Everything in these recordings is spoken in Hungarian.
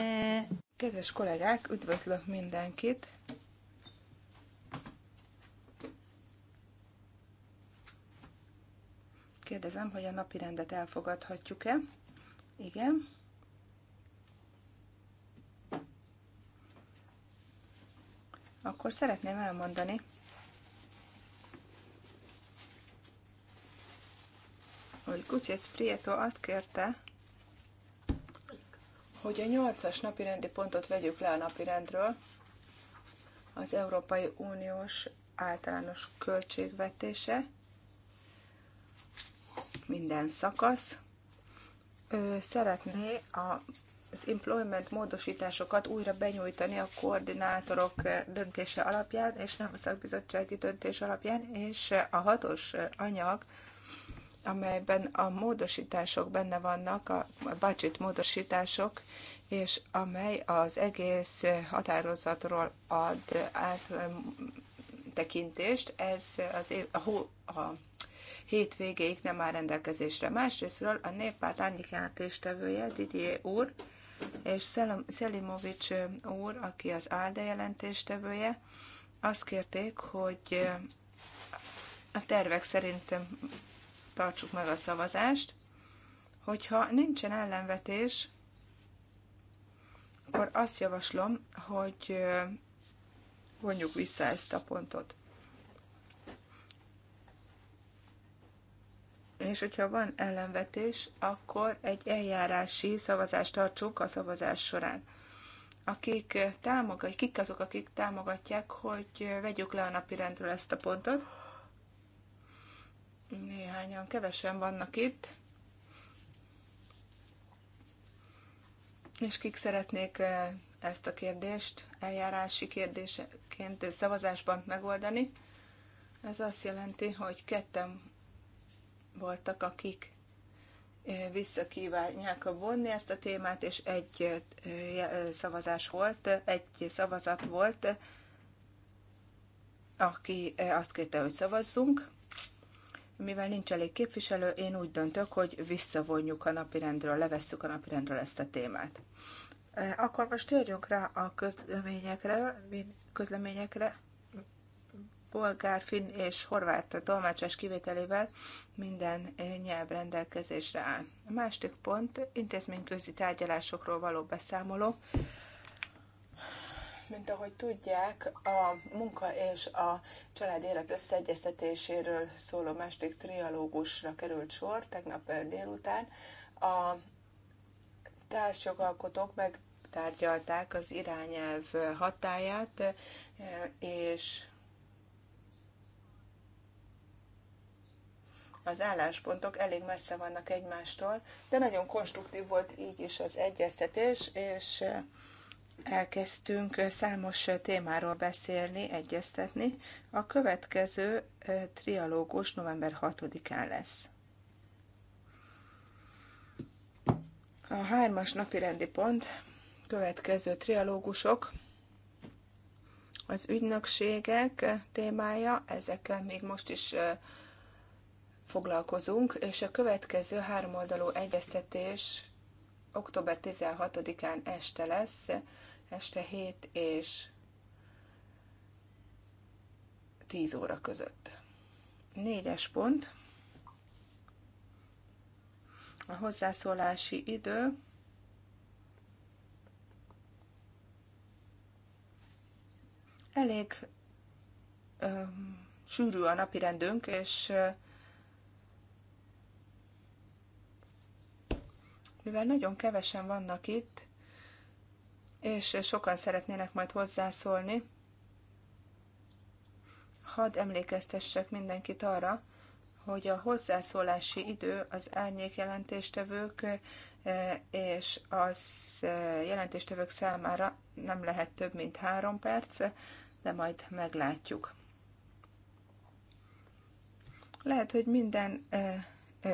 E, kedves kollégák, üdvözlök mindenkit! Kérdezem, hogy a napi rendet elfogadhatjuk-e? Igen. Akkor szeretném elmondani, hogy Kucsi Prieto azt kérte, hogy a nyolcas napi rendi pontot vegyük le a napi rendről, az Európai Uniós általános költségvetése, minden szakasz. Ő szeretné a, az employment módosításokat újra benyújtani a koordinátorok döntése alapján, és nem a szakbizottsági döntés alapján, és a hatos anyag amelyben a módosítások benne vannak, a budget módosítások, és amely az egész határozatról ad áttekintést, um, ez az év, a, hó, a hétvégéig nem áll rendelkezésre. Másrésztről a néppárt árnyék jelentéstevője, Didier úr, és Szelimovics úr, aki az ALDE jelentéstevője, azt kérték, hogy a tervek szerint tartsuk meg a szavazást. Hogyha nincsen ellenvetés, akkor azt javaslom, hogy vonjuk vissza ezt a pontot. És hogyha van ellenvetés, akkor egy eljárási szavazást tartsuk a szavazás során. Akik támogatják, kik azok, akik támogatják, hogy vegyük le a napirendről ezt a pontot? Néhányan kevesen vannak itt. És kik szeretnék eh, ezt a kérdést eljárási kérdésként szavazásban megoldani? Ez azt jelenti, hogy ketten voltak, akik eh, visszakívánják kívánják vonni ezt a témát, és egy eh, szavazás volt, egy szavazat volt, aki azt kérte, hogy szavazzunk mivel nincs elég képviselő, én úgy döntök, hogy visszavonjuk a napirendről, levesszük a napirendről ezt a témát. E, akkor most térjünk rá a közleményekre, közleményekre bolgár, finn és horvát tolmácsás kivételével minden nyelv rendelkezésre áll. A második pont intézményközi tárgyalásokról való beszámoló. Mint ahogy tudják, a munka és a család élet összeegyeztetéséről szóló második trialógusra került sor tegnap délután. A társjogalkotók megtárgyalták az irányelv hatáját, és az álláspontok elég messze vannak egymástól, de nagyon konstruktív volt így is az egyeztetés, és elkezdtünk számos témáról beszélni, egyeztetni. A következő trialógus november 6-án lesz. A hármas napi rendi pont, következő trialógusok, az ügynökségek témája, ezekkel még most is foglalkozunk, és a következő háromoldalú egyeztetés október 16-án este lesz este 7 és 10 óra között. Négyes pont. A hozzászólási idő. Elég ö, sűrű a napirendünk, és ö, mivel nagyon kevesen vannak itt, és sokan szeretnének majd hozzászólni. Hadd emlékeztessek mindenkit arra, hogy a hozzászólási idő az árnyékjelentéstevők eh, és az eh, jelentéstevők számára nem lehet több, mint három perc, de majd meglátjuk. Lehet, hogy minden eh,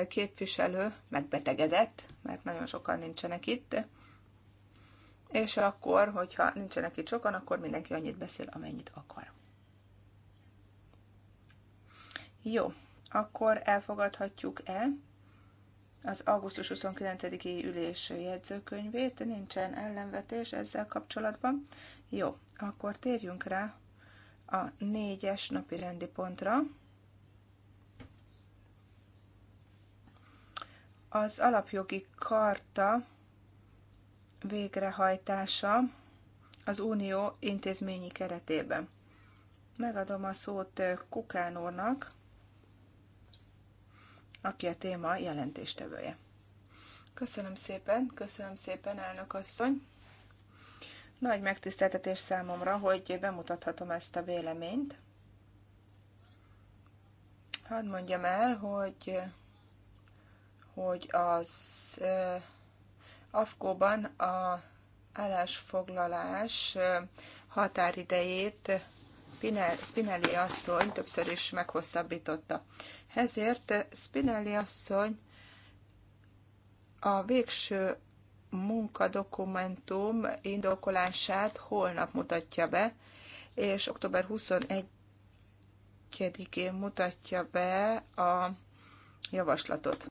képviselő megbetegedett, mert nagyon sokan nincsenek itt, és akkor, hogyha nincsenek itt sokan, akkor mindenki annyit beszél, amennyit akar. Jó, akkor elfogadhatjuk-e az augusztus 29-i ülés jegyzőkönyvét, nincsen ellenvetés ezzel kapcsolatban. Jó, akkor térjünk rá a négyes napi rendi pontra. Az alapjogi karta végrehajtása az unió intézményi keretében. Megadom a szót eh, Kukán úrnak, aki a téma jelentéstevője. Köszönöm szépen, köszönöm szépen, elnök asszony. Nagy megtiszteltetés számomra, hogy bemutathatom ezt a véleményt. Hadd mondjam el, hogy, hogy az eh, Afkóban a állásfoglalás határidejét Spinelli asszony többször is meghosszabbította. Ezért Spinelli asszony a végső munkadokumentum indokolását holnap mutatja be, és október 21-én mutatja be a javaslatot.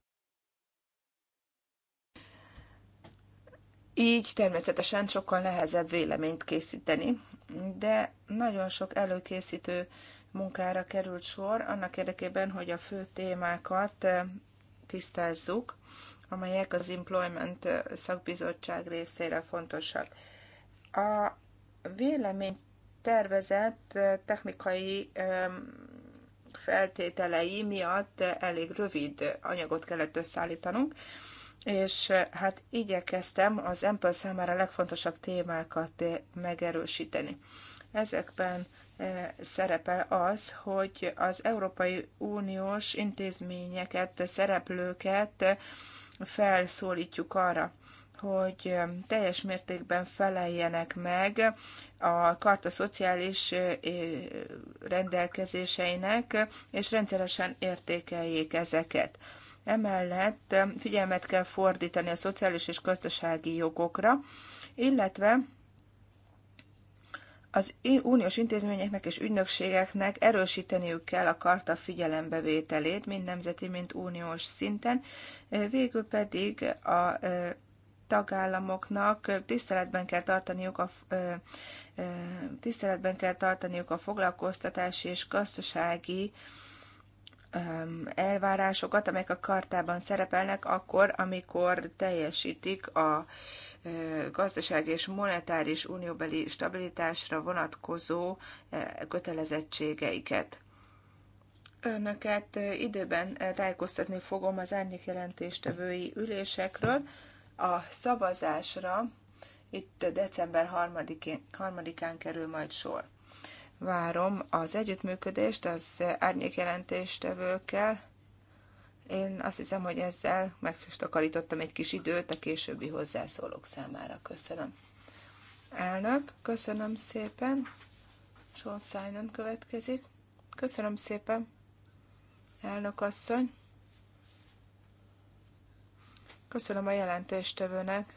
Így természetesen sokkal nehezebb véleményt készíteni, de nagyon sok előkészítő munkára került sor annak érdekében, hogy a fő témákat eh, tisztázzuk, amelyek az Employment eh, szakbizottság részére fontosak. A vélemény tervezett eh, technikai feltételei miatt elég rövid anyagot kellett összeállítanunk, és eh, hát igyekeztem az Apple számára a legfontosabb témákat eh, megerősíteni. Ezekben eh, szerepel az, hogy az Európai Uniós intézményeket, szereplőket felszólítjuk arra, hogy teljes mértékben feleljenek meg a karta szociális rendelkezéseinek, és rendszeresen értékeljék ezeket. Emellett figyelmet kell fordítani a szociális és gazdasági jogokra, illetve az uniós intézményeknek és ügynökségeknek erősíteniük kell a karta figyelembevételét, mind nemzeti, mind uniós szinten, e, végül pedig a e, tagállamoknak tiszteletben kell tartaniuk a e, tiszteletben kell tartaniuk a foglalkoztatási és gazdasági elvárásokat, amelyek a kartában szerepelnek, akkor, amikor teljesítik a gazdaság és monetáris unióbeli stabilitásra vonatkozó kötelezettségeiket. Önöket időben tájékoztatni fogom az árnyék jelentéstevői ülésekről. A szavazásra itt december 3-án kerül majd sor várom az együttműködést az árnyékjelentéstevőkkel. Én azt hiszem, hogy ezzel megtakarítottam egy kis időt a későbbi hozzászólók számára. Köszönöm. Elnök, köszönöm szépen. Sean Simon következik. Köszönöm szépen, elnök asszony. Köszönöm a jelentéstevőnek.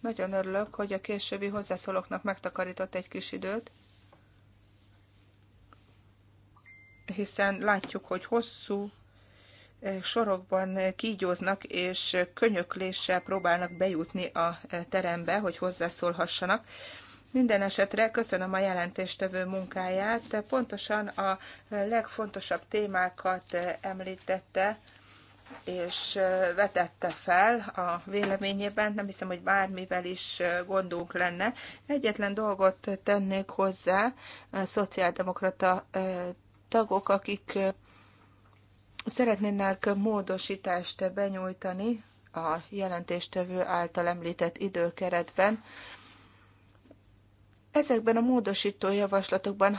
Nagyon örülök, hogy a későbbi hozzászólóknak megtakarított egy kis időt, hiszen látjuk, hogy hosszú eh, sorokban eh, kígyóznak, és könyökléssel próbálnak bejutni a eh, terembe, hogy hozzászólhassanak. Minden esetre köszönöm a jelentéstevő munkáját. Pontosan a legfontosabb témákat említette, és vetette fel a véleményében. Nem hiszem, hogy bármivel is gondunk lenne. Egyetlen dolgot tennék hozzá a szociáldemokrata tagok, akik szeretnének módosítást benyújtani a jelentéstevő által említett időkeretben, ezekben a módosító javaslatokban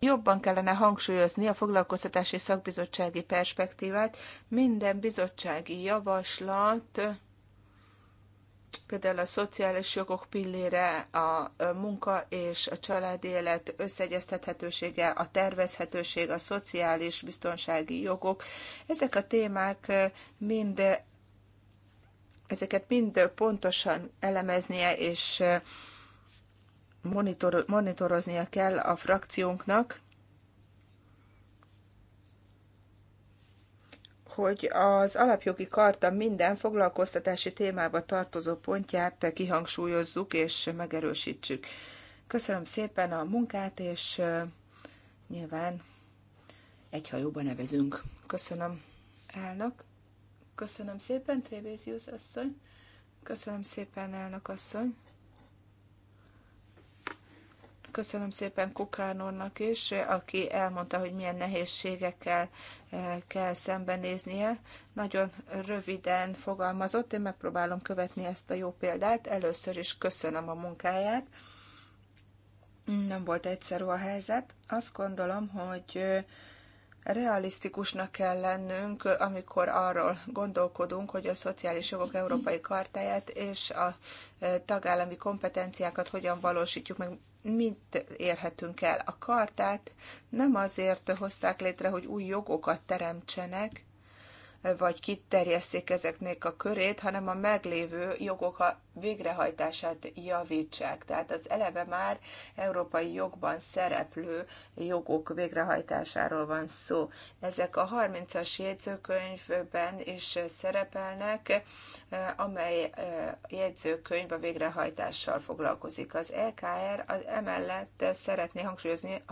jobban kellene hangsúlyozni a foglalkoztatási szakbizottsági perspektívát. Minden bizottsági javaslat például a szociális jogok pillére, a munka és a családi élet összeegyeztethetősége, a tervezhetőség, a szociális biztonsági jogok. Ezek a témák mind ezeket mind pontosan elemeznie és monitoroznia kell a frakciónknak, hogy az alapjogi karta minden foglalkoztatási témába tartozó pontját kihangsúlyozzuk és megerősítsük. Köszönöm szépen a munkát, és nyilván egy hajóba nevezünk. Köszönöm, elnök. Köszönöm szépen, Trévézius asszony. Köszönöm szépen, elnök asszony. Köszönöm szépen Kukán úrnak is, aki elmondta, hogy milyen nehézségekkel eh, kell szembenéznie. Nagyon röviden fogalmazott, én megpróbálom követni ezt a jó példát. Először is köszönöm a munkáját. Nem volt egyszerű a helyzet. Azt gondolom, hogy eh, realisztikusnak kell lennünk, amikor arról gondolkodunk, hogy a szociális jogok európai kartáját és a e, tagállami kompetenciákat hogyan valósítjuk meg, mit érhetünk el. A kartát nem azért hozták létre, hogy új jogokat teremtsenek, vagy kiterjesszék ezeknek a körét, hanem a meglévő jogok a végrehajtását javítsák. Tehát az eleve már európai jogban szereplő jogok végrehajtásáról van szó. Ezek a 30-as jegyzőkönyvben is szerepelnek, amely eh, jegyzőkönyv a végrehajtással foglalkozik. Az LKR az emellett szeretné hangsúlyozni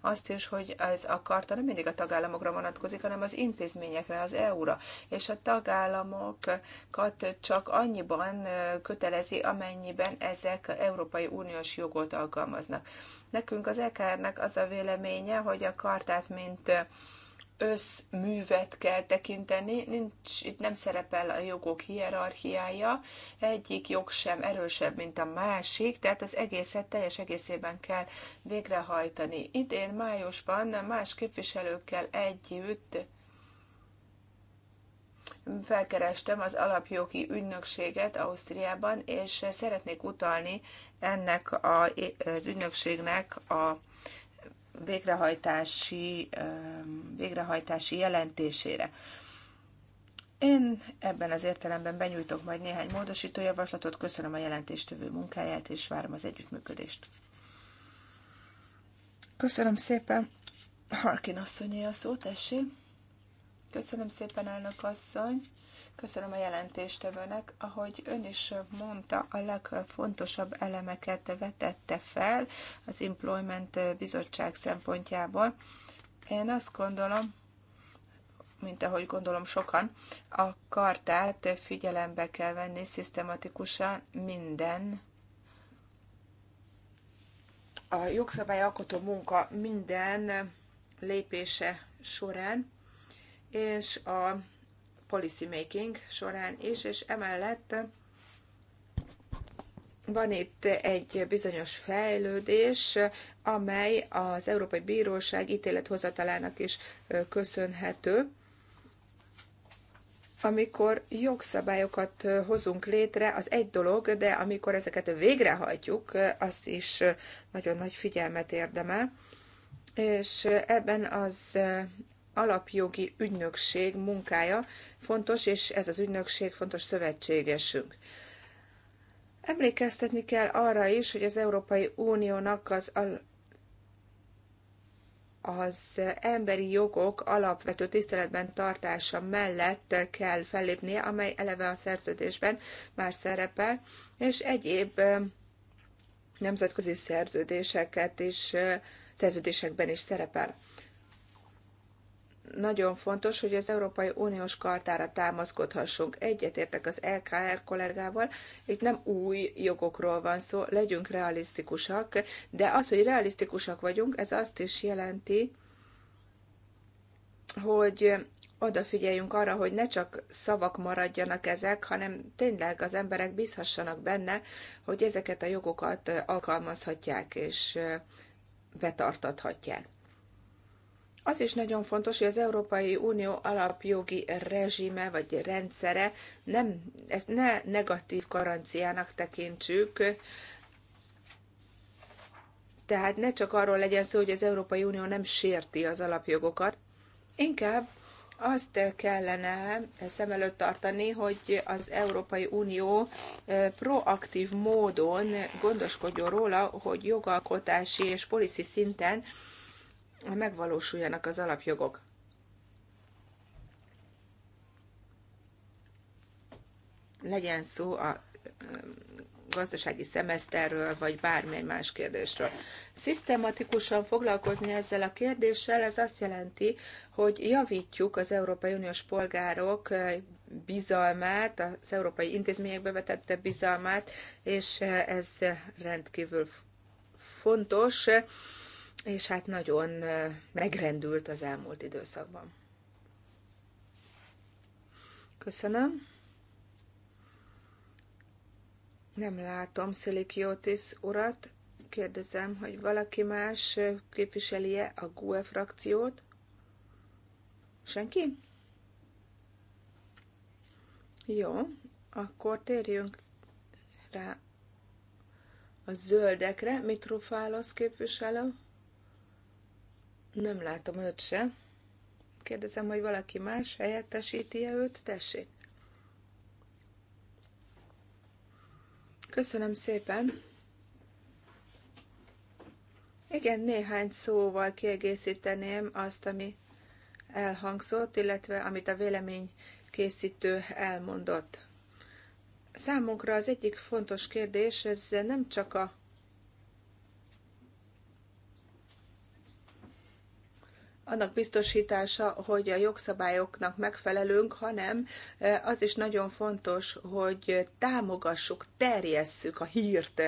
azt is, hogy ez a karta nem mindig a tagállamokra vonatkozik, hanem az intézményekre, az EU euróra, és a tagállamokat csak annyiban kötelezi, amennyiben ezek Európai Uniós jogot alkalmaznak. Nekünk az EKR-nek az a véleménye, hogy a kartát, mint összművet kell tekinteni, nincs, itt nem szerepel a jogok hierarchiája, egyik jog sem erősebb, mint a másik, tehát az egészet teljes egészében kell végrehajtani. Idén májusban más képviselőkkel együtt felkerestem az alapjogi ügynökséget Ausztriában, és szeretnék utalni ennek a, az ügynökségnek a végrehajtási, végrehajtási jelentésére. Én ebben az értelemben benyújtok majd néhány módosító javaslatot, köszönöm a jelentéstövő munkáját, és várom az együttműködést. Köszönöm szépen. Harkin asszonyi a szót, tessék. Köszönöm szépen, elnök asszony. Köszönöm a jelentéstevőnek. Ahogy ön is mondta, a legfontosabb elemeket vetette fel az Employment Bizottság szempontjából. Én azt gondolom, mint ahogy gondolom sokan, a kartát figyelembe kell venni szisztematikusan minden a jogszabályalkotó munka minden lépése során és a policy making során is, és emellett van itt egy bizonyos fejlődés, amely az Európai Bíróság ítélethozatalának is köszönhető. Amikor jogszabályokat hozunk létre, az egy dolog, de amikor ezeket végrehajtjuk, az is nagyon nagy figyelmet érdemel. És ebben az alapjogi ügynökség munkája fontos, és ez az ügynökség fontos szövetségesünk. Emlékeztetni kell arra is, hogy az Európai Uniónak az az emberi jogok alapvető tiszteletben tartása mellett kell fellépnie, amely eleve a szerződésben már szerepel, és egyéb nemzetközi szerződéseket is, szerződésekben is szerepel nagyon fontos, hogy az Európai Uniós kartára támaszkodhassunk. Egyetértek az LKR kollégával, itt nem új jogokról van szó, legyünk realisztikusak, de az, hogy realisztikusak vagyunk, ez azt is jelenti, hogy odafigyeljünk arra, hogy ne csak szavak maradjanak ezek, hanem tényleg az emberek bízhassanak benne, hogy ezeket a jogokat alkalmazhatják és betartathatják. Az is nagyon fontos, hogy az Európai Unió alapjogi rezsime vagy rendszere nem, ezt ne negatív garanciának tekintsük, tehát ne csak arról legyen szó, hogy az Európai Unió nem sérti az alapjogokat, inkább azt kellene szem előtt tartani, hogy az Európai Unió proaktív módon gondoskodjon róla, hogy jogalkotási és policy szinten megvalósuljanak az alapjogok. Legyen szó a gazdasági szemeszterről, vagy bármely más kérdésről. Szisztematikusan foglalkozni ezzel a kérdéssel, ez azt jelenti, hogy javítjuk az Európai Uniós polgárok bizalmát, az európai intézményekbe vetette bizalmát, és ez rendkívül fontos és hát nagyon megrendült az elmúlt időszakban. Köszönöm. Nem látom Szilikiotis urat. Kérdezem, hogy valaki más képviseli-e a GUE frakciót? Senki? Jó, akkor térjünk rá a zöldekre. Mitrofálosz képviselő. Nem látom őt se. Kérdezem, hogy valaki más helyettesíti-e őt? Tessék. Köszönöm szépen. Igen, néhány szóval kiegészíteném azt, ami elhangzott, illetve amit a vélemény készítő elmondott. Számunkra az egyik fontos kérdés, ez nem csak a annak biztosítása, hogy a jogszabályoknak megfelelünk, hanem az is nagyon fontos, hogy támogassuk, terjesszük a hírt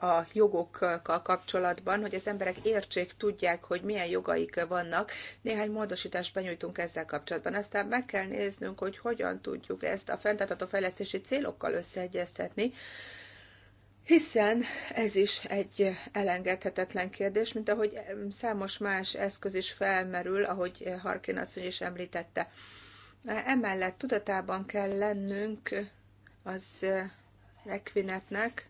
a jogokkal kapcsolatban, hogy az emberek értsék, tudják, hogy milyen jogaik vannak. Néhány módosítást benyújtunk ezzel kapcsolatban. Aztán meg kell néznünk, hogy hogyan tudjuk ezt a fenntartható fejlesztési célokkal összeegyeztetni, hiszen ez is egy elengedhetetlen kérdés, mint ahogy számos más eszköz is felmerül, ahogy Harkin asszony is említette. Emellett tudatában kell lennünk az eh, Equinetnek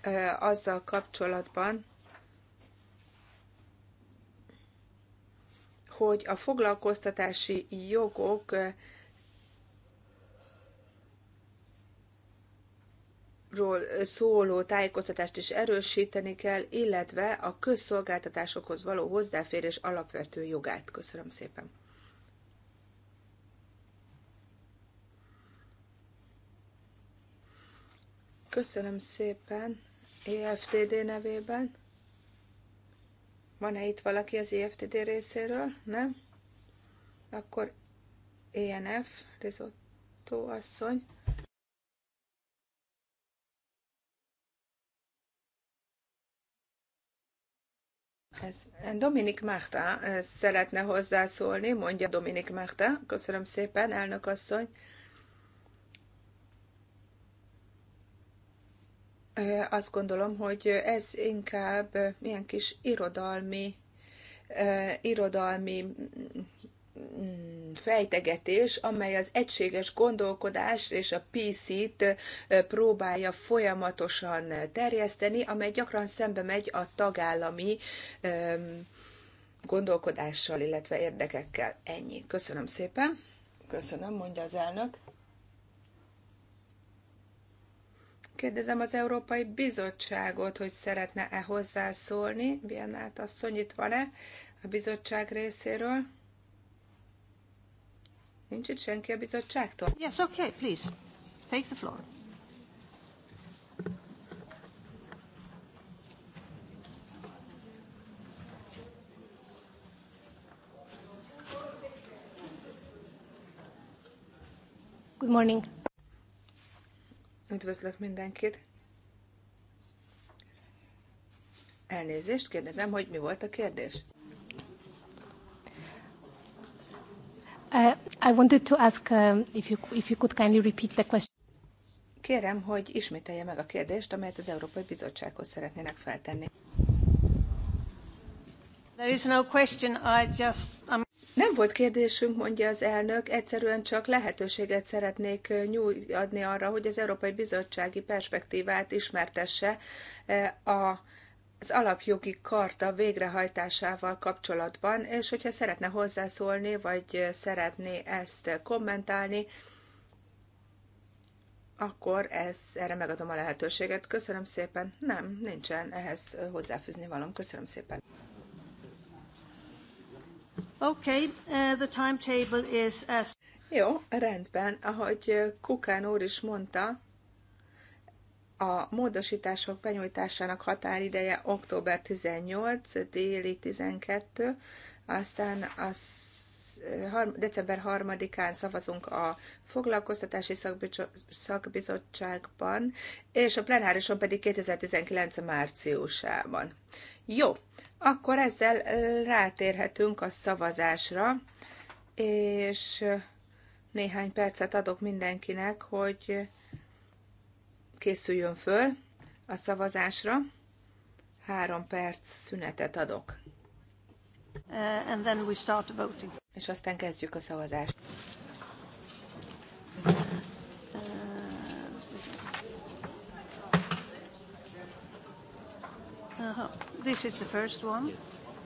eh, azzal kapcsolatban, hogy a foglalkoztatási jogok eh, ról szóló tájékoztatást is erősíteni kell, illetve a közszolgáltatásokhoz való hozzáférés alapvető jogát. Köszönöm szépen. Köszönöm szépen EFTD nevében. Van-e itt valaki az EFTD részéről? Nem? Akkor ENF, Rizotto asszony. ehhez. Dominik Márta eh, szeretne hozzászólni, mondja Dominik Márta. Köszönöm szépen, elnök asszony. Eh, azt gondolom, hogy ez inkább milyen eh, kis irodalmi, irodalmi fejtegetés, amely az egységes gondolkodást és a PC-t próbálja folyamatosan terjeszteni, amely gyakran szembe megy a tagállami gondolkodással, illetve érdekekkel. Ennyi. Köszönöm szépen. Köszönöm, mondja az elnök. Kérdezem az Európai Bizottságot, hogy szeretne-e hozzászólni. Biennát asszony itt van-e a bizottság részéről? Nincs itt senki a bizottságtól? Yes, okay, please. Take the floor. Good morning. Üdvözlök mindenkit. Elnézést, kérdezem, hogy mi volt a kérdés? Uh, I wanted to ask um, if, you, if you could kindly repeat the question. Kérem, hogy ismételje meg a kérdést, amelyet az Európai Bizottsághoz szeretnének feltenni. There is no question, I just... I'm... Nem volt kérdésünk, mondja az elnök, egyszerűen csak lehetőséget szeretnék uh, nyújtani arra, hogy az Európai Bizottsági Perspektívát ismertesse uh, a az alapjogi karta végrehajtásával kapcsolatban, és hogyha szeretne hozzászólni, vagy szeretné ezt kommentálni, akkor ez, erre megadom a lehetőséget. Köszönöm szépen. Nem, nincsen ehhez hozzáfűzni valam. Köszönöm szépen. Okay, uh, the timetable is as... Jó, rendben. Ahogy Kukán úr is mondta, a módosítások benyújtásának határideje október 18, déli 12, aztán az eh, december 3-án szavazunk a foglalkoztatási szakbizottságban, és a plenárison pedig 2019. márciusában. Jó, akkor ezzel eh, rátérhetünk a szavazásra, és eh, néhány percet adok mindenkinek, hogy készüljön föl a szavazásra. Három perc szünetet adok. Uh, and then we start voting. És aztán kezdjük a szavazást. Uh, uh-huh. this is the first one.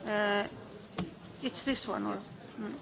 Uh, it's this one. Or, mm.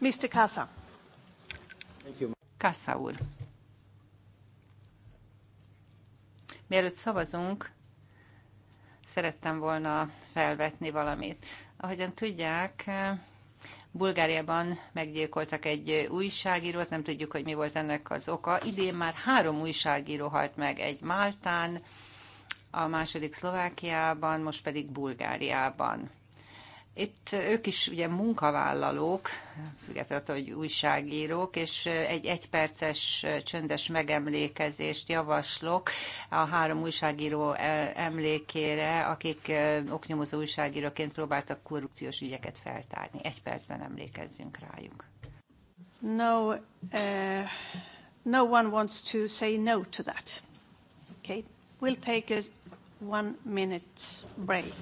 Mr. Kassa. Kassa úr. Mielőtt szavazunk, szerettem volna felvetni valamit. Ahogyan tudják, Bulgáriában meggyilkoltak egy újságírót, nem tudjuk, hogy mi volt ennek az oka. Idén már három újságíró halt meg, egy Máltán, a második Szlovákiában, most pedig Bulgáriában. Itt ők is ugye munkavállalók, függetlenül attól, hogy újságírók, és egy egyperces csöndes megemlékezést javaslok a három újságíró e, emlékére, akik e, oknyomozó újságíróként próbáltak korrupciós ügyeket feltárni. Egy percben emlékezzünk rájuk. No, uh, no one wants to say no to that. Okay, we'll take a one minute break.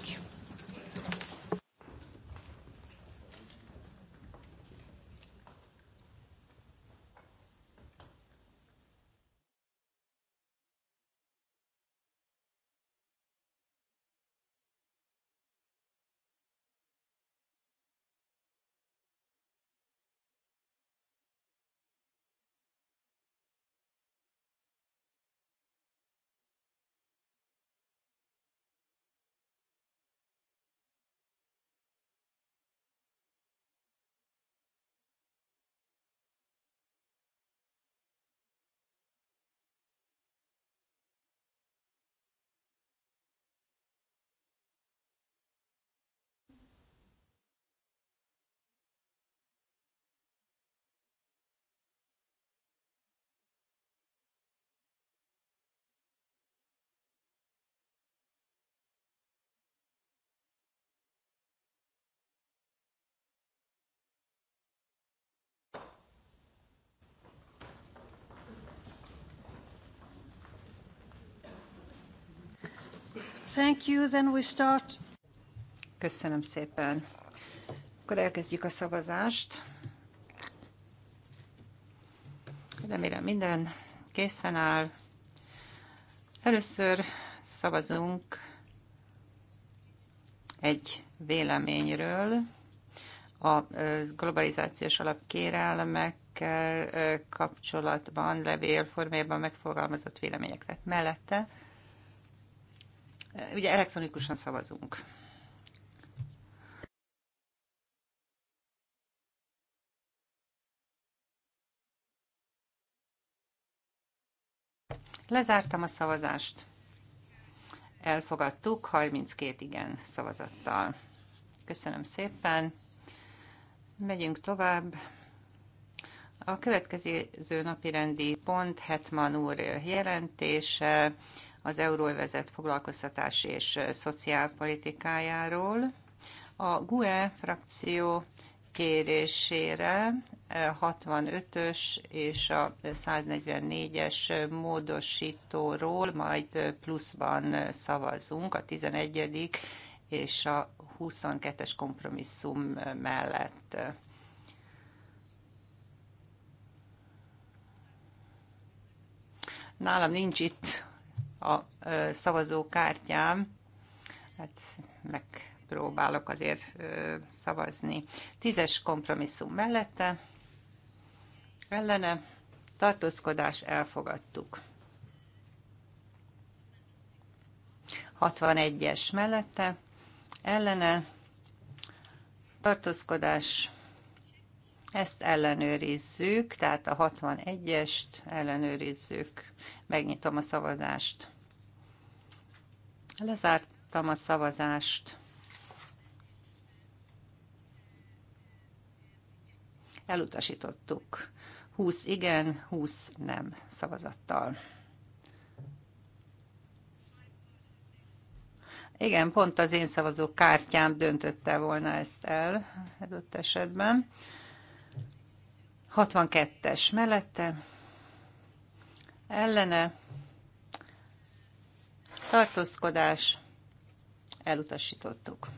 Thank you, then we start. Köszönöm szépen. Akkor elkezdjük a szavazást. Remélem minden készen áll. Először szavazunk egy véleményről a globalizációs alap kapcsolatban levél formájában megfogalmazott vélemények. Tehát mellette Ugye elektronikusan szavazunk. Lezártam a szavazást. Elfogadtuk 32 igen szavazattal. Köszönöm szépen. Megyünk tovább. A következő napi rendi pont Hetman úr jelentése az euróvezet foglalkoztatási és szociálpolitikájáról. A GUE frakció kérésére 65-ös és a 144-es módosítóról majd pluszban szavazunk a 11. és a 22-es kompromisszum mellett. Nálam nincs itt a szavazókártyám. Hát megpróbálok azért szavazni. Tízes kompromisszum mellette, ellene, tartózkodás elfogadtuk. 61-es mellette, ellene, tartózkodás ezt ellenőrizzük, tehát a 61-est ellenőrizzük. Megnyitom a szavazást. Lezártam a szavazást. Elutasítottuk. 20 igen, 20 nem szavazattal. Igen, pont az én szavazó kártyám döntötte volna ezt el adott esetben. 62-es mellette, ellene, tartózkodás, elutasítottuk.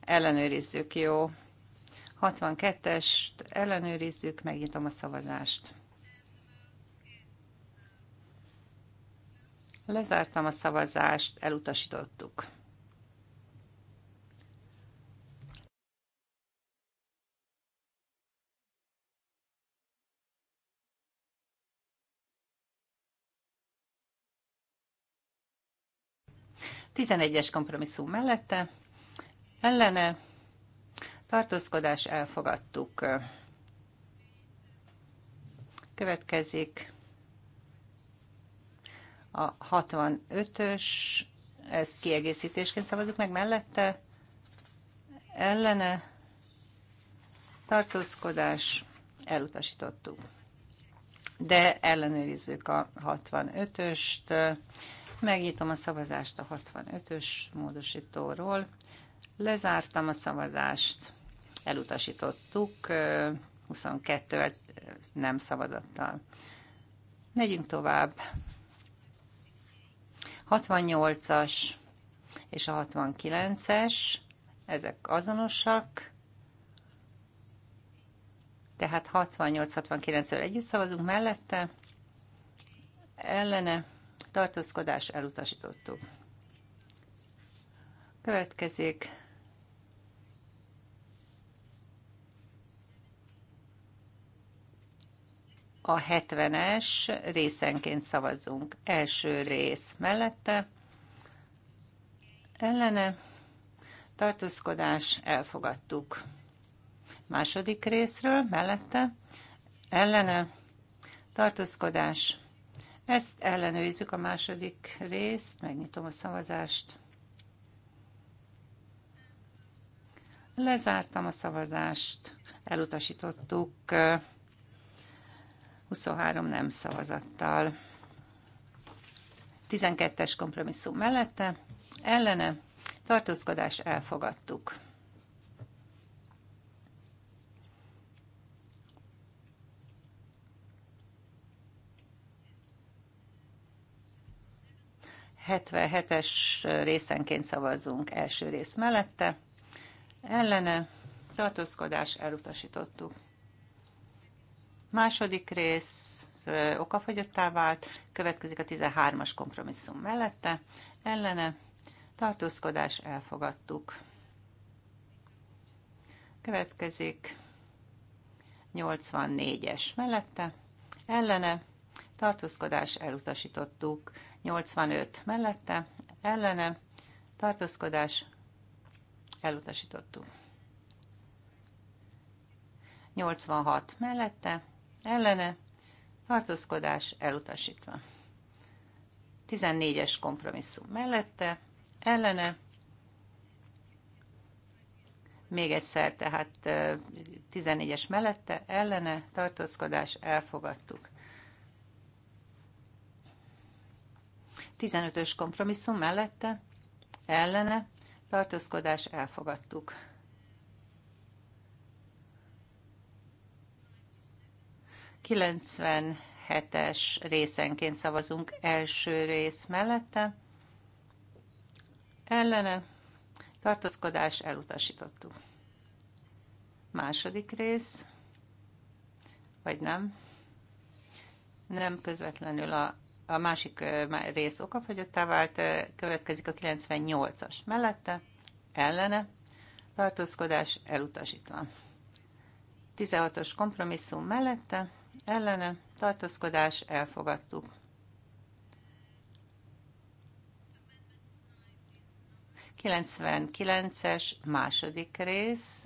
Ellenőrizzük, jó. 62-est ellenőrizzük, megnyitom a szavazást. Lezártam a szavazást, elutasítottuk. 11-es kompromisszum mellette, ellene, tartózkodás elfogadtuk. Következik a 65-ös, ezt kiegészítésként szavazunk meg mellette, ellene, tartózkodás, elutasítottuk. De ellenőrizzük a 65-öst, Megnyitom a szavazást a 65-ös módosítóról. Lezártam a szavazást, elutasítottuk 22 nem szavazattal. Megyünk tovább. 68-as és a 69-es, ezek azonosak. Tehát 68-69-ről együtt szavazunk mellette, ellene tartózkodás elutasítottuk. Következik a 70-es részenként szavazunk. Első rész mellette, ellene, tartózkodás, elfogadtuk. Második részről mellette, ellene, tartózkodás, ezt ellenőrizzük a második részt, megnyitom a szavazást. Lezártam a szavazást, elutasítottuk 23 nem szavazattal. 12-es kompromisszum mellette, ellene tartózkodás elfogadtuk. 77-es részenként szavazzunk első rész mellette, ellene, tartózkodás elutasítottuk. Második rész okafogyottá vált, következik a 13-as kompromisszum mellette, ellene, tartózkodás elfogadtuk. Következik 84-es mellette, ellene, tartózkodás elutasítottuk. 85 mellette, ellene, tartózkodás, elutasítottuk. 86 mellette, ellene, tartózkodás, elutasítva. 14-es kompromisszum mellette, ellene, még egyszer, tehát 14-es mellette, ellene, tartózkodás, elfogadtuk. 15-ös kompromisszum mellette, ellene, tartózkodás elfogadtuk. 97-es részenként szavazunk első rész mellette, ellene, tartózkodás elutasítottuk. Második rész, vagy nem? Nem közvetlenül a a másik rész okafogyottá vált, következik a 98-as mellette, ellene, tartózkodás elutasítva. 16-os kompromisszum mellette, ellene, tartózkodás elfogadtuk. es második rész.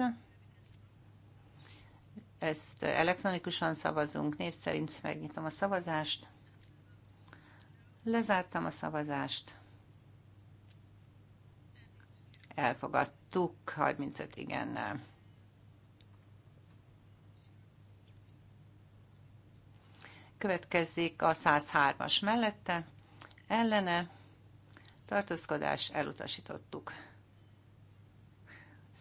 Ezt elektronikusan szavazunk, név szerint megnyitom a szavazást. Lezártam a szavazást. Elfogadtuk 35 igennel. Következzék a 103-as mellette. Ellene tartózkodás elutasítottuk.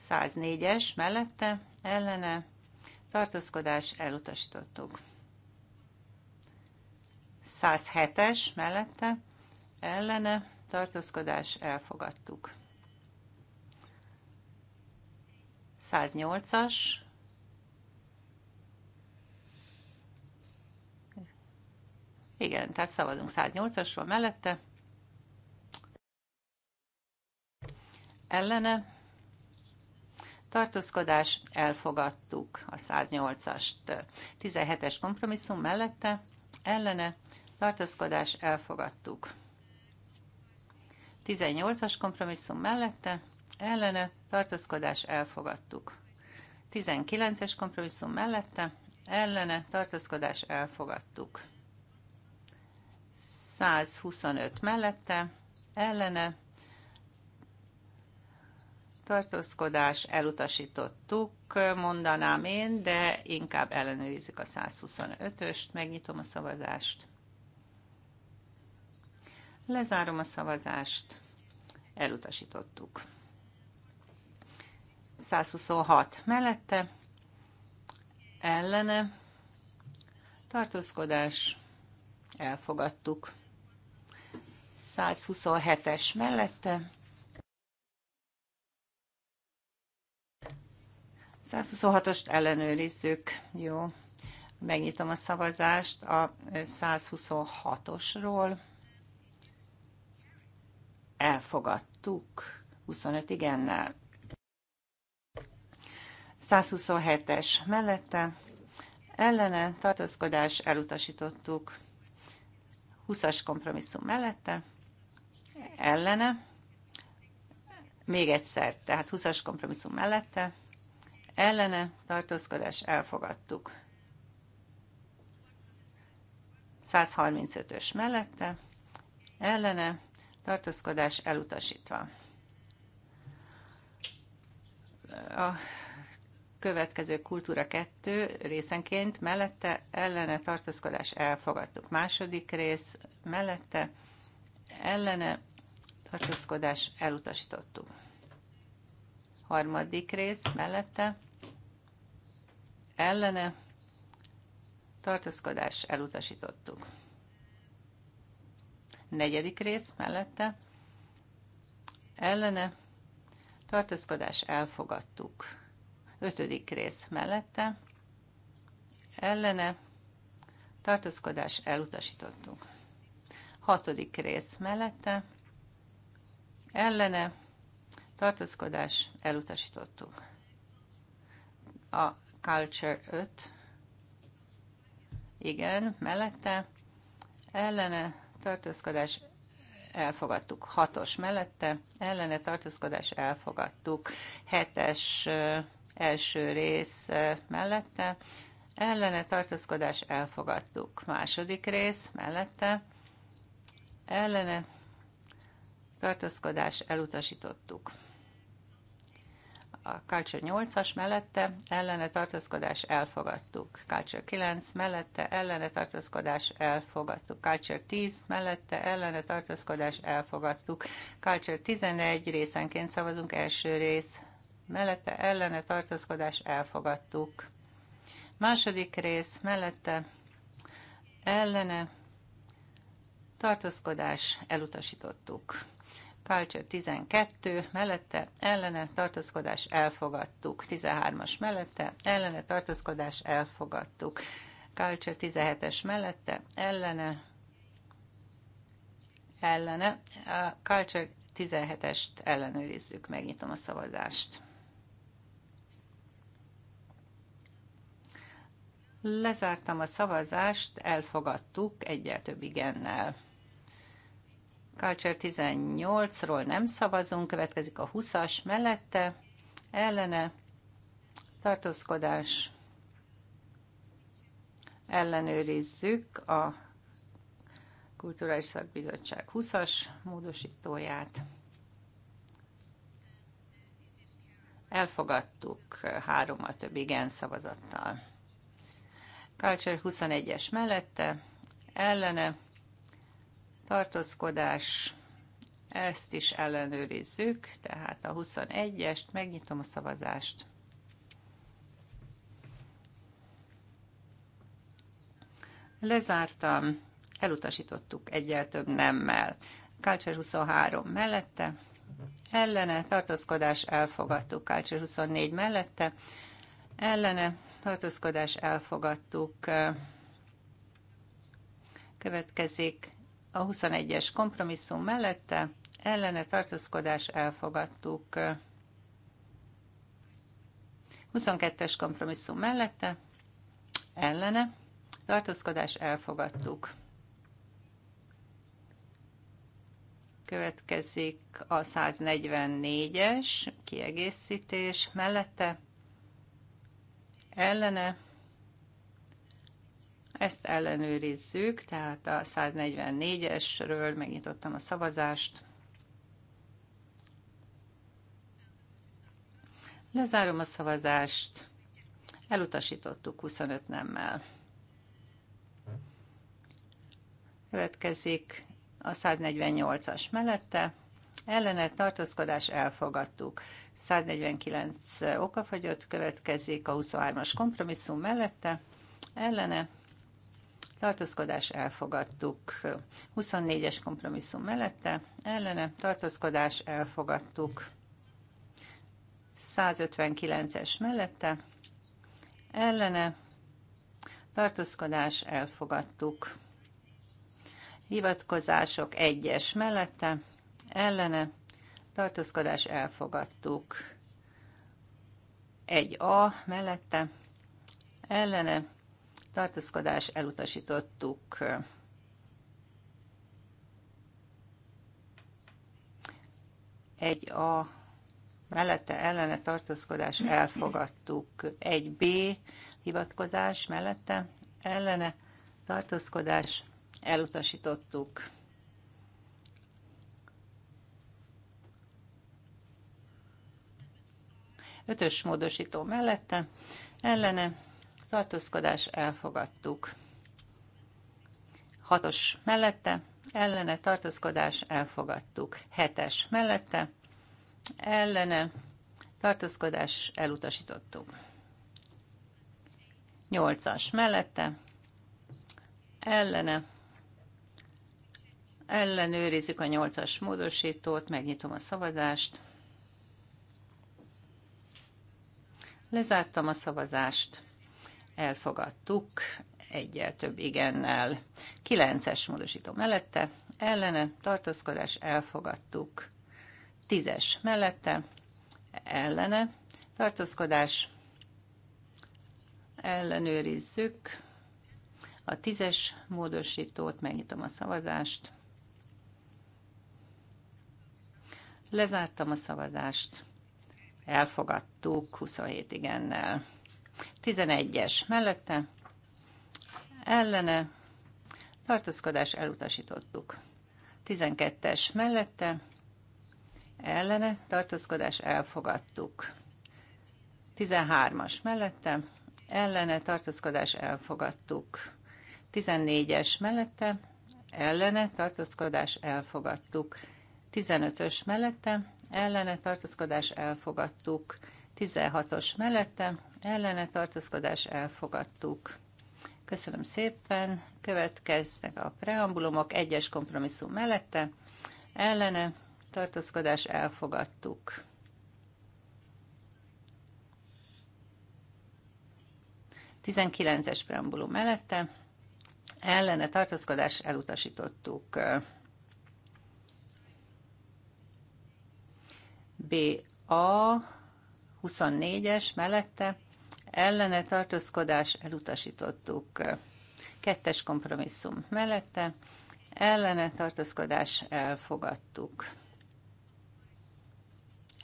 104-es mellette, ellene, tartózkodás elutasítottuk. 107-es mellette ellene tartózkodás elfogadtuk. 108-as Igen, tehát szavazunk 108-asról mellette. Ellene. Tartózkodás, elfogadtuk a 108-ast. 17-es kompromisszum mellette. Ellene tartózkodás elfogadtuk. 18-as kompromisszum mellette, ellene, tartózkodás elfogadtuk. 19-es kompromisszum mellette, ellene, tartózkodás elfogadtuk. 125 mellette, ellene, tartózkodás elutasítottuk, mondanám én, de inkább ellenőrizzük a 125-öst, megnyitom a szavazást. Lezárom a szavazást. Elutasítottuk. 126 mellette, ellene, tartózkodás, elfogadtuk. 127-es mellette, 126-ost ellenőrizzük, jó. Megnyitom a szavazást a 126-osról elfogadtuk 25 igennel. 127-es mellette ellene tartózkodás elutasítottuk 20-as kompromisszum mellette ellene még egyszer, tehát 20-as kompromisszum mellette ellene tartózkodás elfogadtuk 135-ös mellette ellene tartózkodás elutasítva. A következő kultúra kettő részenként mellette ellene tartózkodás elfogadtuk. Második rész mellette ellene tartózkodás elutasítottuk. Harmadik rész mellette ellene tartózkodás elutasítottuk. Negyedik rész mellette. Ellene. Tartózkodás elfogadtuk. Ötödik rész mellette. Ellene. Tartózkodás elutasítottuk. Hatodik rész mellette. Ellene. Tartózkodás elutasítottuk. A Culture 5. Igen, mellette. Ellene tartózkodás elfogadtuk. Hatos mellette, ellene tartózkodás elfogadtuk. Hetes első rész mellette, ellene tartózkodás elfogadtuk. Második rész mellette, ellene tartózkodás elutasítottuk a Culture 8-as mellette ellene tartózkodás elfogadtuk. Culture 9 mellette ellene tartózkodás elfogadtuk. Culture 10 mellette ellene tartózkodás elfogadtuk. Culture 11 részenként szavazunk első rész mellette ellene tartózkodás elfogadtuk. Második rész mellette ellene tartózkodás elutasítottuk. Culture 12, mellette ellene tartózkodás elfogadtuk. 13-as mellette ellene tartózkodás elfogadtuk. Culture 17-es mellette ellene ellene. A Culture 17-est ellenőrizzük, megnyitom a szavazást. Lezártam a szavazást, elfogadtuk egyel több igennel. Kalcser 18-ról nem szavazunk, következik a 20-as mellette, ellene, tartózkodás, ellenőrizzük a Kulturális Szakbizottság 20-as módosítóját. Elfogadtuk hárommal több igen szavazattal. Culture 21-es mellette, ellene, tartózkodás, ezt is ellenőrizzük, tehát a 21-est, megnyitom a szavazást. Lezártam, elutasítottuk egyel több nemmel. Kálcsás 23 mellette, ellene, tartózkodás elfogadtuk. Kálcsás 24 mellette, ellene, tartózkodás elfogadtuk. Következik a 21-es kompromisszum mellette ellene tartózkodás elfogadtuk. 22-es kompromisszum mellette ellene tartózkodás elfogadtuk. Következik a 144-es kiegészítés mellette ellene ezt ellenőrizzük, tehát a 144-esről megnyitottam a szavazást. Lezárom a szavazást. Elutasítottuk 25 nemmel. Következik a 148-as mellette. Ellene tartózkodás elfogadtuk. 149 okafagyott következik a 23-as kompromisszum mellette. Ellene tartózkodás elfogadtuk. 24-es kompromisszum mellette, ellene, tartózkodás elfogadtuk. 159-es mellette, ellene, tartózkodás elfogadtuk. Hivatkozások 1-es mellette, ellene, tartózkodás elfogadtuk. 1A mellette, ellene, tartózkodás elutasítottuk. Egy A mellette ellene tartózkodás elfogadtuk. Egy B hivatkozás mellette ellene tartózkodás elutasítottuk. Ötös módosító mellette ellene tartózkodás elfogadtuk. Hatos mellette, ellene tartózkodás elfogadtuk. Hetes mellette, ellene tartózkodás elutasítottuk. Nyolcas mellette, ellene ellenőrizzük a nyolcas módosítót, megnyitom a szavazást. Lezártam a szavazást elfogadtuk egyel több igennel. Kilences módosító mellette, ellene, tartózkodás, elfogadtuk. Tízes mellette, ellene, tartózkodás, ellenőrizzük. A tízes módosítót megnyitom a szavazást. Lezártam a szavazást. Elfogadtuk 27 igennel. 11-es mellette ellene tartózkodás elutasítottuk. 12-es mellette ellene tartózkodás elfogadtuk. 13-as mellette ellene tartózkodás elfogadtuk. 14-es mellette ellene tartózkodás elfogadtuk. 15-ös mellette ellene tartózkodás elfogadtuk. 16-os mellette ellene tartózkodás elfogadtuk. Köszönöm szépen. Következnek a preambulumok egyes kompromisszum mellette. Ellene tartózkodás elfogadtuk. Tizenkilences preambulum mellette. Ellene tartózkodás elutasítottuk. B. A. 24-es mellette ellene tartózkodás elutasítottuk. Kettes kompromisszum mellette ellene tartózkodás elfogadtuk.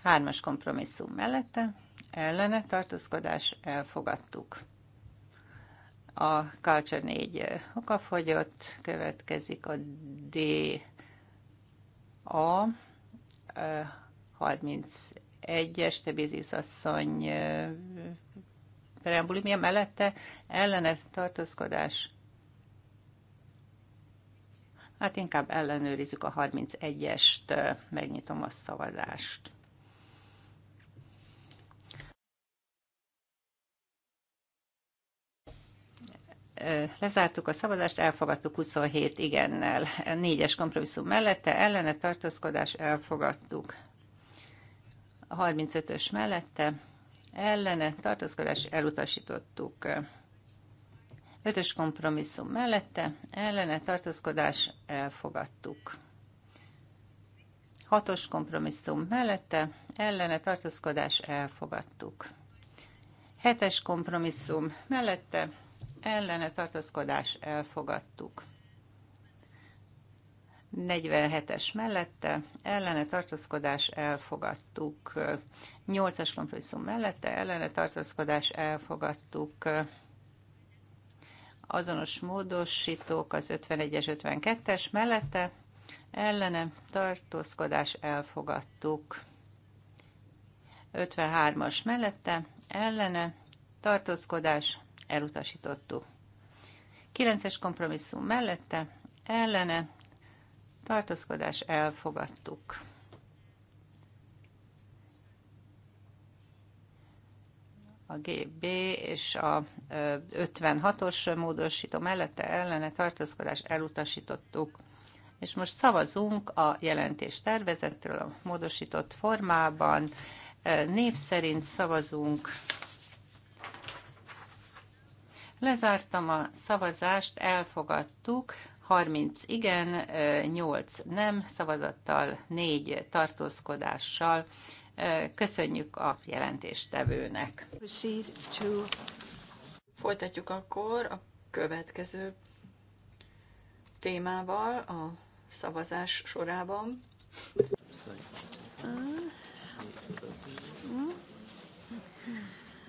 Hármas kompromisszum mellette ellene tartózkodás elfogadtuk. A kalcsa 4 okafogyott, következik a D, A, 31-es Tebizis asszony preambulimia mellette ellene tartózkodás. Hát inkább ellenőrizzük a 31-est, megnyitom a szavazást. lezártuk a szavazást, elfogadtuk 27 igennel. Négyes kompromisszum mellette, ellene tartózkodás elfogadtuk. A 35-ös mellette, ellene tartózkodás elutasítottuk. Ötös kompromisszum mellette ellene tartózkodás elfogadtuk. Hatos kompromisszum mellette ellene tartózkodás elfogadtuk. Hetes kompromisszum mellette ellene tartózkodás elfogadtuk. 47-es mellette, ellene tartózkodás elfogadtuk. 8-as kompromisszum mellette, ellene tartózkodás elfogadtuk. Azonos módosítók az 51-es, 52-es mellette, ellene tartózkodás elfogadtuk. 53-as mellette, ellene tartózkodás elutasítottuk. 9-es kompromisszum mellette, ellene tartózkodás elfogadtuk. A GB és a 56-os módosító mellette ellene tartózkodás elutasítottuk. És most szavazunk a jelentés tervezetről a módosított formában. Név szerint szavazunk. Lezártam a szavazást, elfogadtuk. 30 igen, 8 nem szavazattal, 4 tartózkodással. Köszönjük a jelentéstevőnek. Folytatjuk akkor a következő témával a szavazás sorában.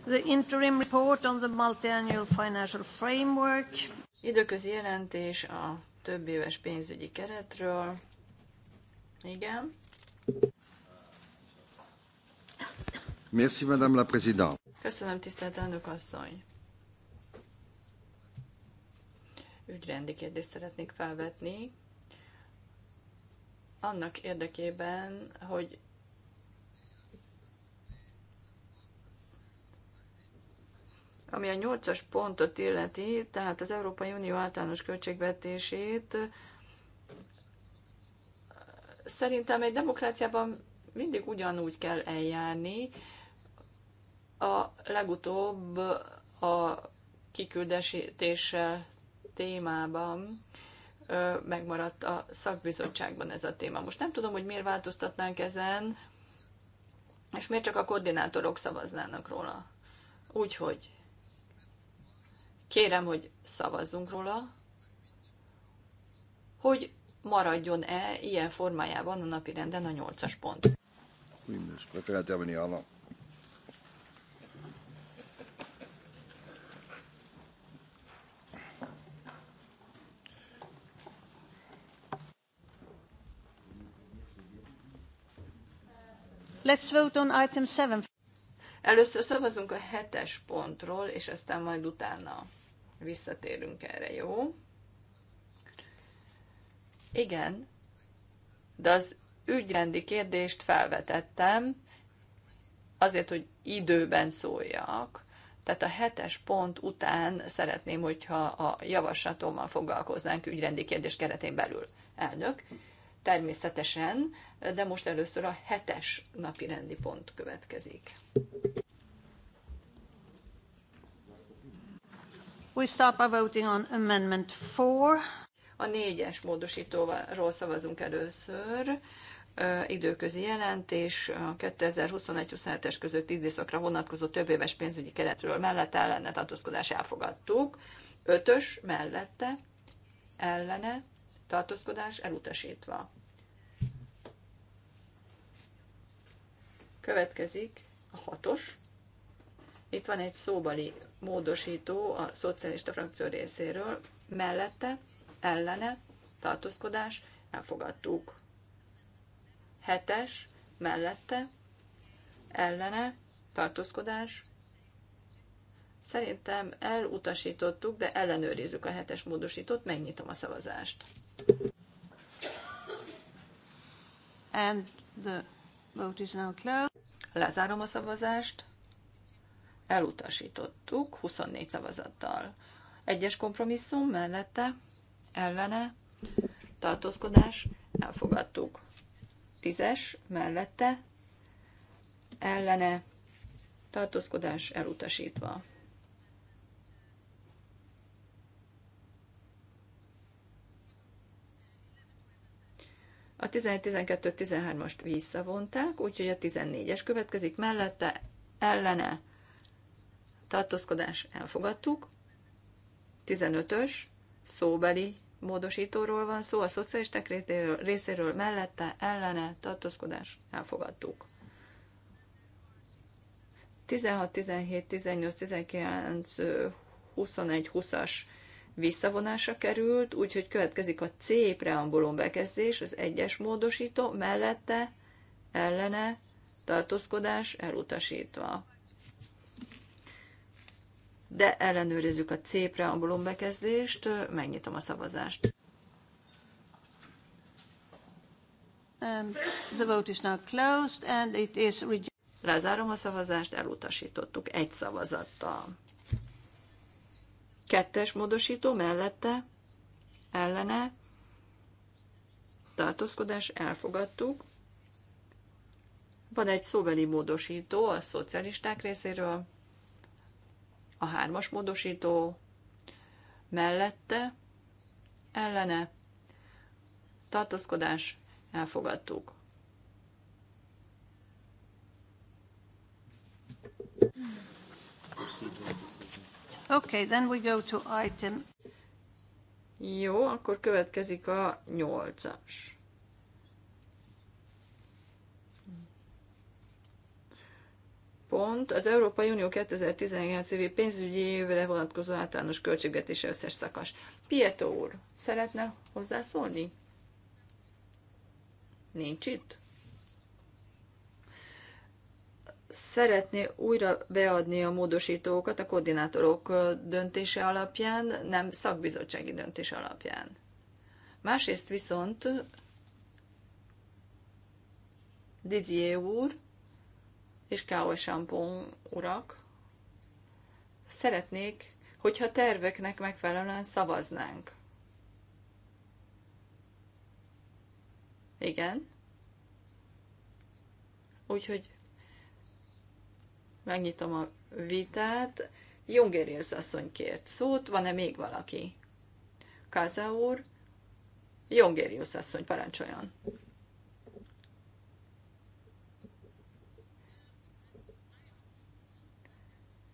The interim report on the multi-annual financial framework. Időközi jelentés a több éves pénzügyi keretről. Igen. Merci, Madame la Présidente. Köszönöm, tisztelt elnök asszony. Ügyrendi kérdést szeretnék felvetni. Annak érdekében, hogy Ami a nyolcas pontot illeti, tehát az Európai Unió általános költségvetését, szerintem egy demokráciában mindig ugyanúgy kell eljárni. A legutóbb a kiküldetéssel témában megmaradt a szakbizottságban ez a téma. Most nem tudom, hogy miért változtatnánk ezen, és miért csak a koordinátorok szavaznának róla. Úgyhogy Kérem, hogy szavazzunk róla, hogy maradjon-e ilyen formájában a napi renden a nyolcas pont. Let's vote on item seven. Először szavazunk a hetes pontról, és aztán majd utána. Visszatérünk erre, jó? Igen, de az ügyrendi kérdést felvetettem, azért, hogy időben szóljak. Tehát a hetes pont után szeretném, hogyha a javaslatommal foglalkoznánk ügyrendi kérdés keretén belül. Elnök, természetesen, de most először a hetes napi rendi pont következik. We start by voting on amendment four. A négyes módosítóról szavazunk először. időközi jelentés a 2021-27-es között időszakra vonatkozó többéves pénzügyi keretről mellett ellene tartózkodás elfogadtuk. Ötös mellette ellene tartózkodás elutasítva. Következik a hatos itt van egy szóbali módosító a szocialista frakció részéről, mellette, ellene, tartózkodás, elfogadtuk. Hetes, mellette, ellene, tartózkodás. Szerintem elutasítottuk, de ellenőrizzük a hetes módosítót, megnyitom a szavazást. And the vote is now closed. Lezárom a szavazást elutasítottuk 24 szavazattal. Egyes kompromisszum mellette, ellene, tartózkodás, elfogadtuk. Tízes mellette, ellene, tartózkodás elutasítva. A 11-12-13-ast visszavonták, úgyhogy a 14-es következik mellette, ellene, tartózkodás elfogadtuk. 15-ös szóbeli módosítóról van szó, a szocialisták részéről, részéről mellette, ellene, tartózkodás elfogadtuk. 16, 17, 18, 19, 21, 20-as visszavonásra került, úgyhogy következik a C preambulum bekezdés, az egyes módosító, mellette, ellene, tartózkodás elutasítva de ellenőrizzük a C preambulum bekezdést, megnyitom a szavazást. And um, the vote is now closed and it is Lezárom a szavazást, elutasítottuk egy szavazattal. Kettes módosító mellette, ellene, tartózkodás, elfogadtuk. Van egy szóbeli módosító a szocialisták részéről, a hármas módosító mellette, ellene, tartózkodás, elfogadtuk. Okay, then we go to item. Jó, akkor következik a nyolcas. pont az Európai Unió 2018 évi pénzügyi évre vonatkozó általános költségvetése összes szakas. Pieto úr, szeretne hozzászólni? Nincs itt? Szeretné újra beadni a módosítókat a koordinátorok döntése alapján, nem szakbizottsági döntés alapján. Másrészt viszont Didier úr és Káoly Sampon urak, szeretnék, hogyha terveknek megfelelően szavaznánk. Igen. Úgyhogy megnyitom a vitát. Jungerius asszony kért szót, van-e még valaki? Kaza úr, Jongerius asszony, parancsoljon.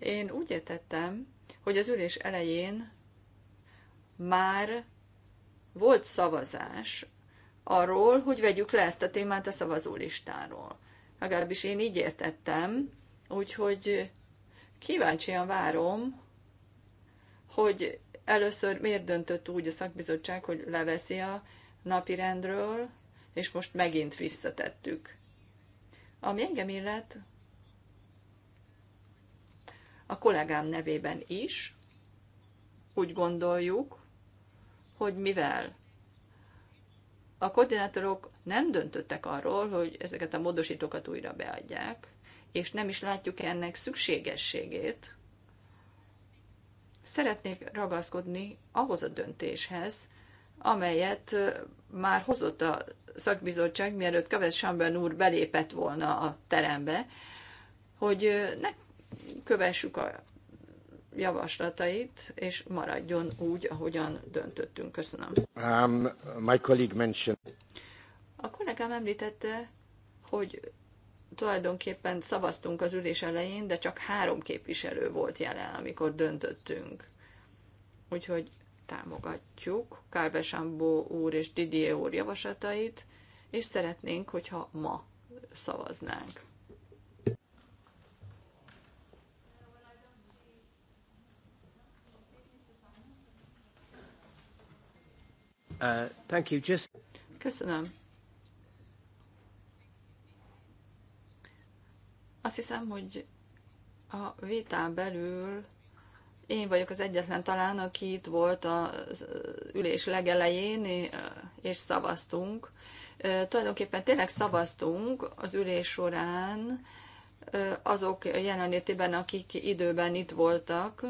Én úgy értettem, hogy az ülés elején már volt szavazás arról, hogy vegyük le ezt a témát a szavazólistáról. Legalábbis én így értettem, úgyhogy kíváncsian várom, hogy először miért döntött úgy a szakbizottság, hogy leveszi a napirendről, és most megint visszatettük. Ami engem illet, a kollégám nevében is. Úgy gondoljuk, hogy mivel a koordinátorok nem döntöttek arról, hogy ezeket a módosítókat újra beadják, és nem is látjuk ennek szükségességét, szeretnék ragaszkodni ahhoz a döntéshez, amelyet már hozott a szakbizottság, mielőtt Kövesz Samben úr belépett volna a terembe, hogy ne kövessük a javaslatait, és maradjon úgy, ahogyan döntöttünk. Köszönöm. Um, my colleague mentioned... A kollégám említette, hogy tulajdonképpen szavaztunk az ülés elején, de csak három képviselő volt jelen, amikor döntöttünk. Úgyhogy támogatjuk Kálbesambó úr és Didier úr javaslatait, és szeretnénk, hogyha ma szavaznánk. Uh, thank you. Just... Köszönöm. Azt hiszem, hogy a vétán belül én vagyok az egyetlen talán, aki itt volt az uh, ülés legelején, uh, és szavaztunk. Tulajdonképpen tényleg szavaztunk az ülés során azok jelenlétében, akik időben itt voltak.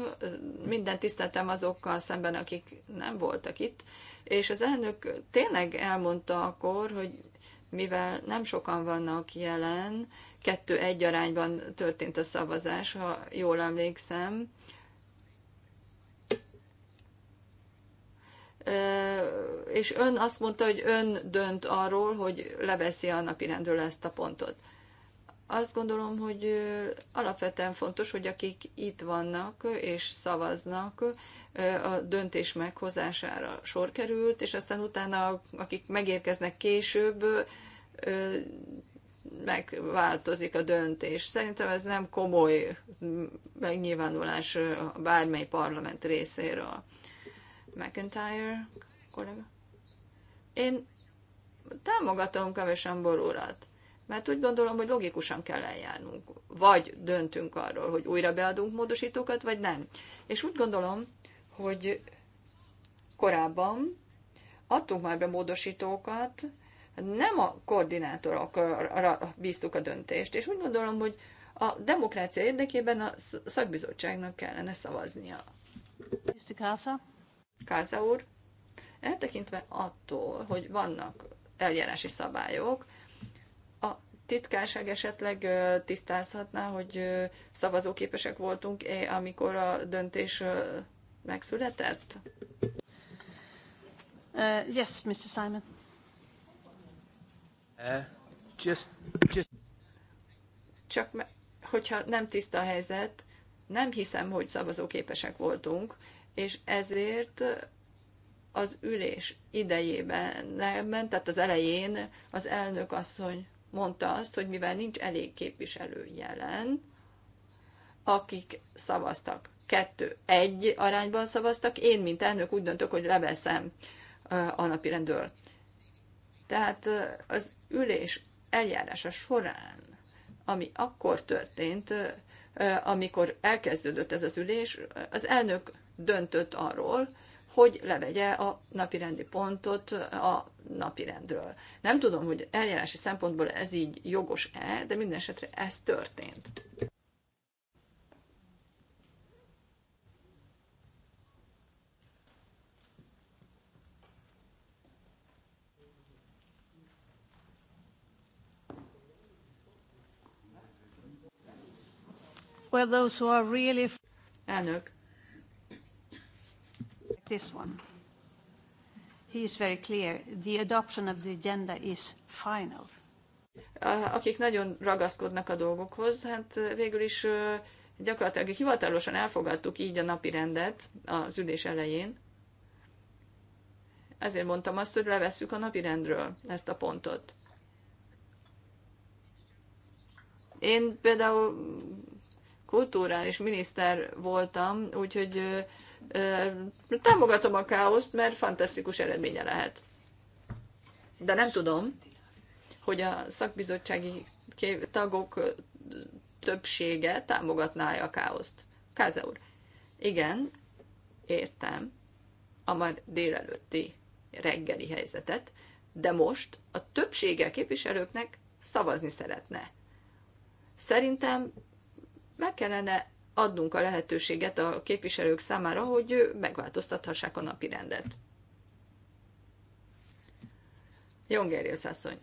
Minden tiszteltem azokkal szemben, akik nem voltak itt és az elnök tényleg elmondta akkor, hogy mivel nem sokan vannak jelen, kettő-egy arányban történt a szavazás, ha jól emlékszem, és ön azt mondta, hogy ön dönt arról, hogy leveszi a napirendről ezt a pontot azt gondolom, hogy alapvetően fontos, hogy akik itt vannak és szavaznak, a döntés meghozására sor került, és aztán utána, akik megérkeznek később, megváltozik a döntés. Szerintem ez nem komoly megnyilvánulás bármely parlament részéről. McIntyre kollega. Én támogatom Kavesambor Borúrat mert úgy gondolom, hogy logikusan kell eljárnunk. Vagy döntünk arról, hogy újra beadunk módosítókat, vagy nem. És úgy gondolom, hogy korábban adtunk már be módosítókat, nem a koordinátorokra bíztuk a döntést, és úgy gondolom, hogy a demokrácia érdekében a szakbizottságnak kellene szavaznia. Mr. Káza? Káza úr, eltekintve attól, hogy vannak eljárási szabályok, titkárság esetleg tisztázhatná, hogy szavazóképesek voltunk amikor a döntés megszületett? Uh, yes, Mr. Simon. Uh, just, just... Csak hogyha nem tiszta a helyzet, nem hiszem, hogy szavazóképesek voltunk, és ezért az ülés idejében, nem, tehát az elején az elnök asszony mondta azt, hogy mivel nincs elég képviselő jelen, akik szavaztak, kettő, egy arányban szavaztak, én, mint elnök úgy döntök, hogy leveszem a napirendről. Tehát az ülés eljárása során, ami akkor történt, amikor elkezdődött ez az ülés, az elnök döntött arról, hogy levegye a napirendi pontot a napirendről. Nem tudom, hogy eljárási szempontból ez így jogos-e, de minden esetre ez történt. Well, those who are really... Elnök, this one. He is very clear. The adoption of the agenda is final. Akik nagyon ragaszkodnak a dolgokhoz, hát végül is gyakorlatilag hivatalosan elfogadtuk így a napi rendet az ülés elején. Ezért mondtam azt, hogy levesszük a napi rendről ezt a pontot. Én például kulturális miniszter voltam, úgyhogy uh, Támogatom a káoszt, mert fantasztikus eredménye lehet. De nem tudom, hogy a szakbizottsági tagok többsége támogatná a káoszt. Káze úr. Igen, értem a már délelőtti reggeli helyzetet, de most a többsége a képviselőknek szavazni szeretne. Szerintem meg kellene adnunk a lehetőséget a képviselők számára, hogy megváltoztathassák a napi rendet. Jongerius asszony.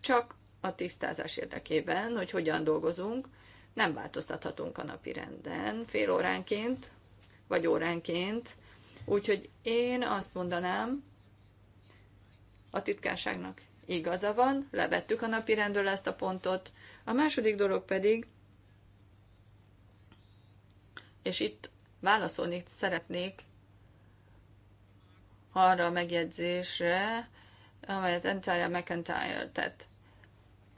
Csak a tisztázás érdekében, hogy hogyan dolgozunk, nem változtathatunk a napi renden fél óránként, vagy óránként. Úgyhogy én azt mondanám, a titkárságnak igaza van, levettük a napi rendről ezt a pontot. A második dolog pedig, és itt válaszolni szeretnék arra a megjegyzésre, amelyet Entire McIntyre tett.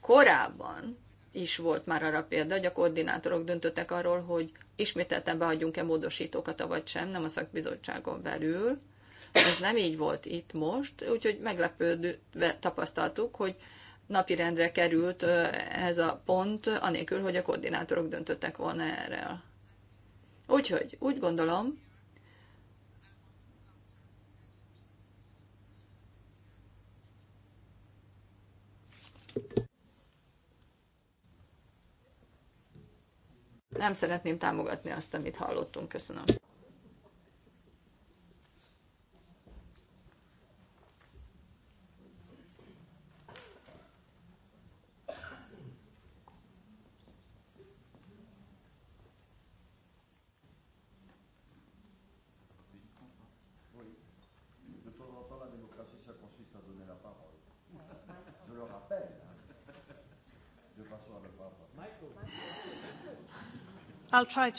Korábban is volt már arra példa, hogy a koordinátorok döntöttek arról, hogy ismételten behagyjunk-e módosítókat, vagy sem, nem a szakbizottságon belül. Ez nem így volt itt most, úgyhogy meglepődve tapasztaltuk, hogy napirendre került ez a pont, anélkül, hogy a koordinátorok döntöttek volna erről. Úgyhogy úgy gondolom, nem szeretném támogatni azt, amit hallottunk. Köszönöm. I'll try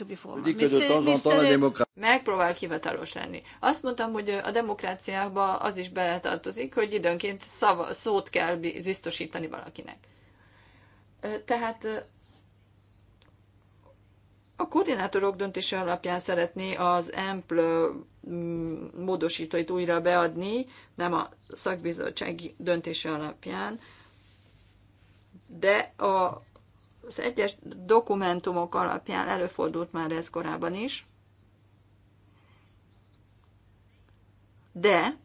to Megpróbál hivatalos lenni. Azt mondtam, hogy a demokráciába az is beletartozik, hogy időnként szava, szót kell biztosítani valakinek. Tehát a koordinátorok döntése alapján szeretné az EMPL módosítóit újra beadni, nem a szakbizottság döntése alapján, de a az egyes dokumentumok alapján előfordult már ez korábban is, de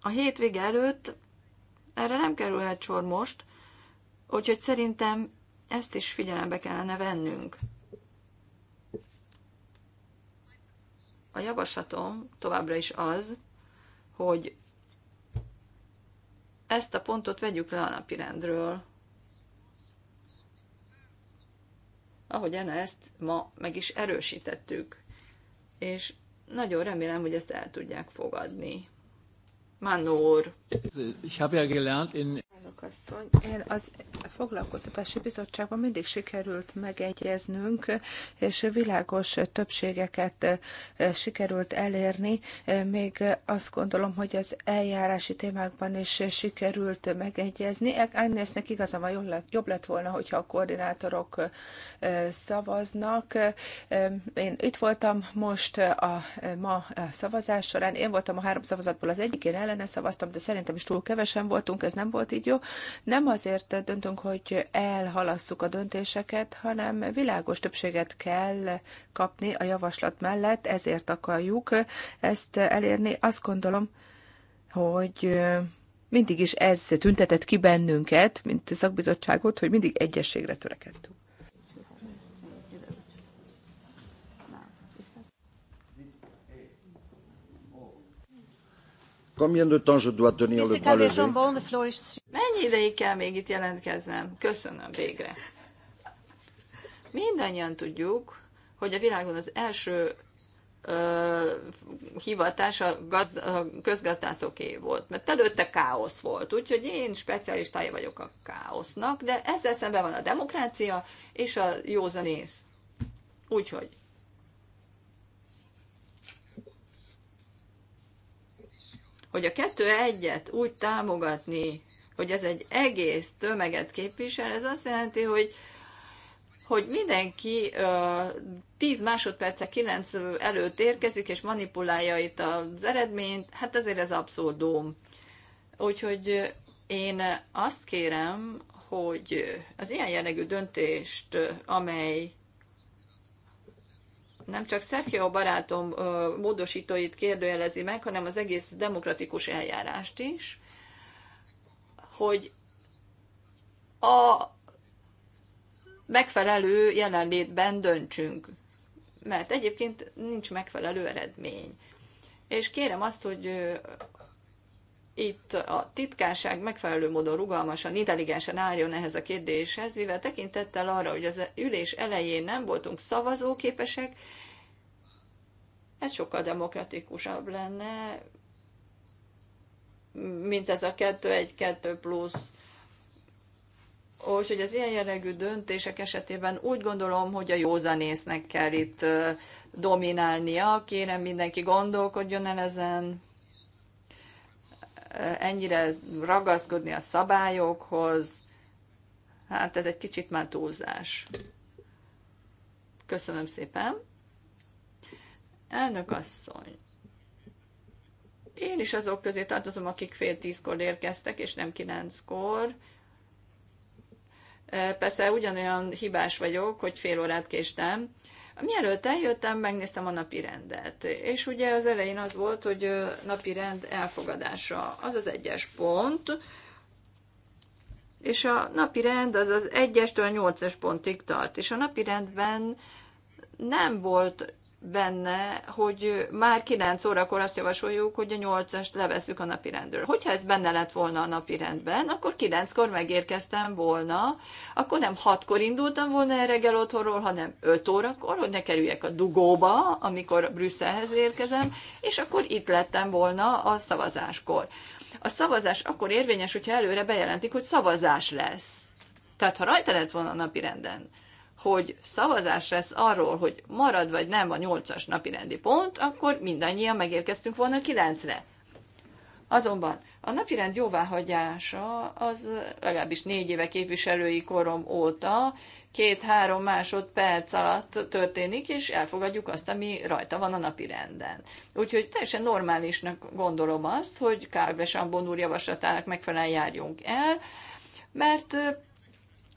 a hétvége előtt erre nem kerülhet sor most, úgyhogy szerintem ezt is figyelembe kellene vennünk. A javaslatom továbbra is az, hogy ezt a pontot vegyük le a napirendről. ahogyan ezt ma meg is erősítettük. És nagyon remélem, hogy ezt el tudják fogadni. Manor. Ich habe ja gelernt in elnök asszony. Én az foglalkoztatási bizottságban mindig sikerült megegyeznünk, és világos többségeket eh, sikerült elérni. Eh, még azt gondolom, hogy az eljárási témákban is sikerült megegyezni. Agnesnek e- igaza van, jobb lett, jobb lett volna, hogyha a koordinátorok eh, szavaznak. Én itt voltam most a ma a szavazás során. Én voltam a három szavazatból az egyik, én ellene szavaztam, de szerintem is túl kevesen voltunk, ez nem volt így jó jó. Nem azért döntünk, hogy elhalasszuk a döntéseket, hanem világos többséget kell kapni a javaslat mellett, ezért akarjuk ezt elérni. Azt gondolom, hogy mindig is ez tüntetett ki bennünket, mint szakbizottságot, hogy mindig egyességre törekedtünk. Combien de temps je dois tenir le bras levé? Mennyi ideig kell még itt jelentkeznem? Köszönöm végre. Mindannyian tudjuk, hogy a világon az első ö, hivatás a, gazd, a közgazdászoké volt, mert előtte káosz volt, úgyhogy én specialistája vagyok a káosznak, de ezzel szemben van a demokrácia és a józanész. Úgyhogy hogy a kettő egyet úgy támogatni, hogy ez egy egész tömeget képvisel, ez azt jelenti, hogy hogy mindenki uh, 10 másodperce 9 előtt érkezik, és manipulálja itt az eredményt, hát azért ez abszurdum. Úgyhogy én azt kérem, hogy az ilyen jellegű döntést, amely nem csak a barátom módosítóit kérdőjelezi meg, hanem az egész demokratikus eljárást is, hogy a megfelelő jelenlétben döntsünk, mert egyébként nincs megfelelő eredmény. És kérem azt, hogy itt a titkárság megfelelő módon rugalmasan, intelligensen álljon ehhez a kérdéshez, mivel tekintettel arra, hogy az ülés elején nem voltunk szavazóképesek, ez sokkal demokratikusabb lenne, mint ez a 2-1-2 plusz. Úgyhogy az ilyen jellegű döntések esetében úgy gondolom, hogy a józanésznek kell itt dominálnia. Kérem mindenki gondolkodjon el ezen ennyire ragaszkodni a szabályokhoz, hát ez egy kicsit már túlzás. Köszönöm szépen. Elnök asszony, én is azok közé tartozom, akik fél tízkor érkeztek, és nem kilenckor. Persze ugyanolyan hibás vagyok, hogy fél órát késtem, Mielőtt eljöttem, megnéztem a napi rendet, és ugye az elején az volt, hogy napi rend elfogadása, az az egyes pont, és a napi rend az az egyestől től pontig tart, és a napi rendben nem volt benne, hogy már 9 órakor azt javasoljuk, hogy a 8-ast leveszük a rendről. Hogyha ez benne lett volna a rendben, akkor 9-kor megérkeztem volna, akkor nem 6-kor indultam volna el reggel otthonról, hanem 5 órakor, hogy ne kerüljek a dugóba, amikor Brüsszelhez érkezem, és akkor itt lettem volna a szavazáskor. A szavazás akkor érvényes, hogyha előre bejelentik, hogy szavazás lesz. Tehát ha rajta lett volna a renden, hogy szavazás lesz arról, hogy marad vagy nem a 8-as napi rendi pont, akkor mindannyian megérkeztünk volna 9-re. Azonban a napirend jóváhagyása az legalábbis négy éve képviselői korom óta két-három másodperc alatt történik, és elfogadjuk azt, ami rajta van a napirenden. Úgyhogy teljesen normálisnak gondolom azt, hogy Kálves Ambon úr javaslatának megfelelően járjunk el, mert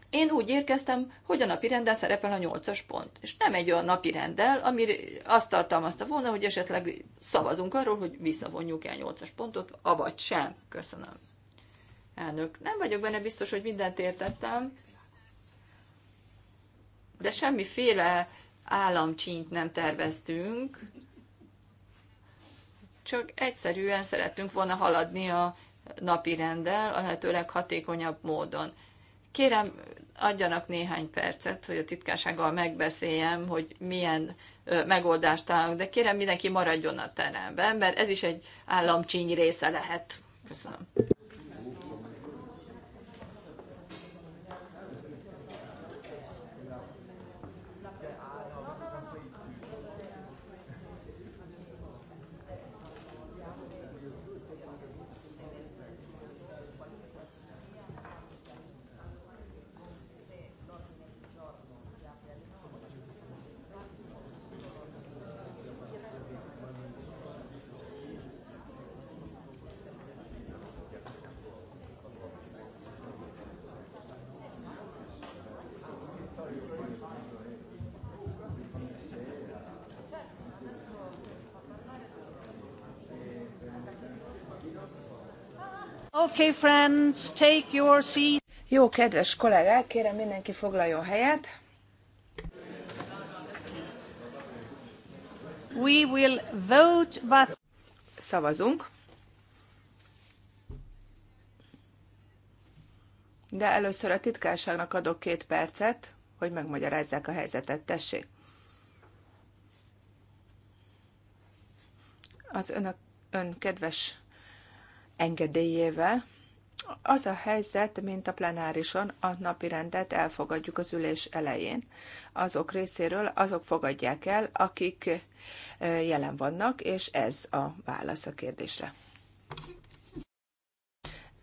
én úgy érkeztem, hogy a rendel szerepel a nyolcas pont, és nem egy olyan rendel, ami azt tartalmazta volna, hogy esetleg szavazunk arról, hogy visszavonjuk el a nyolcas pontot, avagy sem. Köszönöm. Elnök, nem vagyok benne biztos, hogy mindent értettem, de semmiféle államcsínyt nem terveztünk, csak egyszerűen szerettünk volna haladni a napi rendel, a lehető leghatékonyabb módon. Kérem, adjanak néhány percet, hogy a titkársággal megbeszéljem, hogy milyen megoldást találunk, de kérem mindenki maradjon a teremben, mert ez is egy államcsíny része lehet. Köszönöm. Okay, friends, take your seat. Jó, kedves kollégák, kérem mindenki foglaljon helyet. We will vote, but... Szavazunk. De először a titkárságnak adok két percet, hogy megmagyarázzák a helyzetet. Tessék. Az önök, ön kedves engedélyével. Az a helyzet, mint a plenárison, a napi rendet elfogadjuk az ülés elején. Azok részéről azok fogadják el, akik jelen vannak, és ez a válasz a kérdésre.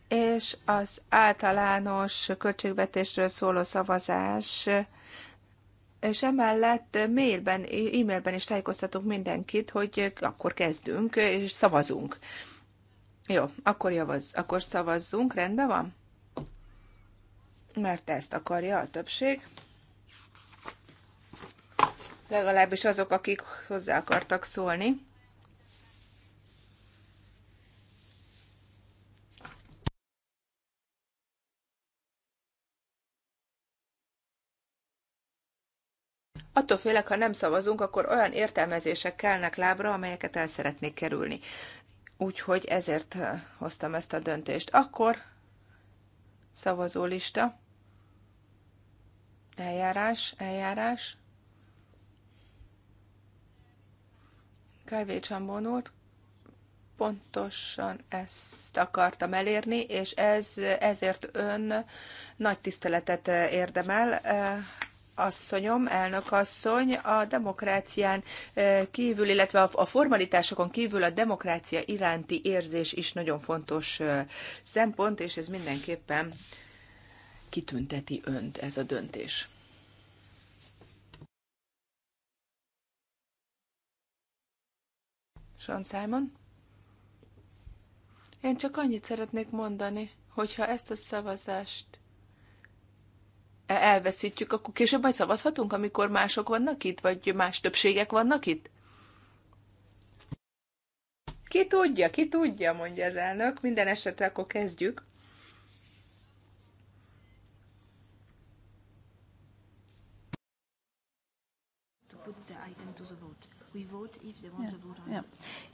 És az általános költségvetésről szóló szavazás és emellett mailben, e-mailben is tájékoztatunk mindenkit, hogy akkor kezdünk és szavazunk. Jó, akkor javaz, akkor szavazzunk, rendben van? Mert ezt akarja a többség. Legalábbis azok, akik hozzá akartak szólni. Attól félek, ha nem szavazunk, akkor olyan értelmezések kelnek lábra, amelyeket el szeretnék kerülni. Úgyhogy ezért eh, hoztam ezt a döntést. Akkor szavazólista, eljárás, eljárás. Kávé Csambonult pontosan ezt akartam elérni, és ez ezért ön nagy tiszteletet eh, érdemel. Eh, asszonyom, elnök asszony, a demokrácián kívül, illetve a formalitásokon kívül a demokrácia iránti érzés is nagyon fontos szempont, és ez mindenképpen kitünteti önt ez a döntés. Sean Simon? Én csak annyit szeretnék mondani, hogyha ezt a szavazást elveszítjük, akkor később majd szavazhatunk, amikor mások vannak itt, vagy más többségek vannak itt? Ki tudja, ki tudja, mondja az elnök. Minden esetre akkor kezdjük.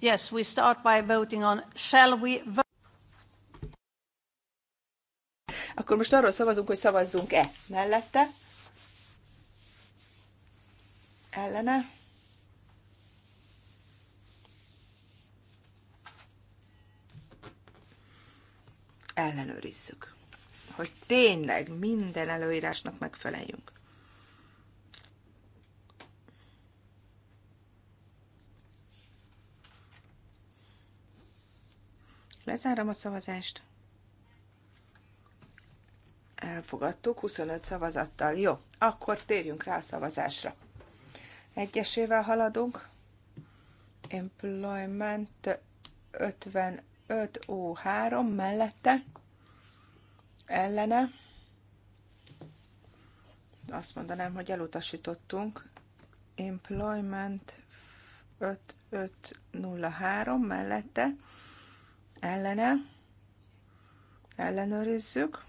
Yes, we start by voting on shall we vote? Akkor most arról szavazunk, hogy szavazzunk-e mellette. Ellene. Ellenőrizzük, hogy tényleg minden előírásnak megfeleljünk. Lezárom a szavazást. Elfogadtuk 25 szavazattal. Jó, akkor térjünk rá a szavazásra. Egyesével haladunk. Employment 55O3 mellette. Ellene. Azt mondanám, hogy elutasítottunk. Employment 5503 mellette. Ellene. Ellenőrizzük.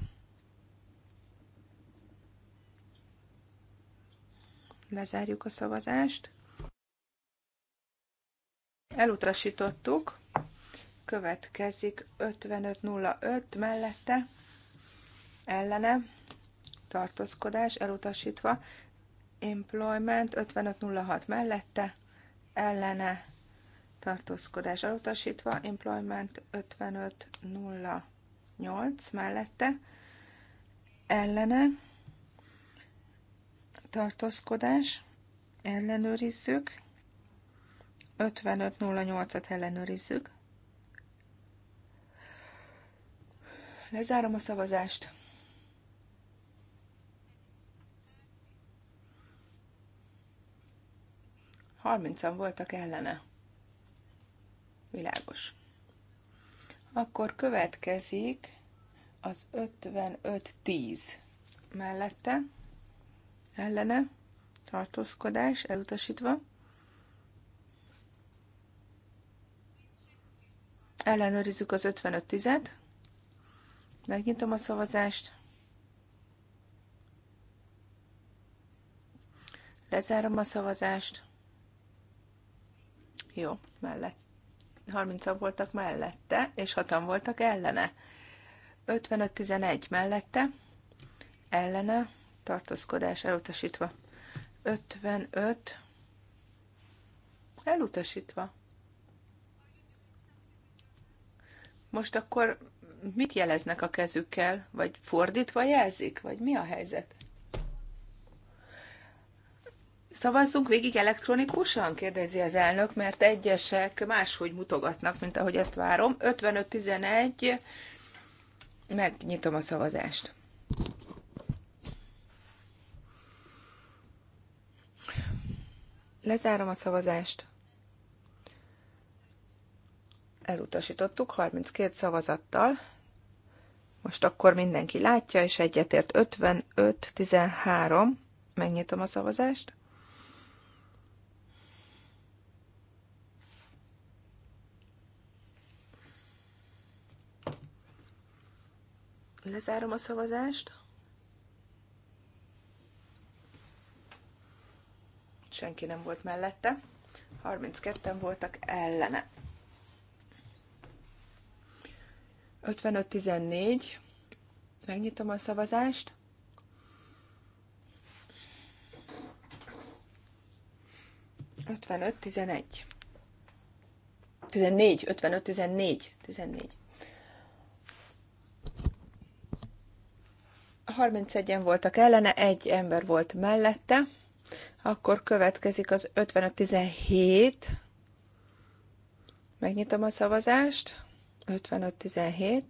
Lezárjuk a szavazást. Elutasítottuk. Következik 5505 mellette ellene tartózkodás elutasítva. Employment 5506 mellette ellene tartózkodás elutasítva, employment 5508 mellette, ellene tartózkodás, ellenőrizzük, 5508-at ellenőrizzük. Lezárom a szavazást. Harmincan voltak ellene. Világos. Akkor következik az 55-10 mellette ellene, tartózkodás elutasítva. Ellenőrizzük az 55-10-et. Megnyitom a szavazást. Lezárom a szavazást. Jó, mellett. 30 voltak mellette, és 6 voltak ellene. 55-11 mellette, ellene, tartózkodás elutasítva. 55 elutasítva. Most akkor mit jeleznek a kezükkel? Vagy fordítva jelzik? Vagy mi a helyzet? Szavazzunk végig elektronikusan? kérdezi az elnök, mert egyesek máshogy mutogatnak, mint ahogy ezt várom. 55-11, megnyitom a szavazást. Lezárom a szavazást. Elutasítottuk 32 szavazattal. Most akkor mindenki látja, és egyetért 55-13. Megnyitom a szavazást. Lezárom a szavazást. senki nem volt mellette, 32-en voltak ellene. 55-14, megnyitom a szavazást. Ötvenöt, tizenegy. Tizennégy, ötvenöt, tizennégy, tizennégy. 31-en voltak ellene, egy ember volt mellette. Akkor következik az 55-17. Megnyitom a szavazást. 55-17.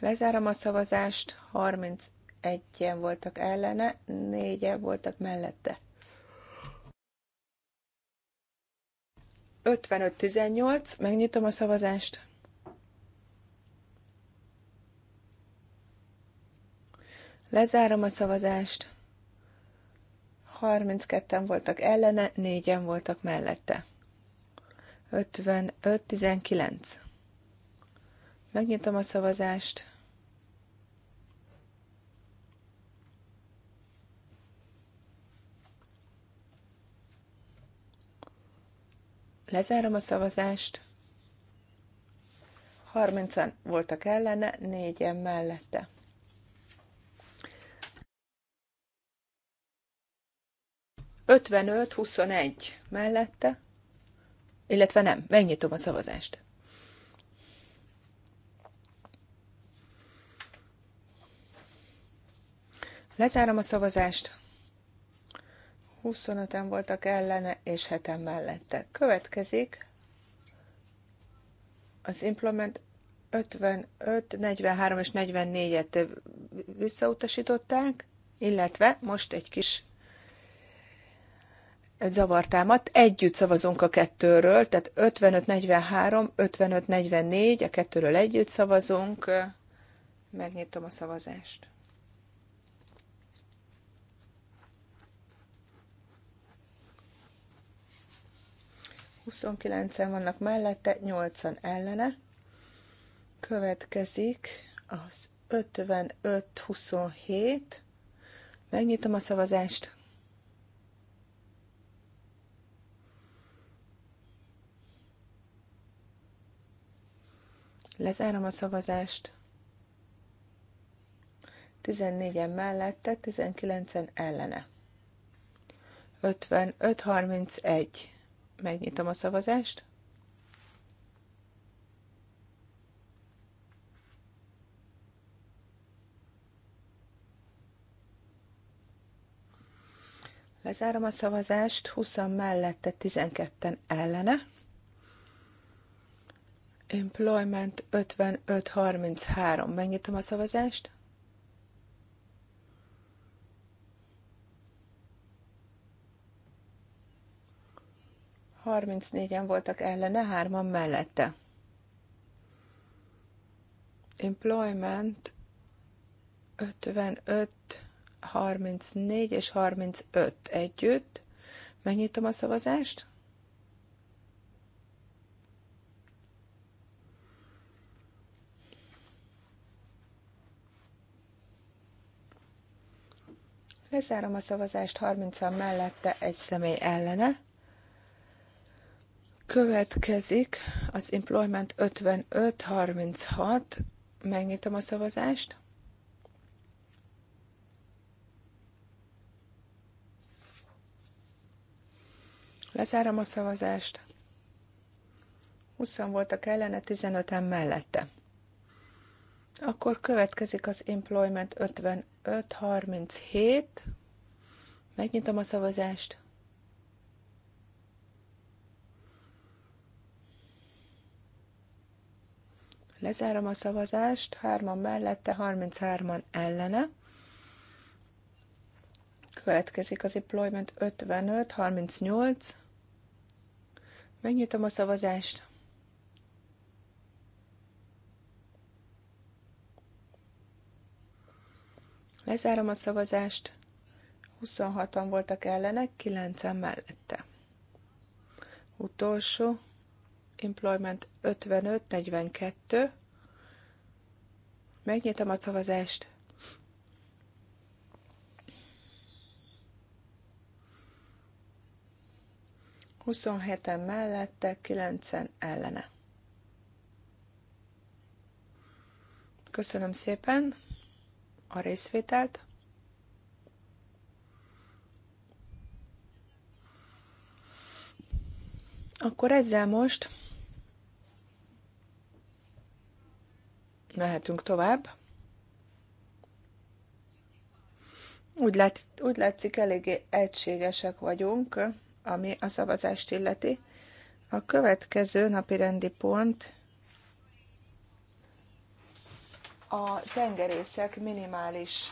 Lezárom a szavazást, 31-en voltak ellene, 4-en voltak mellette. 55-18, megnyitom a szavazást. 55-18. Lezárom a szavazást. 32-en voltak ellene, 4-en voltak mellette. 55-19. Megnyitom a szavazást. Lezárom a szavazást. 30 en voltak ellene, 4-en mellette. 55-21 mellette, illetve nem, megnyitom a szavazást. Lezárom a szavazást. 25-en voltak ellene, és 7 mellette. Következik az implement 55, 43 és 44-et visszautasították, illetve most egy kis zavartámat. Együtt szavazunk a kettőről, tehát 55-43, 55-44, a kettőről együtt szavazunk. Megnyitom a szavazást. Huszonkilencen vannak mellette, 80 ellene. Következik az 55-27. Megnyitom a szavazást. Lezárom a szavazást. 14-en mellette, 19-en ellene. 55-31. Megnyitom a szavazást. Lezárom a szavazást, 20 mellette, 12-en ellene. Employment 5533. Megnyitom a szavazást. négyen voltak ellene, hárman mellette. Employment 55, 34 és 35 együtt. Megnyitom a szavazást. Lezárom a szavazást 30-an mellette, egy személy ellene. Következik az Employment 55-36. Megnyitom a szavazást. Lezárom a szavazást. 20 voltak ellene, 15-en mellette. Akkor következik az Employment 5537. Megnyitom a szavazást. Lezárom a szavazást, hárman mellette, 33-an ellene. Következik az Employment 55, 38. Megnyitom a szavazást. Lezárom a szavazást. 26-an voltak ellenek, 9-en mellette. Utolsó. Employment 55-42. Megnyitom a szavazást. Huszonheten mellette, kilencen ellene. Köszönöm szépen! a részvételt. Akkor ezzel most mehetünk tovább. Úgy, lát, úgy látszik, eléggé egységesek vagyunk, ami a szavazást illeti. A következő napi rendi pont a tengerészek minimális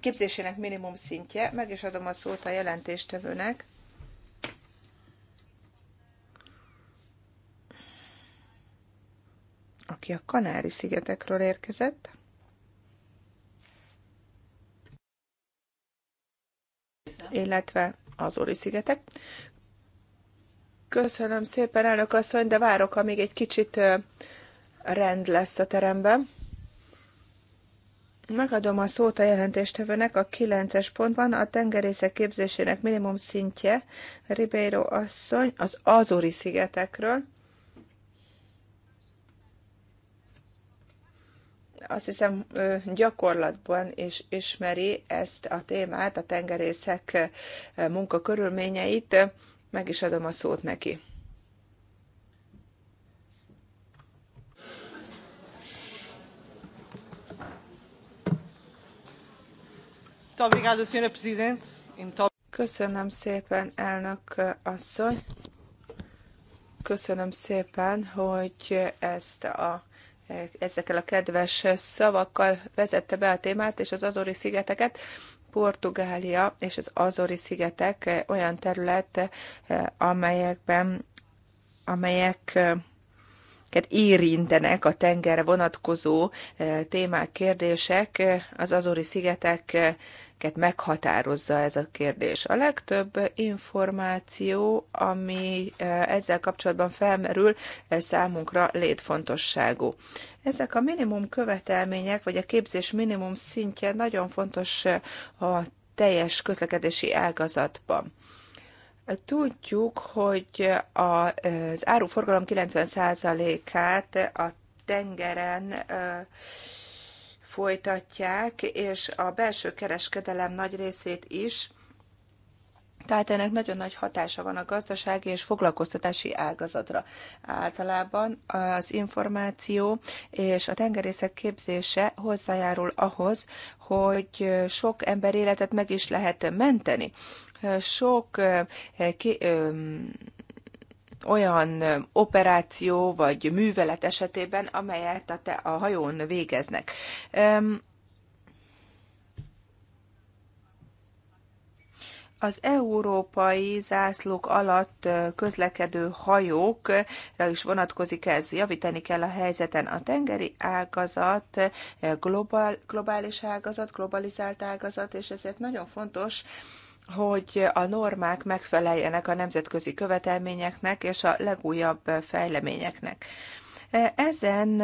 képzésének minimum szintje. Meg is adom a szót a jelentéstevőnek. aki a Kanári-szigetekről érkezett. illetve Ori szigetek Köszönöm szépen, elnök asszony, de várok, amíg egy kicsit rend lesz a teremben. Megadom a szót a jelentéstevőnek a 9-es pontban a tengerészek képzésének minimum szintje, Ribeiro asszony az Azori szigetekről. Azt hiszem gyakorlatban is ismeri ezt a témát, a tengerészek munkakörülményeit. Meg is adom a szót neki. Köszönöm szépen, elnök asszony. Köszönöm szépen, hogy ezt a ezekkel a kedves szavakkal vezette be a témát, és az Azori szigeteket. Portugália és az Azori szigetek olyan terület, amelyekben, amelyek érintenek a tengerre vonatkozó eh, témák, kérdések. Az Azori szigetek meghatározza ez a kérdés. A legtöbb információ, ami e, ezzel kapcsolatban felmerül, e, számunkra létfontosságú. Ezek a minimum követelmények, vagy a képzés minimum szintje nagyon fontos e, a teljes közlekedési ágazatban. Tudjuk, hogy az áruforgalom 90%-át a tengeren folytatják, és a belső kereskedelem nagy részét is. Tehát ennek nagyon nagy hatása van a gazdasági és foglalkoztatási ágazatra. Általában az információ és a tengerészek képzése hozzájárul ahhoz, hogy sok ember életet meg is lehet menteni. Sok eh, ki, eh, olyan operáció vagy művelet esetében, amelyet a, te, a hajón végeznek. Az európai zászlók alatt közlekedő hajókra is vonatkozik ez, javítani kell a helyzeten. A tengeri ágazat globál, globális ágazat, globalizált ágazat, és ezért nagyon fontos, hogy a normák megfeleljenek a nemzetközi követelményeknek és a legújabb fejleményeknek. Ezen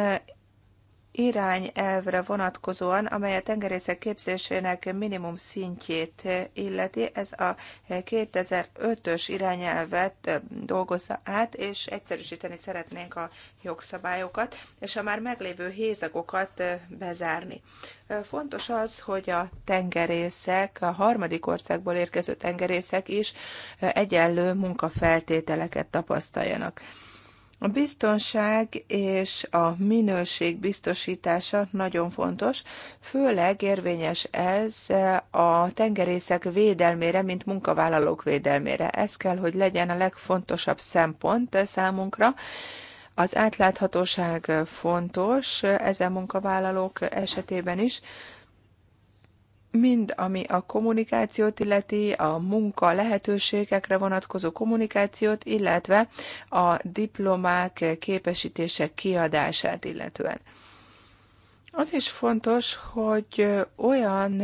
irányelvre vonatkozóan, amely a tengerészek képzésének minimum szintjét illeti. Ez a 2005-ös irányelvet dolgozza át, és egyszerűsíteni szeretnénk a jogszabályokat, és a már meglévő hézagokat bezárni. Fontos az, hogy a tengerészek, a harmadik országból érkező tengerészek is egyenlő munkafeltételeket tapasztaljanak. A biztonság és a minőség biztosítása nagyon fontos, főleg érvényes ez a tengerészek védelmére, mint munkavállalók védelmére. Ez kell, hogy legyen a legfontosabb szempont számunkra. Az átláthatóság fontos ezen munkavállalók esetében is, mind ami a kommunikációt illeti, a munka lehetőségekre vonatkozó kommunikációt, illetve a diplomák képesítések kiadását illetően. Az is fontos, hogy olyan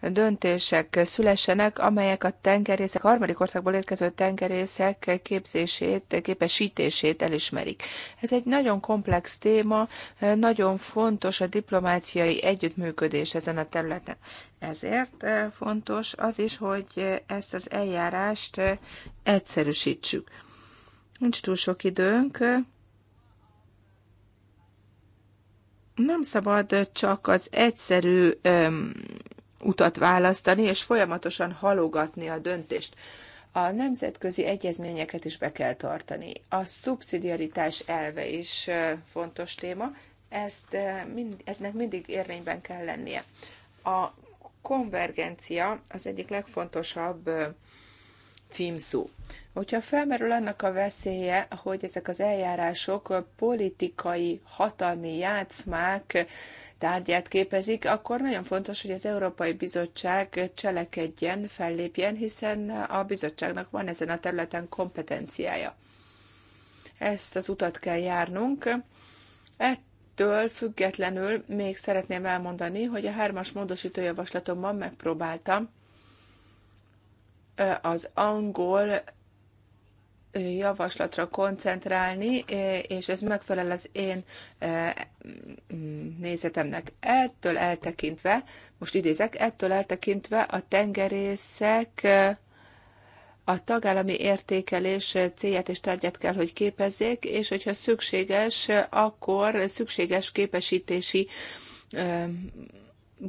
döntések szülessenek, amelyek a tengerészek, a harmadik országból érkező tengerészek képzését, képesítését elismerik. Ez egy nagyon komplex téma, nagyon fontos a diplomáciai együttműködés ezen a területen. Ezért eh, fontos az is, hogy eh, ezt az eljárást eh, egyszerűsítsük. Nincs túl sok időnk. Nem szabad csak az egyszerű öm, utat választani, és folyamatosan halogatni a döntést. A nemzetközi egyezményeket is be kell tartani. A szubszidiaritás elve is fontos téma, ezt mind, eznek mindig érvényben kell lennie. A konvergencia az egyik legfontosabb címszó. Hogyha felmerül annak a veszélye, hogy ezek az eljárások politikai hatalmi játszmák tárgyát képezik, akkor nagyon fontos, hogy az Európai Bizottság cselekedjen, fellépjen, hiszen a bizottságnak van ezen a területen kompetenciája. Ezt az utat kell járnunk. Ett Ettől függetlenül még szeretném elmondani, hogy a hármas módosítójavaslatomban megpróbáltam az angol javaslatra koncentrálni, és ez megfelel az én mm, nézetemnek. Ettől eltekintve, most idézek, ettől eltekintve a tengerészek a tagállami értékelés célját és tárgyát kell, hogy képezzék, és hogyha szükséges, akkor szükséges képesítési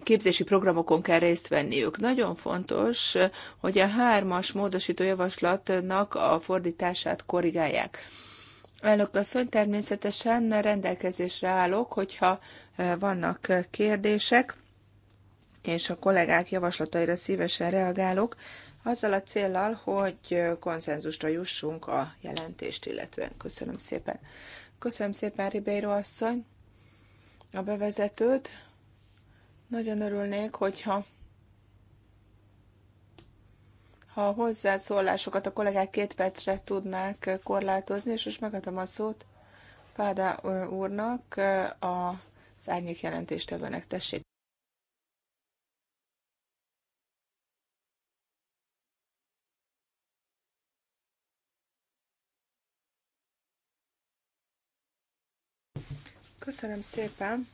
képzési programokon kell részt venniük. Nagyon fontos, hogy a hármas módosító javaslatnak a fordítását korrigálják. Elnök asszony, természetesen rendelkezésre állok, hogyha vannak kérdések, és a kollégák javaslataira szívesen reagálok azzal a céllal, hogy konszenzusra jussunk a jelentést illetően. Köszönöm szépen. Köszönöm szépen, Ribeiro asszony, a bevezetőt. Nagyon örülnék, hogyha ha a hozzászólásokat a kollégák két percre tudnák korlátozni, és most megadom a szót Páda úrnak, az árnyék jelentéstevőnek. Tessék! Köszönöm szépen.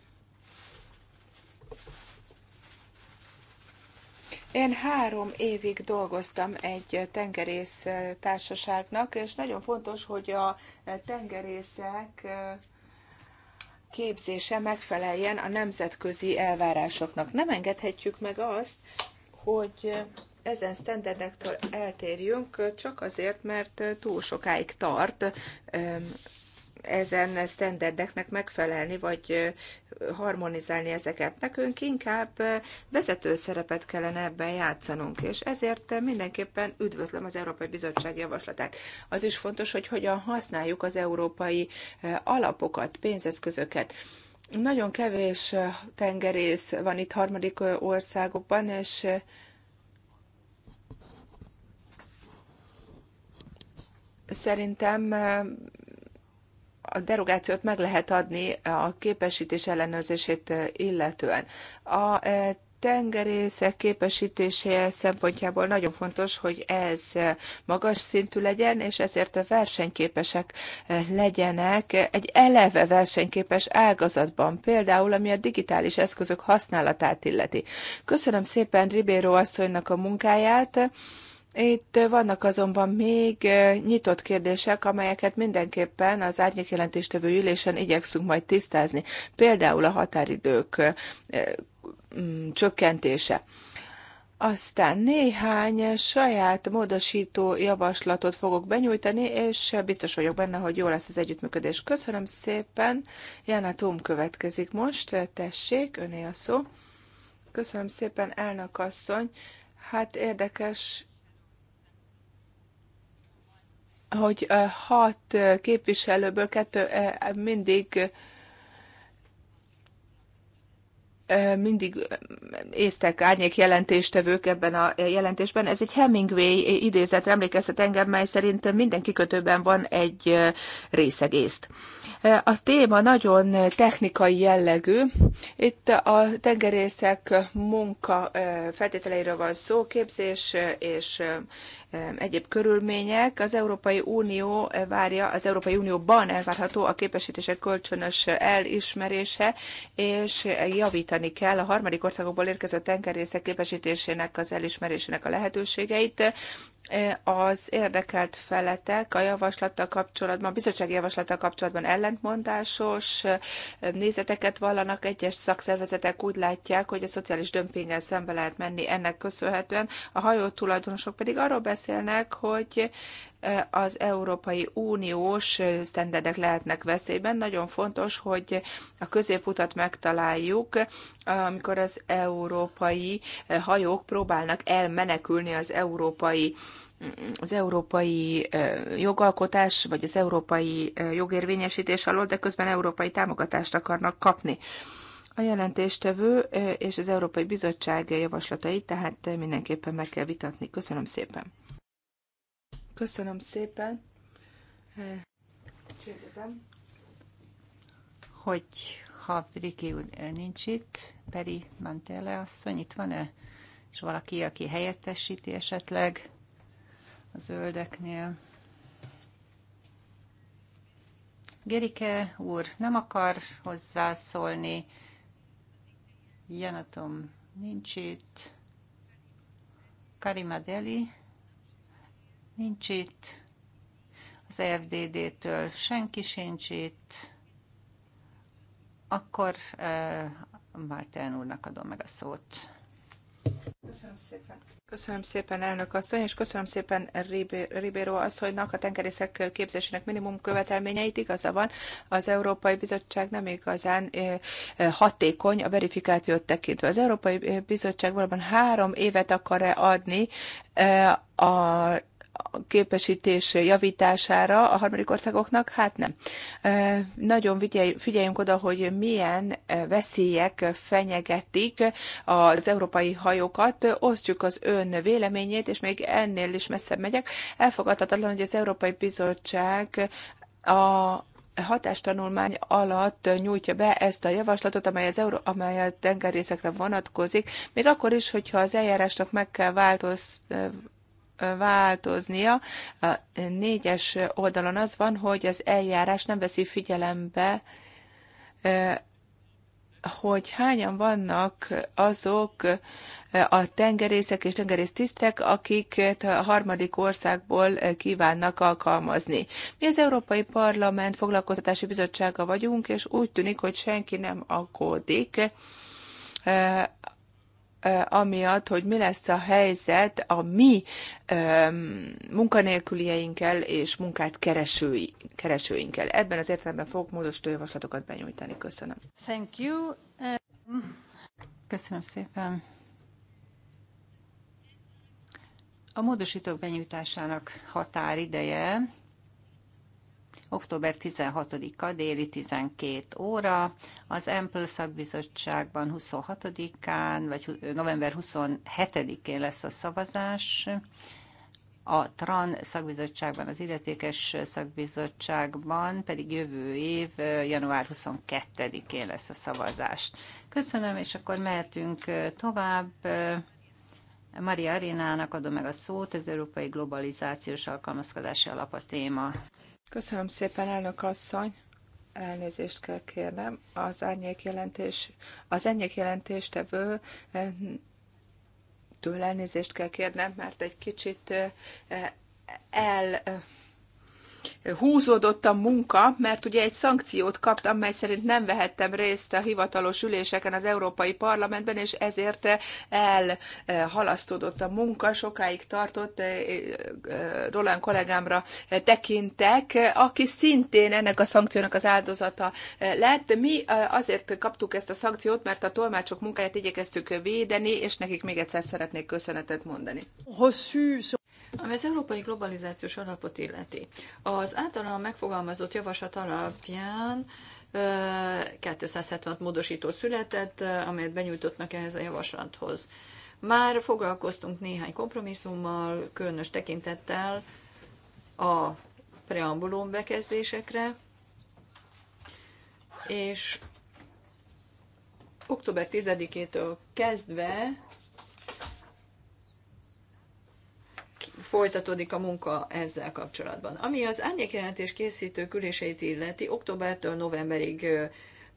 Én három évig dolgoztam egy tengerész társaságnak, és nagyon fontos, hogy a tengerészek képzése megfeleljen a nemzetközi elvárásoknak. Nem engedhetjük meg azt, hogy ezen standardektől eltérjünk, csak azért, mert túl sokáig tart ezen sztenderdeknek megfelelni, vagy harmonizálni ezeket. Nekünk inkább vezető szerepet kellene ebben játszanunk, és ezért mindenképpen üdvözlöm az Európai Bizottság javaslatát. Az is fontos, hogy hogyan használjuk az európai alapokat, pénzeszközöket. Nagyon kevés tengerész van itt harmadik országokban, és szerintem a derogációt meg lehet adni a képesítés ellenőrzését illetően. A tengerészek képesítése szempontjából nagyon fontos, hogy ez magas szintű legyen, és ezért a versenyképesek legyenek egy eleve versenyképes ágazatban, például ami a digitális eszközök használatát illeti. Köszönöm szépen Ribéro asszonynak a munkáját, itt vannak azonban még nyitott kérdések, amelyeket mindenképpen az árnyékjelentéstevő ülésen igyekszünk majd tisztázni. Például a határidők mm, csökkentése. Aztán néhány saját módosító javaslatot fogok benyújtani, és biztos vagyok benne, hogy jó lesz az együttműködés. Köszönöm szépen. Jana Tum következik most. Tessék, öné a szó. Köszönöm szépen, elnök asszony. Hát érdekes hogy hat képviselőből kettő mindig mindig észtek árnyék jelentéstevők ebben a jelentésben. Ez egy Hemingway idézet emlékeztet engem, mely szerint minden kikötőben van egy részegészt. A téma nagyon technikai jellegű. Itt a tengerészek munka feltételeiről van szó, képzés és egyéb körülmények. Az Európai Unió várja, az Európai Unióban elvárható a képesítések kölcsönös elismerése, és javítani javítani kell a harmadik országokból érkező tengerészek képesítésének, az elismerésének a lehetőségeit. Az érdekelt feletek a javaslattal kapcsolatban, a bizottsági javaslattal kapcsolatban ellentmondásos nézeteket vallanak. Egyes szakszervezetek úgy látják, hogy a szociális dömpinggel szembe lehet menni ennek köszönhetően. A hajó tulajdonosok pedig arról beszélnek, hogy az Európai Uniós sztenderdek lehetnek veszélyben. Nagyon fontos, hogy a középutat megtaláljuk, amikor az európai hajók próbálnak elmenekülni az európai az európai jogalkotás, vagy az európai jogérvényesítés alól, de közben európai támogatást akarnak kapni. A jelentéstevő és az Európai Bizottság javaslatait tehát mindenképpen meg kell vitatni. Köszönöm szépen! Köszönöm szépen. E, Kérdezem, hogy ha Riki úr e, nincs itt, Peri Mantele asszony itt van-e? És valaki, aki helyettesíti esetleg a zöldeknél? Gerike úr nem akar hozzászólni. Janatom nincs itt. Karima Deli nincs itt, az FDD-től senki sincs itt, akkor uh, Márten úrnak adom meg a szót. Köszönöm szépen. Köszönöm szépen, elnök asszony, és köszönöm szépen Ribéro asszonynak a tengerészek képzésének minimum követelményeit. Igaza van, az Európai Bizottság nem igazán hatékony a verifikációt tekintve. Az Európai Bizottság valóban három évet akar -e adni a képesítés javítására a harmadik országoknak? Hát nem. Nagyon figyeljünk oda, hogy milyen veszélyek fenyegetik az európai hajókat. Osztjuk az ön véleményét, és még ennél is messzebb megyek. Elfogadhatatlan, hogy az Európai Bizottság a hatástanulmány alatt nyújtja be ezt a javaslatot, amely, az Euró- amely a tengerészekre vonatkozik, még akkor is, hogyha az eljárásnak meg kell változ- változnia. A négyes oldalon az van, hogy az eljárás nem veszi figyelembe hogy hányan vannak azok a tengerészek és tengerésztisztek, akik a harmadik országból kívánnak alkalmazni. Mi az Európai Parlament foglalkoztatási bizottsága vagyunk, és úgy tűnik, hogy senki nem aggódik amiatt, hogy mi lesz a helyzet a mi munkanélkülieinkkel és munkát keresői, keresőinkkel. Ebben az értelemben fogok módosító javaslatokat benyújtani. Köszönöm. Thank you. Köszönöm szépen. A módosítók benyújtásának határideje október 16-a déli 12 óra, az Ample szakbizottságban 26-án, vagy november 27-én lesz a szavazás, a TRAN szakbizottságban, az illetékes szakbizottságban pedig jövő év, január 22-én lesz a szavazás. Köszönöm, és akkor mehetünk tovább. Maria Arénának adom meg a szót, az Európai Globalizációs Alkalmazkodási Alap a téma. Köszönöm szépen, elnök asszony. Elnézést kell kérnem. Az árnyék jelentés, az árnyék jelentéstevő eh, tőle elnézést kell kérnem, mert egy kicsit eh, el eh, húzódott a munka, mert ugye egy szankciót kaptam, mely szerint nem vehettem részt a hivatalos üléseken az Európai Parlamentben, és ezért elhalasztódott a munka, sokáig tartott, eh, eh, Roland kollégámra tekintek, aki szintén ennek a szankciónak az áldozata lett. Mi eh, azért kaptuk ezt a szankciót, mert a tolmácsok munkáját igyekeztük védeni, és nekik még egyszer szeretnék köszönetet mondani. Ami az európai globalizációs alapot illeti, az általán megfogalmazott javaslat alapján 276 módosító született, amelyet benyújtottnak ehhez a javaslathoz. Már foglalkoztunk néhány kompromisszummal, különös tekintettel a preambulum bekezdésekre, és október 10-től kezdve folytatódik a munka ezzel kapcsolatban. Ami az árnyékjelentés készítő küléseit illeti, októbertől novemberig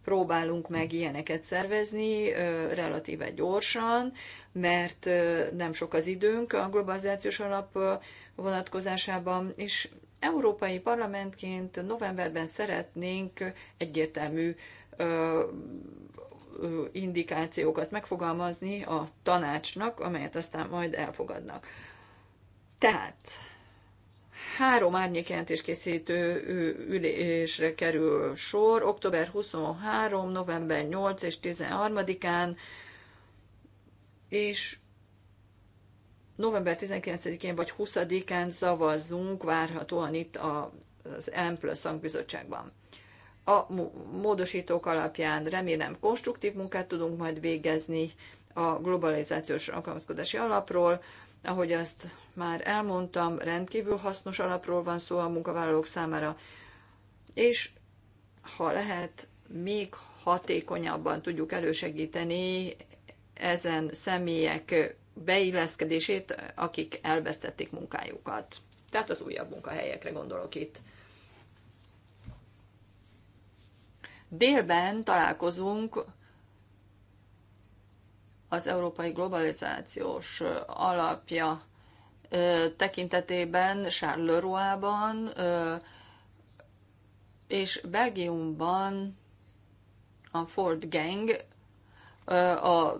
próbálunk meg ilyeneket szervezni relatíve gyorsan, mert nem sok az időnk a globalizációs alap vonatkozásában, és Európai Parlamentként novemberben szeretnénk egyértelmű indikációkat megfogalmazni a tanácsnak, amelyet aztán majd elfogadnak. Tehát három árnyékjelentés készítő ülésre kerül sor, október 23, november 8 és 13-án, és november 19-én vagy 20-án szavazzunk várhatóan itt az plusz szakbizottságban. A módosítók alapján remélem konstruktív munkát tudunk majd végezni a globalizációs alkalmazkodási alapról, ahogy azt már elmondtam, rendkívül hasznos alapról van szó a munkavállalók számára, és ha lehet, még hatékonyabban tudjuk elősegíteni ezen személyek beilleszkedését, akik elvesztették munkájukat. Tehát az újabb munkahelyekre gondolok itt. Délben találkozunk az európai globalizációs alapja tekintetében Charleroi-ban és Belgiumban a Ford Gang a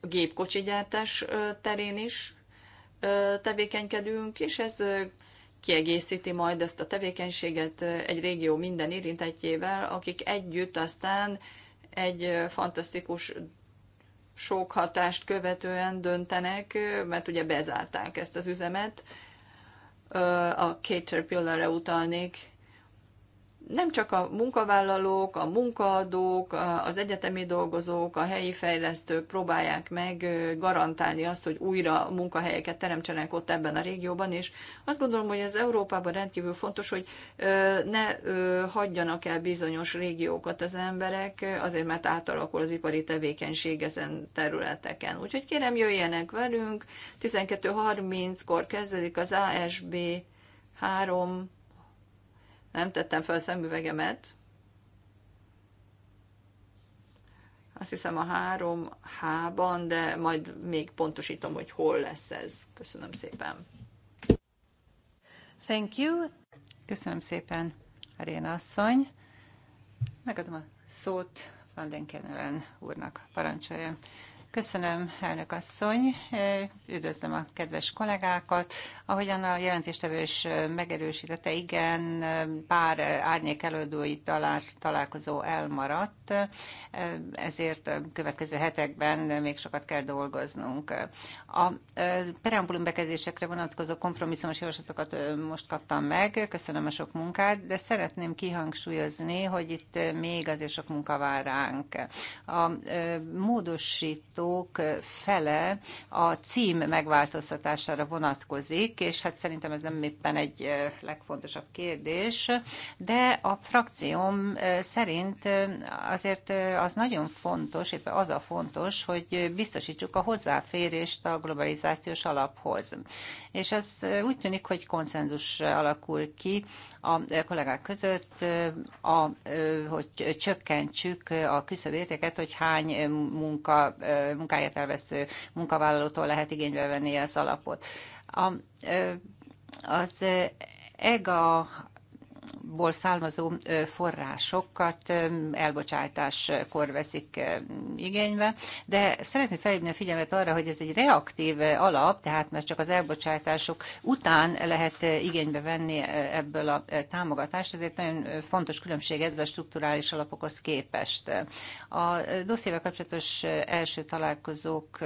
gépkocsi gyártás terén is tevékenykedünk, és ez kiegészíti majd ezt a tevékenységet egy régió minden érintetjével, akik együtt aztán egy fantasztikus sok hatást követően döntenek, mert ugye bezárták ezt az üzemet. A Caterpillar-re utalnék, nem csak a munkavállalók, a munkaadók, az egyetemi dolgozók, a helyi fejlesztők próbálják meg garantálni azt, hogy újra munkahelyeket teremtsenek ott ebben a régióban, és azt gondolom, hogy ez Európában rendkívül fontos, hogy ne hagyjanak el bizonyos régiókat az emberek, azért mert átalakul az ipari tevékenység ezen területeken. Úgyhogy kérem, jöjjenek velünk, 12.30-kor kezdődik az ASB 3 nem tettem fel a szemüvegemet. Azt hiszem a 3H-ban, de majd még pontosítom, hogy hol lesz ez. Köszönöm szépen. Thank you. Köszönöm szépen, Aréna asszony. Megadom a szót Van Denkenelen úrnak parancsolja. Köszönöm, elnök asszony. E, üdvözlöm a kedves kollégákat. Ahogyan a jelentéstevő is e, megerősítette, igen, e, pár árnyék előadói találkozó elmaradt, ezért a következő hetekben még sokat kell dolgoznunk. A preambulum bekezdésekre vonatkozó kompromisszumos javaslatokat most kaptam meg, köszönöm a sok munkát, de szeretném kihangsúlyozni, hogy itt még azért sok munka vár ránk. A módosító módosítók fele a cím megváltoztatására vonatkozik, és hát szerintem ez nem éppen egy legfontosabb kérdés, de a frakcióm szerint azért az nagyon fontos, éppen az a fontos, hogy biztosítsuk a hozzáférést a globalizációs alaphoz. És az úgy tűnik, hogy konszenzus alakul ki a kollégák között, a, hogy csökkentsük a küszöbértéket, hogy hány munka, munkáját elvesző munkavállalótól lehet igénybe venni az alapot. A, az EGA ból származó forrásokat elbocsátáskor veszik igénybe, de szeretném felhívni a figyelmet arra, hogy ez egy reaktív alap, tehát mert csak az elbocsátások után lehet igénybe venni ebből a támogatást, ezért nagyon fontos különbség ez a strukturális alapokhoz képest. A dossziével kapcsolatos első találkozók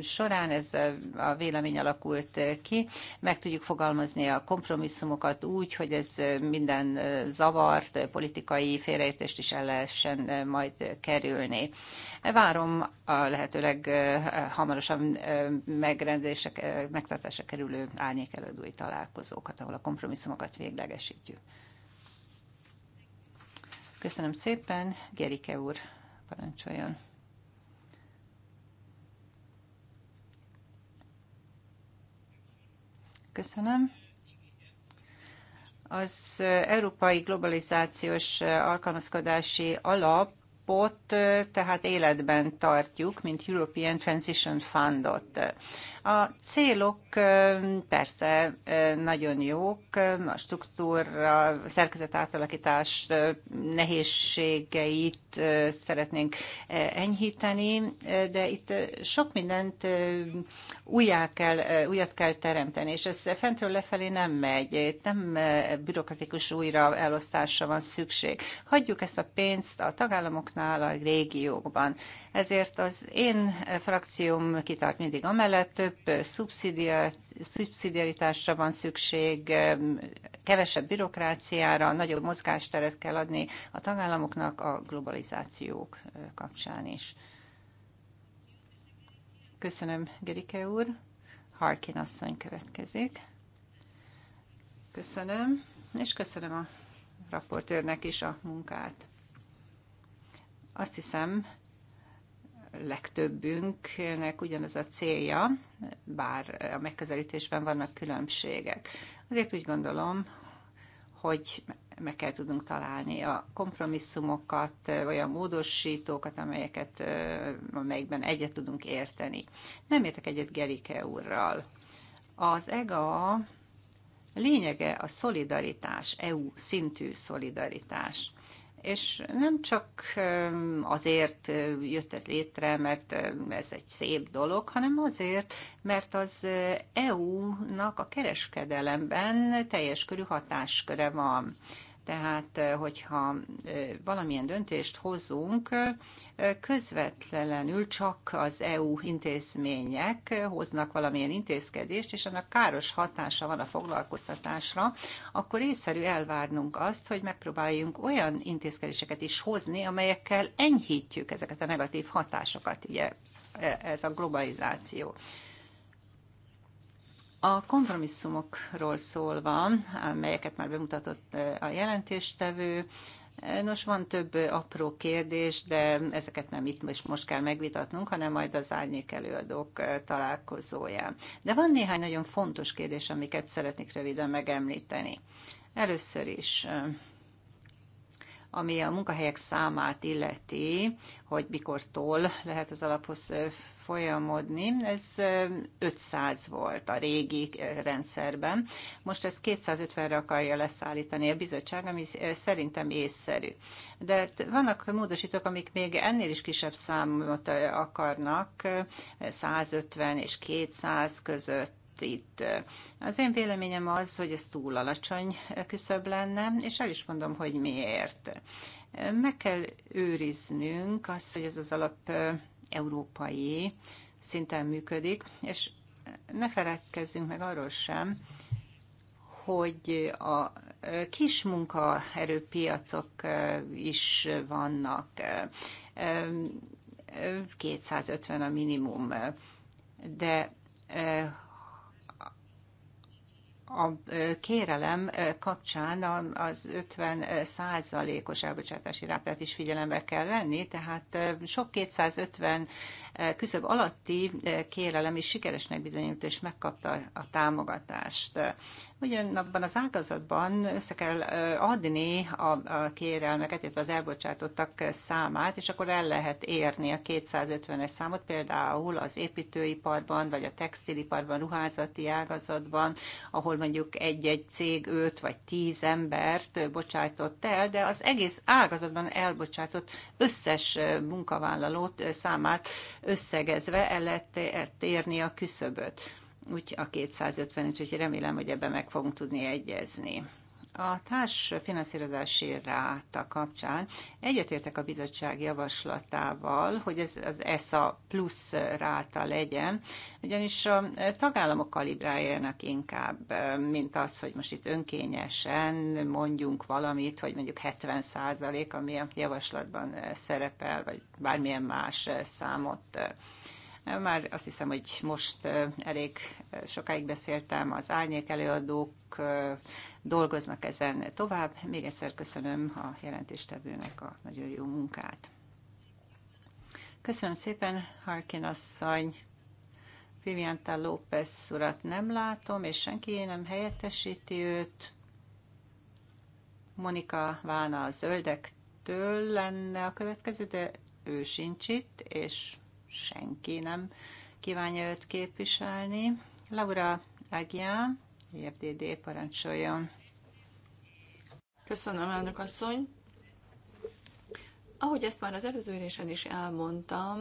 során ez a vélemény alakult ki, meg tudjuk fogalmazni a kompromisszumokat úgy, hogy ez minden zavart, politikai félreértést is el lehessen majd kerülni. Várom a lehetőleg hamarosan megrendezések, megtartásra kerülő árnyékelődői találkozókat, ahol a kompromisszumokat véglegesítjük. Köszönöm szépen, Gerike úr, parancsoljon. Köszönöm. Az európai globalizációs alkalmazkodási alapot eh, tehát életben tartjuk, mint European Transition Fundot. A célok persze nagyon jók, a struktúra, a szerkezet átalakítás nehézségeit szeretnénk enyhíteni, de itt sok mindent újjá kell, újat kell teremteni, és ez fentről lefelé nem megy, itt nem bürokratikus újra elosztásra van szükség. Hagyjuk ezt a pénzt a tagállamoknál, a régiókban. Ezért az én frakcióm kitart mindig amellett, több szubszidiaritásra van szükség, kevesebb bürokráciára, nagyobb mozgásteret kell adni a tagállamoknak a globalizációk kapcsán is. Köszönöm, Gerike úr. Harkin asszony következik. Köszönöm, és köszönöm a raportőrnek is a munkát. Azt hiszem, legtöbbünknek ugyanaz a célja, bár a megközelítésben vannak különbségek. Azért úgy gondolom, hogy meg kell tudnunk találni a kompromisszumokat, vagy a módosítókat, amelyeket, amelyekben egyet tudunk érteni. Nem értek egyet Gerike úrral. Az EGA lényege a szolidaritás, EU szintű szolidaritás. És nem csak azért jött ez létre, mert ez egy szép dolog, hanem azért, mert az EU-nak a kereskedelemben teljes körű hatásköre van. Tehát, hogyha valamilyen döntést hozunk, közvetlenül csak az EU intézmények hoznak valamilyen intézkedést, és annak káros hatása van a foglalkoztatásra, akkor észszerű elvárnunk azt, hogy megpróbáljunk olyan intézkedéseket is hozni, amelyekkel enyhítjük ezeket a negatív hatásokat, ugye e, ez a globalizáció. A kompromisszumokról szólva, melyeket már bemutatott eh, a jelentéstevő, eh, Nos, van több eh, apró kérdés, de ezeket nem itt most, most kell megvitatnunk, hanem majd az árnyék előadók találkozóján. De van néhány nagyon fontos kérdés, amiket szeretnék röviden megemlíteni. Először is, ami a munkahelyek számát illeti, hogy mikortól lehet az alaphoz folyamodni. Ez 500 volt a régi rendszerben. Most ez 250-re akarja leszállítani a bizottság, ami szerintem észszerű. De vannak módosítók, amik még ennél is kisebb számot akarnak, 150 és 200 között itt. Az én véleményem az, hogy ez túl alacsony küszöb lenne, és el is mondom, hogy miért. Meg kell őriznünk azt, hogy ez az alap európai szinten működik, és ne feledkezzünk meg arról sem, hogy a kis munkaerőpiacok is vannak. 250 a minimum, de a kérelem kapcsán az 50 százalékos elbocsátási rátát is figyelembe kell venni, tehát sok 250 küszöb alatti e, kérelem is sikeresnek bizonyult, és megkapta a támogatást. Ugyanabban az ágazatban össze kell e, adni a kérelmeket, illetve az elbocsátottak számát, és akkor el lehet érni a 250-es számot, például az építőiparban, vagy a textiliparban, ruházati ágazatban, ahol mondjuk egy-egy cég 5 vagy 10 embert bocsátott el, de az egész ágazatban elbocsátott összes e, munkavállalót számát összegezve el lehet térni a küszöböt, úgy a 250 úgyhogy remélem, hogy ebben meg fogunk tudni egyezni. A társ finanszírozási ráta kapcsán egyetértek a bizottság javaslatával, hogy ez az ESA plusz ráta legyen, ugyanis a tagállamok kalibráljanak inkább, mint az, hogy most itt önkényesen mondjunk valamit, hogy mondjuk 70 százalék, ami a javaslatban szerepel, vagy bármilyen más számot már azt hiszem, hogy most elég sokáig beszéltem az árnyék előadók dolgoznak ezen tovább. Még egyszer köszönöm a jelentéstevőnek a nagyon jó munkát. Köszönöm szépen, Harkin asszony. Vivianta López urat nem látom, és senki nem helyettesíti őt. Monika Vána a zöldektől lenne a következő, de ő sincs itt, és senki nem kívánja őt képviselni. Laura Agia IFDD parancsoljon. Köszönöm, elnök asszony. Ahogy ezt már az előző ülésen is elmondtam,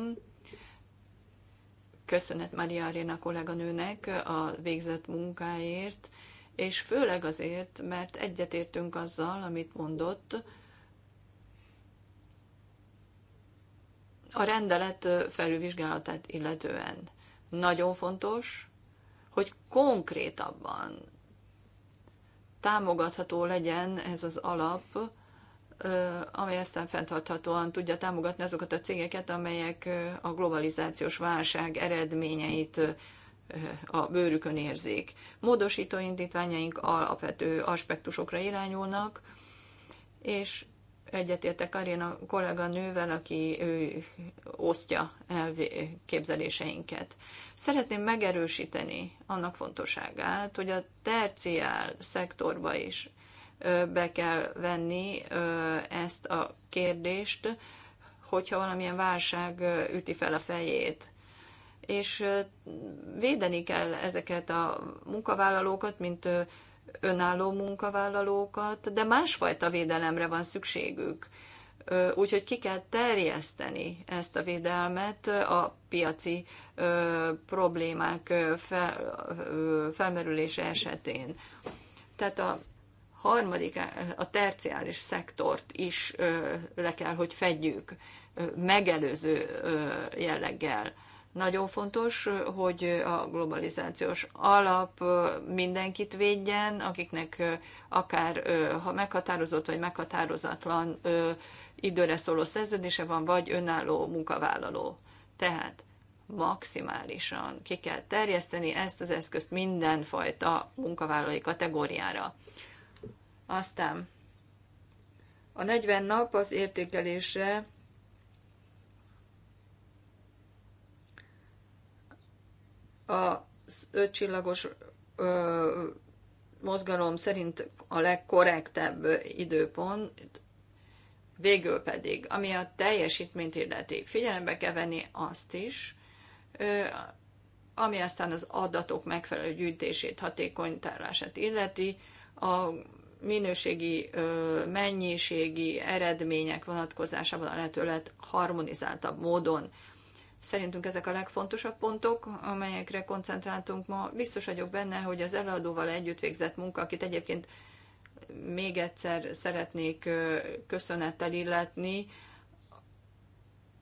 köszönet Maria Arena kolléganőnek a végzett munkáért, és főleg azért, mert egyetértünk azzal, amit mondott, a rendelet felülvizsgálatát illetően. Nagyon fontos, hogy konkrétabban támogatható legyen ez az alap, amely aztán fenntarthatóan tudja támogatni azokat a cégeket, amelyek a globalizációs válság eredményeit a bőrükön érzik. Módosító indítványaink alapvető aspektusokra irányulnak, és egyetértek Aréna nővel, aki ő osztja képzeléseinket. Szeretném megerősíteni annak fontosságát, hogy a terciál szektorba is be kell venni ezt a kérdést, hogyha valamilyen válság üti fel a fejét. És védeni kell ezeket a munkavállalókat, mint önálló munkavállalókat, de másfajta védelemre van szükségük. Úgyhogy ki kell terjeszteni ezt a védelmet a piaci problémák felmerülése esetén. Tehát a harmadik, a terciális szektort is le kell, hogy fedjük megelőző jelleggel. Nagyon fontos, hogy a globalizációs alap mindenkit védjen, akiknek akár ha meghatározott vagy meghatározatlan időre szóló szerződése van, vagy önálló munkavállaló. Tehát maximálisan ki kell terjeszteni ezt az eszközt mindenfajta munkavállalói kategóriára. Aztán a 40 nap az értékelésre az ötcsillagos mozgalom szerint a legkorrektebb időpont, végül pedig, ami a teljesítményt illeti, figyelembe kell venni azt is, ami aztán az adatok megfelelő gyűjtését, hatékony tárlását illeti, a minőségi, mennyiségi eredmények vonatkozásában a lehető harmonizáltabb módon Szerintünk ezek a legfontosabb pontok, amelyekre koncentráltunk ma. Biztos vagyok benne, hogy az eladóval együtt végzett munka, akit egyébként még egyszer szeretnék köszönettel illetni,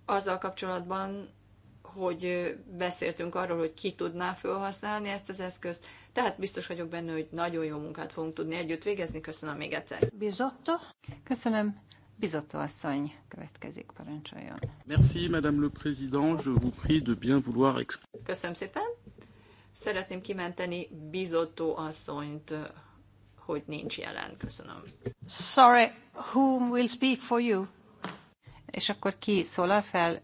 azzal kapcsolatban, hogy beszéltünk arról, hogy ki tudná felhasználni ezt az eszközt, tehát biztos vagyok benne, hogy nagyon jó munkát fogunk tudni együtt végezni. Köszönöm még egyszer. Bizotto. Köszönöm. Bizotto asszony következik, parancsoljon. Merci, Madame le Président, je vous prie de bien vouloir Köszönöm szépen. Szeretném kimenteni Bizotto asszonyt, hogy nincs jelen. Köszönöm. Sorry, whom will speak for you? És akkor ki szólal fel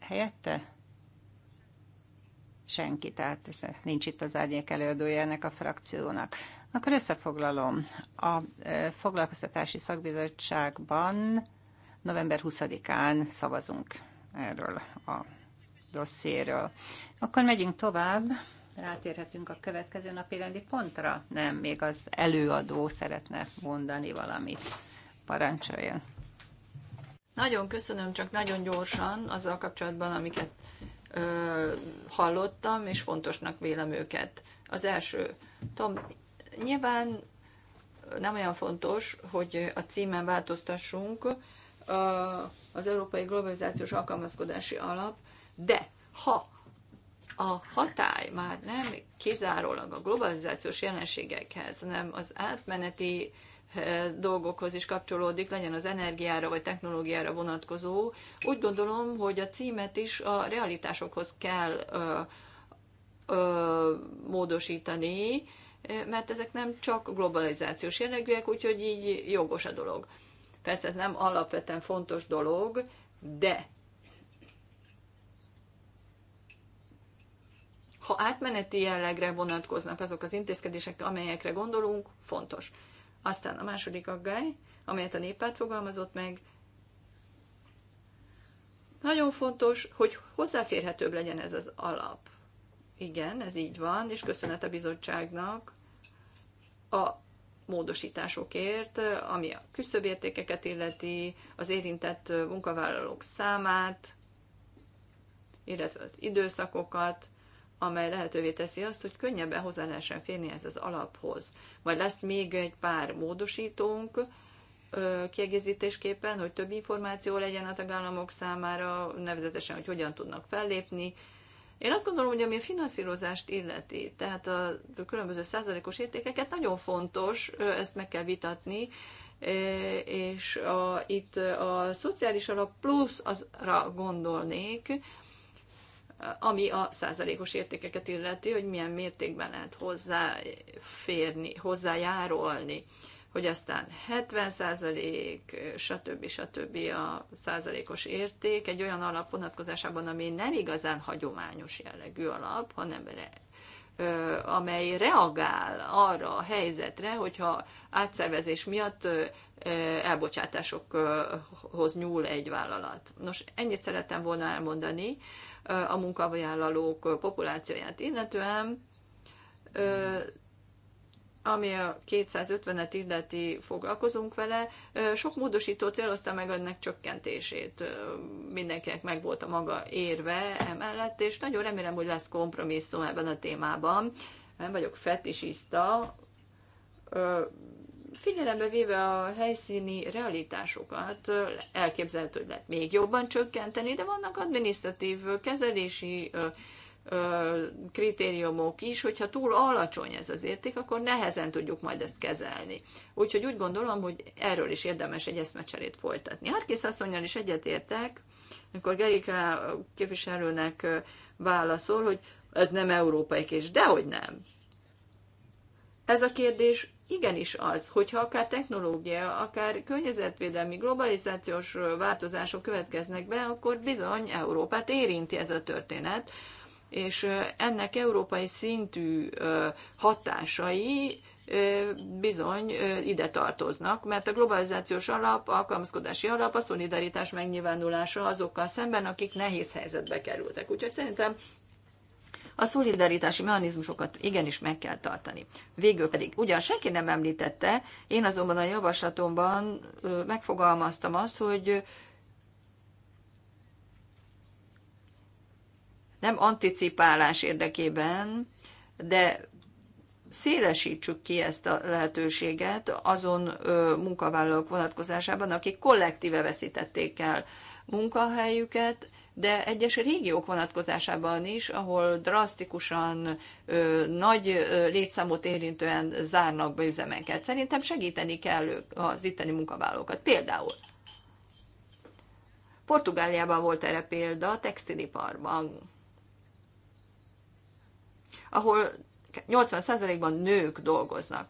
helyette? Senki, tehát nincs itt az árnyék előadója ennek a frakciónak. Akkor összefoglalom. A e, foglalkoztatási szakbizottságban november 20-án szavazunk erről a dosszéről. Akkor megyünk tovább, rátérhetünk a következő napi rendi pontra. Nem, még az előadó szeretne mondani valamit. Parancsoljon. Nagyon köszönöm, csak nagyon gyorsan azzal kapcsolatban, amiket ö, hallottam, és fontosnak vélem őket. Az első, Tom, Nyilván nem olyan fontos, hogy a címen változtassunk az Európai Globalizációs Alkalmazkodási Alap, de ha a hatály már nem kizárólag a globalizációs jelenségekhez, hanem az átmeneti dolgokhoz is kapcsolódik, legyen az energiára vagy technológiára vonatkozó. Úgy gondolom, hogy a címet is a realitásokhoz kell ö, ö, módosítani, mert ezek nem csak globalizációs jellegűek, úgyhogy így jogos a dolog. Persze ez nem alapvetően fontos dolog, de ha átmeneti jellegre vonatkoznak azok az intézkedések, amelyekre gondolunk, fontos. Aztán a második aggály, amelyet a néppárt fogalmazott meg, nagyon fontos, hogy hozzáférhetőbb legyen ez az alap. Igen, ez így van, és köszönet a bizottságnak, a módosításokért, ami a küszöbértékeket illeti, az érintett munkavállalók számát, illetve az időszakokat, amely lehetővé teszi azt, hogy könnyebben hozzá lehessen férni ez az alaphoz. Majd lesz még egy pár módosítónk kiegészítésképpen, hogy több információ legyen a tagállamok számára, nevezetesen, hogy hogyan tudnak fellépni, én azt gondolom, hogy ami a finanszírozást illeti, tehát a különböző százalékos értékeket nagyon fontos, ezt meg kell vitatni, és a, itt a szociális alap plusz azra gondolnék, ami a százalékos értékeket illeti, hogy milyen mértékben lehet hozzáférni, hozzájárolni hogy aztán 70 százalék, stb. stb. a százalékos érték egy olyan alap vonatkozásában, ami nem igazán hagyományos jellegű alap, hanem re, ö, amely reagál arra a helyzetre, hogyha átszervezés miatt ö, elbocsátásokhoz nyúl egy vállalat. Nos, ennyit szerettem volna elmondani a munkavállalók populációját illetően. Ö, ami a 250-et illeti foglalkozunk vele, sok módosító célozta meg önnek csökkentését. Mindenkinek meg volt a maga érve emellett, és nagyon remélem, hogy lesz kompromisszum ebben a témában. Nem vagyok fetisista, figyelembe véve a helyszíni realitásokat, elképzelhető, hogy lehet még jobban csökkenteni, de vannak administratív kezelési kritériumok is, hogyha túl alacsony ez az érték, akkor nehezen tudjuk majd ezt kezelni. Úgyhogy úgy gondolom, hogy erről is érdemes egy eszmecserét folytatni. Harkész asszonynal is egyetértek, amikor Gerika képviselőnek válaszol, hogy ez nem európai kérdés. Dehogy nem. Ez a kérdés igenis az, hogyha akár technológia, akár környezetvédelmi, globalizációs változások következnek be, akkor bizony Európát érinti ez a történet, és ennek európai szintű hatásai bizony ide tartoznak, mert a globalizációs alap, alkalmazkodási alap a szolidaritás megnyilvánulása azokkal szemben, akik nehéz helyzetbe kerültek. Úgyhogy szerintem a szolidaritási mechanizmusokat igenis meg kell tartani. Végül pedig, ugyan senki nem említette, én azonban a javaslatomban megfogalmaztam azt, hogy nem anticipálás érdekében, de szélesítsük ki ezt a lehetőséget azon munkavállalók vonatkozásában, akik kollektíve veszítették el munkahelyüket, de egyes régiók vonatkozásában is, ahol drasztikusan ö, nagy ö, létszámot érintően zárnak be üzemeket. Szerintem segíteni kell az itteni munkavállalókat. Például Portugáliában volt erre példa, textiliparban ahol 80%-ban nők dolgoznak.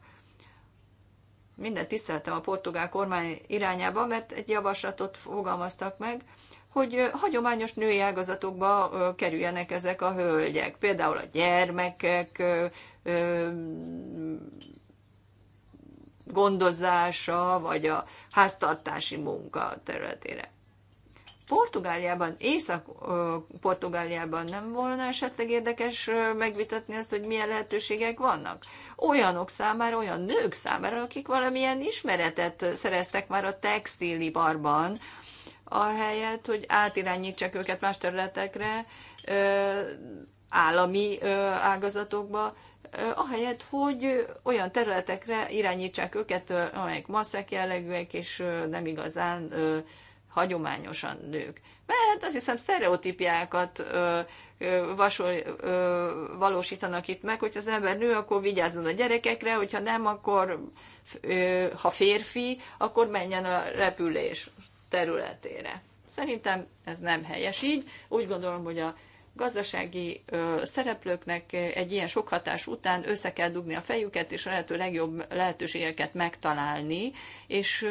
Minden tiszteltem a portugál kormány irányába, mert egy javaslatot fogalmaztak meg, hogy hagyományos női ágazatokba kerüljenek ezek a hölgyek. Például a gyermekek gondozása, vagy a háztartási munka területére. Portugáliában, Észak-Portugáliában nem volna esetleg érdekes megvitatni azt, hogy milyen lehetőségek vannak? Olyanok számára, olyan nők számára, akik valamilyen ismeretet szereztek már a textiliparban, ahelyett, hogy átirányítsák őket más területekre, állami ágazatokba, ahelyett, hogy olyan területekre irányítsák őket, amelyek maszek jellegűek, és nem igazán hagyományosan nők. Mert azt hiszem sztereotípiákat ö, ö, vasol, ö, valósítanak itt meg, hogy az ember nő, akkor vigyázzon a gyerekekre, hogyha nem, akkor ö, ha férfi, akkor menjen a repülés területére. Szerintem ez nem helyes így. Úgy gondolom, hogy a gazdasági szereplőknek egy ilyen sok hatás után össze kell dugni a fejüket, és a lehető legjobb lehetőségeket megtalálni, és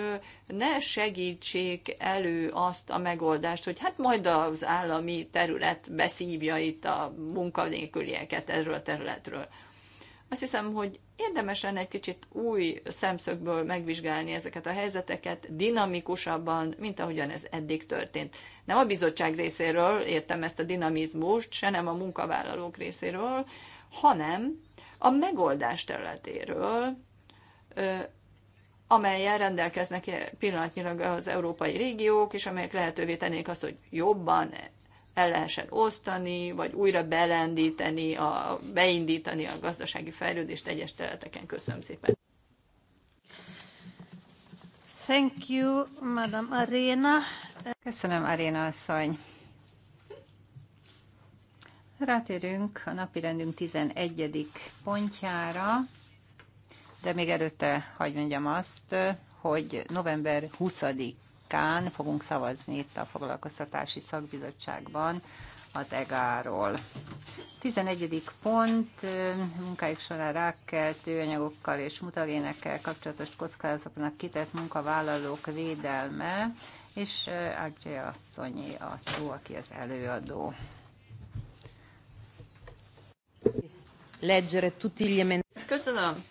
ne segítsék elő azt a megoldást, hogy hát majd az állami terület beszívja itt a munkanélkülieket erről a területről. Azt hiszem, hogy érdemes lenne egy kicsit új szemszögből megvizsgálni ezeket a helyzeteket, dinamikusabban, mint ahogyan ez eddig történt. Nem a bizottság részéről értem ezt a dinamizmust, se nem a munkavállalók részéről, hanem a megoldás területéről, amelyel rendelkeznek pillanatnyilag az európai régiók, és amelyek lehetővé tennék azt, hogy jobban, el lehessen osztani, vagy újra belendíteni, a, beindítani a gazdasági fejlődést egyes területeken. Köszönöm szépen. Thank you, Madam Arena. Köszönöm, Arena asszony. Rátérünk a rendünk 11. pontjára, de még előtte hagyd mondjam azt, hogy november 20 23-án fogunk szavazni itt a foglalkoztatási szakbizottságban az EGÁ-ról. 11. pont, munkáik során rákkeltő anyagokkal és mutagénekkel kapcsolatos kockázatoknak kitett munkavállalók védelme, és Ágyjai asszonyi a szó, aki az előadó. Köszönöm,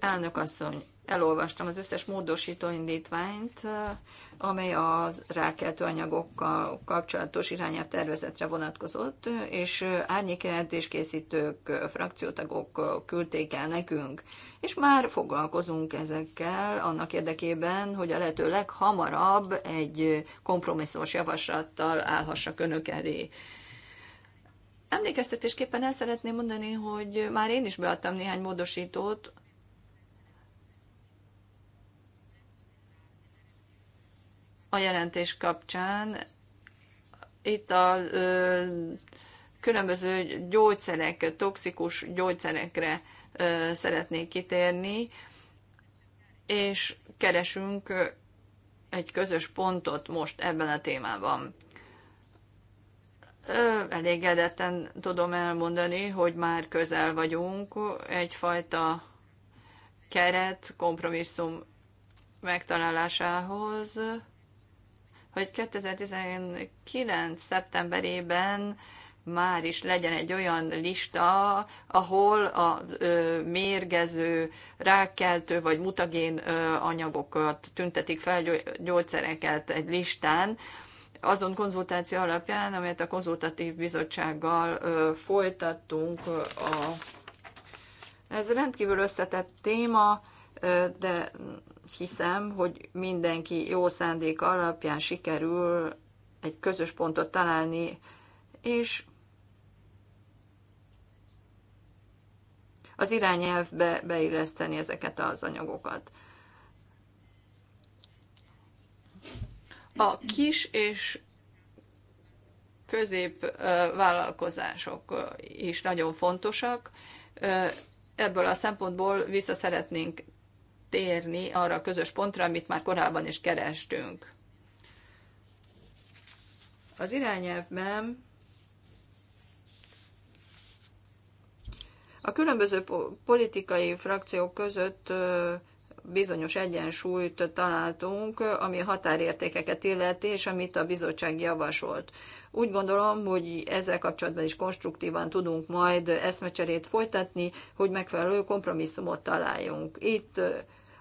elnök asszony elolvastam az összes módosító indítványt, amely a rákeltő anyagokkal kapcsolatos irányát tervezetre vonatkozott, és és készítők, frakciótagok küldték el nekünk, és már foglalkozunk ezekkel annak érdekében, hogy a lehető leghamarabb egy kompromisszós javaslattal állhassak önök elé. Emlékeztetésképpen el szeretném mondani, hogy már én is beadtam néhány módosítót, a jelentés kapcsán. Itt a ö, különböző gyógyszerek, toxikus gyógyszerekre ö, szeretnék kitérni, és keresünk egy közös pontot most ebben a témában. Elégedetten tudom elmondani, hogy már közel vagyunk egyfajta keret, kompromisszum megtalálásához hogy 2019. szeptemberében már is legyen egy olyan lista, ahol a ö, mérgező, rákkeltő vagy mutagén ö, anyagokat tüntetik fel, gyógyszereket egy listán, azon konzultáció alapján, amelyet a konzultatív bizottsággal ö, folytattunk. a... Ez rendkívül összetett téma, ö, de hiszem, hogy mindenki jó szándék alapján sikerül egy közös pontot találni, és az irányelvbe beilleszteni ezeket az anyagokat. A kis és vállalkozások is nagyon fontosak. Ebből a szempontból vissza szeretnénk térni arra a közös pontra, amit már korábban is kerestünk. Az irányelvben a különböző politikai frakciók között bizonyos egyensúlyt találtunk, ami a határértékeket illeti, és amit a bizottság javasolt. Úgy gondolom, hogy ezzel kapcsolatban is konstruktívan tudunk majd eszmecserét folytatni, hogy megfelelő kompromisszumot találjunk. Itt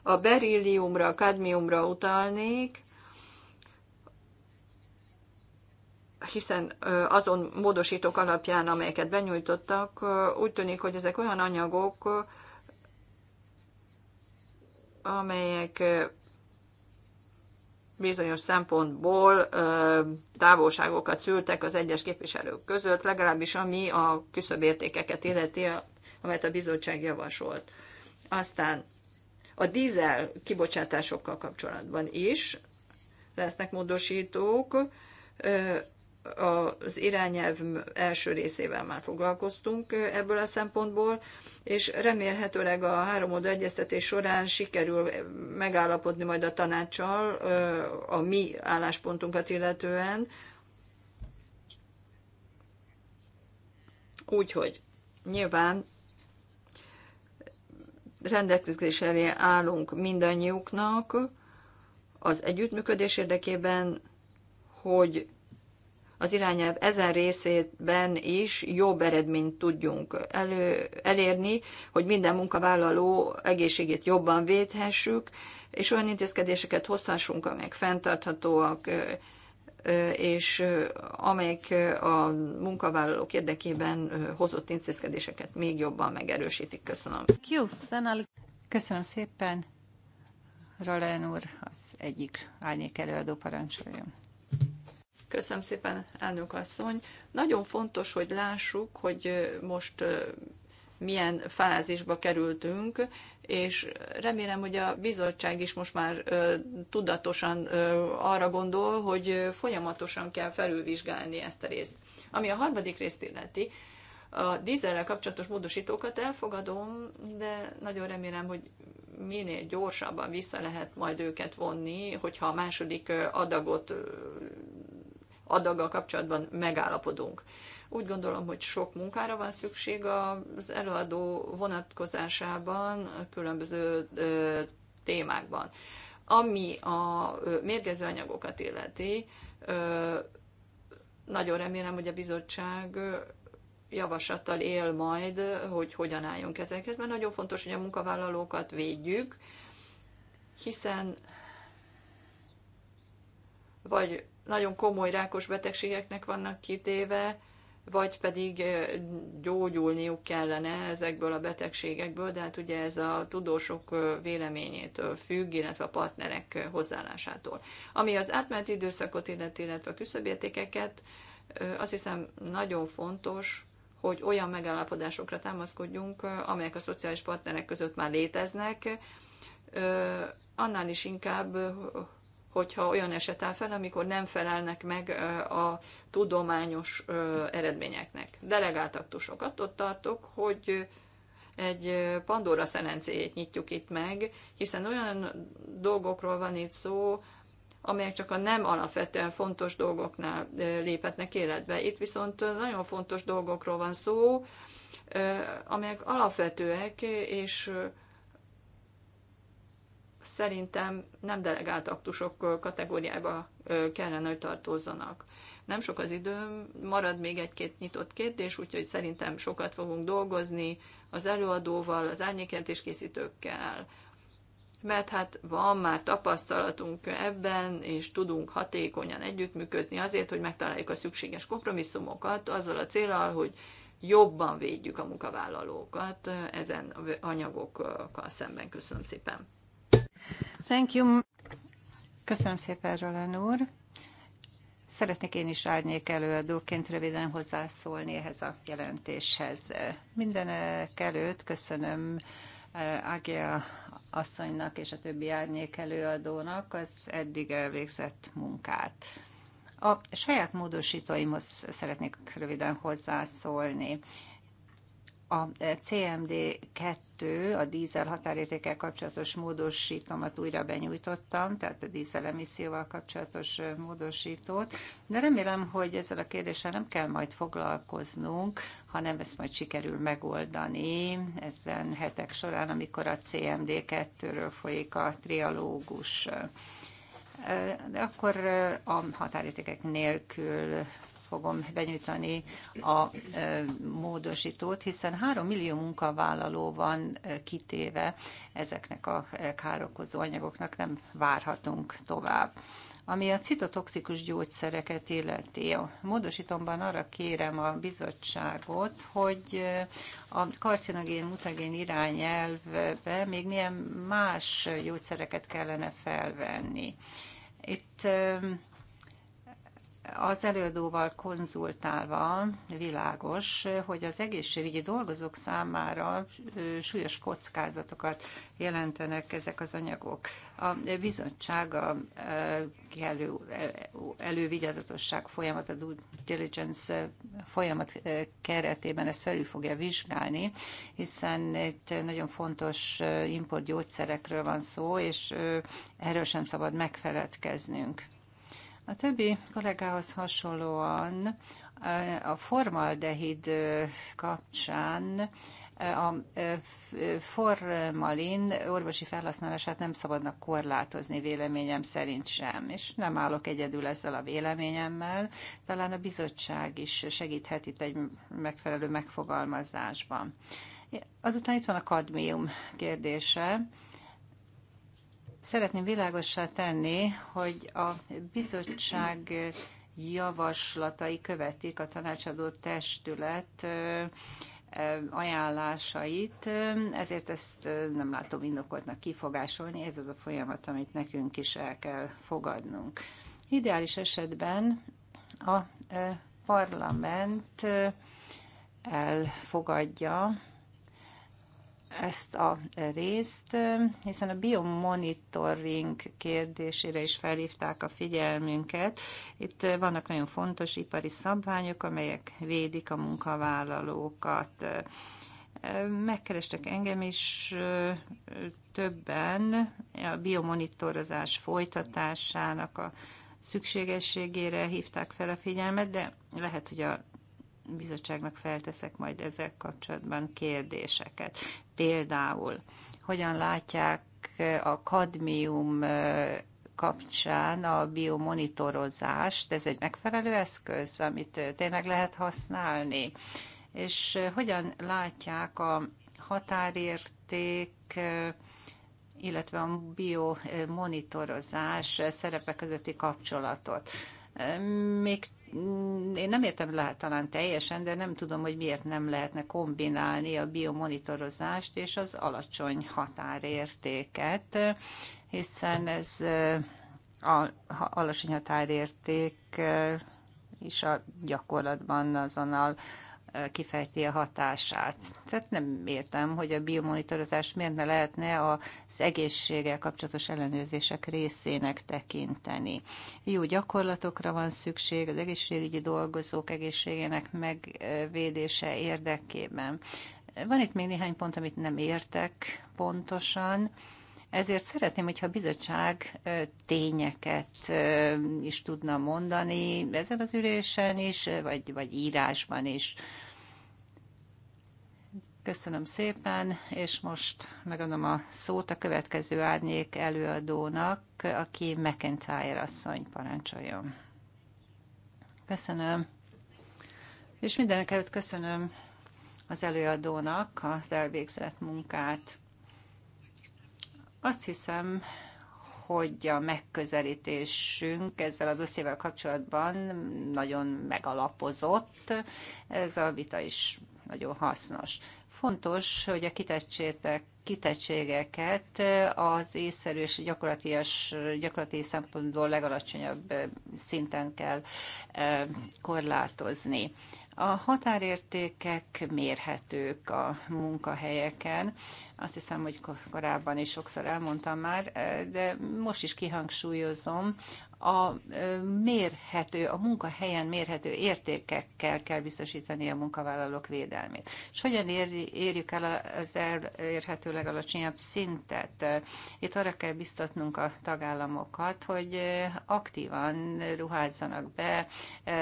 a berilliumra, a kadmiumra utalnék, hiszen azon módosítók alapján, amelyeket benyújtottak, úgy tűnik, hogy ezek olyan anyagok, amelyek bizonyos szempontból távolságokat szültek az egyes képviselők között, legalábbis ami a küszöbértékeket illeti, amelyet a bizottság javasolt. Aztán a dízel kibocsátásokkal kapcsolatban is lesznek módosítók, az irányelv első részével már foglalkoztunk ebből a szempontból, és remélhetőleg a három oda egyeztetés során sikerül megállapodni majd a tanácssal a mi álláspontunkat illetően. Úgyhogy nyilván rendelkezés elé állunk mindannyiuknak az együttműködés érdekében, hogy az irányelv ezen részében is jobb eredményt tudjunk elő, elérni, hogy minden munkavállaló egészségét jobban védhessük, és olyan intézkedéseket hozhassunk, amelyek fenntarthatóak, és amelyek a munkavállalók érdekében hozott intézkedéseket még jobban megerősítik. Köszönöm. Köszönöm szépen. Ralen úr az egyik árnyék előadó parancsoljon. Köszönöm szépen, elnök asszony. Nagyon fontos, hogy lássuk, hogy most milyen fázisba kerültünk, és remélem, hogy a bizottság is most már tudatosan arra gondol, hogy folyamatosan kell felülvizsgálni ezt a részt. Ami a harmadik részt illeti, a dízelrel kapcsolatos módosítókat elfogadom, de nagyon remélem, hogy minél gyorsabban vissza lehet majd őket vonni, hogyha a második adagot adaggal kapcsolatban megállapodunk. Úgy gondolom, hogy sok munkára van szükség az előadó vonatkozásában, különböző témákban. Ami a mérgező anyagokat illeti, nagyon remélem, hogy a bizottság javaslattal él majd, hogy hogyan álljunk ezekhez, mert nagyon fontos, hogy a munkavállalókat védjük, hiszen vagy nagyon komoly rákos betegségeknek vannak kitéve, vagy pedig gyógyulniuk kellene ezekből a betegségekből, de hát ugye ez a tudósok véleményétől függ, illetve a partnerek hozzáállásától. Ami az átmeneti időszakot illeti, illetve a küszöbértékeket, azt hiszem nagyon fontos, hogy olyan megállapodásokra támaszkodjunk, amelyek a szociális partnerek között már léteznek, annál is inkább, hogyha olyan eset áll fel, amikor nem felelnek meg a tudományos eredményeknek. Delegált aktusok. Attól tartok, hogy egy Pandora szerencéjét nyitjuk itt meg, hiszen olyan dolgokról van itt szó, amelyek csak a nem alapvetően fontos dolgoknál léphetnek életbe. Itt viszont nagyon fontos dolgokról van szó, amelyek alapvetőek, és szerintem nem delegált aktusok kategóriába kellene, hogy tartozzanak. Nem sok az időm, marad még egy-két nyitott kérdés, úgyhogy szerintem sokat fogunk dolgozni az előadóval, az készítőkkel. mert hát van már tapasztalatunk ebben, és tudunk hatékonyan együttműködni azért, hogy megtaláljuk a szükséges kompromisszumokat, azzal a célral, hogy jobban védjük a munkavállalókat ezen anyagokkal szemben. Köszönöm szépen! Thank you. Köszönöm szépen, Roland úr. Szeretnék én is árnyék előadóként röviden hozzászólni ehhez a jelentéshez. Mindenek előtt köszönöm eh, Ágia asszonynak és a többi árnyék előadónak az eddig elvégzett munkát. A saját módosítóimhoz szeretnék röviden hozzászólni a CMD2, a dízel határértékkel kapcsolatos módosítomat újra benyújtottam, tehát a dízel emisszióval kapcsolatos módosítót, de remélem, hogy ezzel a kérdéssel nem kell majd foglalkoznunk, hanem ezt majd sikerül megoldani ezen hetek során, amikor a CMD2-ről folyik a trialógus. De akkor a határértékek nélkül fogom benyújtani a e, módosítót, hiszen három millió munkavállaló van e, kitéve ezeknek a e, károkozó anyagoknak, nem várhatunk tovább. Ami a citotoxikus gyógyszereket illeti, a módosítomban arra kérem a bizottságot, hogy a karcinogén-mutagén irányelvbe még milyen más gyógyszereket kellene felvenni. Itt az előadóval konzultálva világos, hogy az egészségügyi dolgozók számára súlyos kockázatokat jelentenek ezek az anyagok. A bizottság a elő, elővigyázatosság folyamat, a due diligence folyamat keretében ezt felül fogja vizsgálni, hiszen itt nagyon fontos importgyógyszerekről van szó, és erről sem szabad megfeledkeznünk. A többi kollégához hasonlóan eh, a formaldehid eh, kapcsán eh, a formalin orvosi felhasználását nem szabadnak korlátozni véleményem szerint sem, és nem állok egyedül ezzel a véleményemmel. Talán a bizottság is segíthet itt egy megfelelő megfogalmazásban. Azután itt van a kadmium kérdése. Szeretném világossá tenni, hogy a bizottság javaslatai követik a tanácsadó testület ajánlásait, ezért ezt nem látom indokoltnak kifogásolni, ez az a folyamat, amit nekünk is el kell fogadnunk. Ideális esetben a parlament elfogadja ezt a részt, hiszen a biomonitoring kérdésére is felhívták a figyelmünket. Itt vannak nagyon fontos ipari szabványok, amelyek védik a munkavállalókat. Megkerestek engem is többen a biomonitorozás folytatásának a szükségességére hívták fel a figyelmet, de lehet, hogy a bizottságnak felteszek majd ezzel kapcsolatban kérdéseket. Például hogyan látják a kadmium kapcsán a biomonitorozást, ez egy megfelelő eszköz, amit tényleg lehet használni, és hogyan látják a határérték, illetve a biomonitorozás szerepe közötti kapcsolatot még mm, én nem értem lehet talán teljesen, de nem tudom, hogy miért nem lehetne kombinálni a biomonitorozást és az alacsony határértéket, hiszen ez eh, a alacsony határérték eh, is a gyakorlatban azonnal kifejti a hatását. Tehát nem értem, hogy a biomonitorozás miért ne lehetne az egészséggel kapcsolatos ellenőrzések részének tekinteni. Jó gyakorlatokra van szükség az egészségügyi dolgozók egészségének megvédése érdekében. Van itt még néhány pont, amit nem értek pontosan. Ezért szeretném, hogyha a bizottság tényeket is tudna mondani ezen az ülésen is, vagy, vagy írásban is. Köszönöm szépen, és most megadom a szót a következő árnyék előadónak, aki McIntyre asszony parancsoljon. Köszönöm. És mindenek előtt köszönöm az előadónak az elvégzett munkát. Azt hiszem, hogy a megközelítésünk ezzel az összével kapcsolatban nagyon megalapozott. Ez a vita is nagyon hasznos. Fontos, hogy a kitettségek kitettségeket az észszerű és gyakorlatias, gyakorlati szempontból legalacsonyabb eh, szinten kell eh, korlátozni. A határértékek mérhetők a munkahelyeken. Azt hiszem, hogy korábban is sokszor elmondtam már, eh, de most is kihangsúlyozom, a mérhető, a munkahelyen mérhető értékekkel kell biztosítani a munkavállalók védelmét. És hogyan érjük el az elérhető legalacsonyabb szintet? Itt arra kell biztatnunk a tagállamokat, hogy aktívan ruházzanak be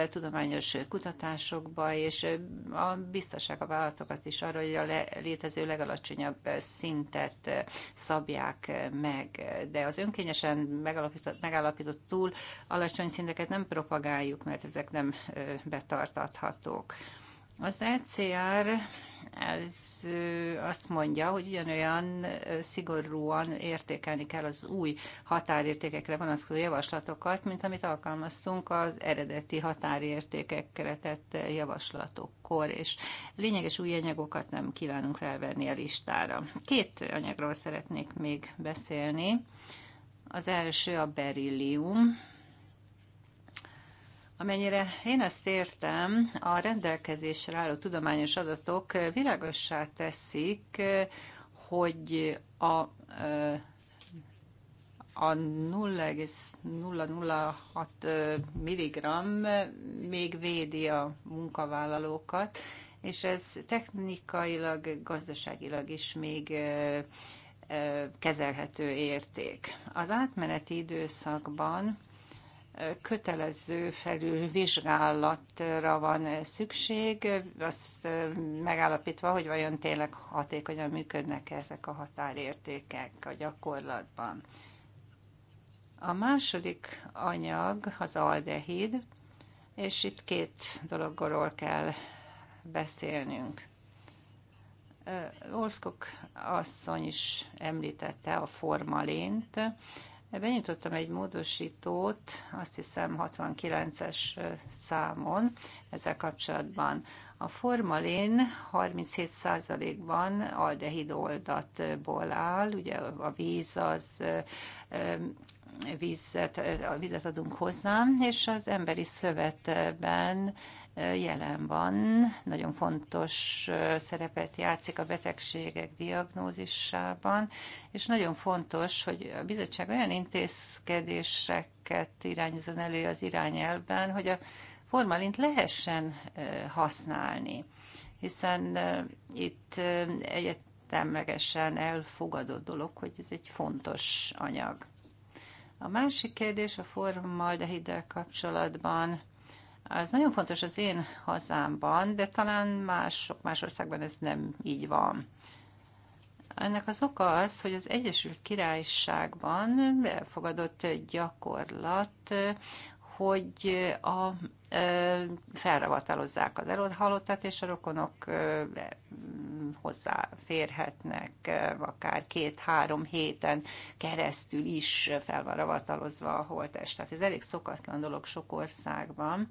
tudományos kutatásokba, és a biztassák a vállalatokat is arra, hogy a létező legalacsonyabb szintet szabják meg. De az önkényesen megalapított, megállapított túl túl alacsony szinteket nem propagáljuk, mert ezek nem betartathatók. Az ECR ez azt mondja, hogy ugyanolyan szigorúan értékelni kell az új határértékekre vonatkozó javaslatokat, mint amit alkalmaztunk az eredeti határértékekre tett javaslatokkor, és lényeges új anyagokat nem kívánunk felvenni a listára. Két anyagról szeretnék még beszélni. Az első a berillium. Amennyire én ezt értem, a rendelkezésre álló tudományos adatok világossá teszik, hogy a, a 0,006 mg még védi a munkavállalókat, és ez technikailag, gazdaságilag is még kezelhető érték. Az átmeneti időszakban kötelező felülvizsgálatra van szükség, azt megállapítva, hogy vajon tényleg hatékonyan működnek -e ezek a határértékek a gyakorlatban. A második anyag az aldehid, és itt két dologról kell beszélnünk. Olszkok asszony is említette a formalint. Benyitottam egy módosítót, azt hiszem 69-es számon ezzel kapcsolatban. A formalin 37%-ban aldehid oldatból áll, ugye a víz az vízet, a vizet adunk hozzá, és az emberi szövetben jelen van, nagyon fontos szerepet játszik a betegségek diagnózisában, és nagyon fontos, hogy a bizottság olyan intézkedéseket irányozon elő az irányelvben, hogy a formalint lehessen használni, hiszen itt egyetemlegesen elfogadott dolog, hogy ez egy fontos anyag. A másik kérdés a formaldehiddel kapcsolatban ez nagyon fontos az én hazámban, de talán mások más országban ez nem így van. Ennek az oka az, hogy az Egyesült Királyságban elfogadott gyakorlat, hogy a felravatalozzák az elodhalottat, és a rokonok mm, hozzáférhetnek akár két-három héten keresztül is fel van ravatalozva a holttest. Tehát ez elég szokatlan dolog sok országban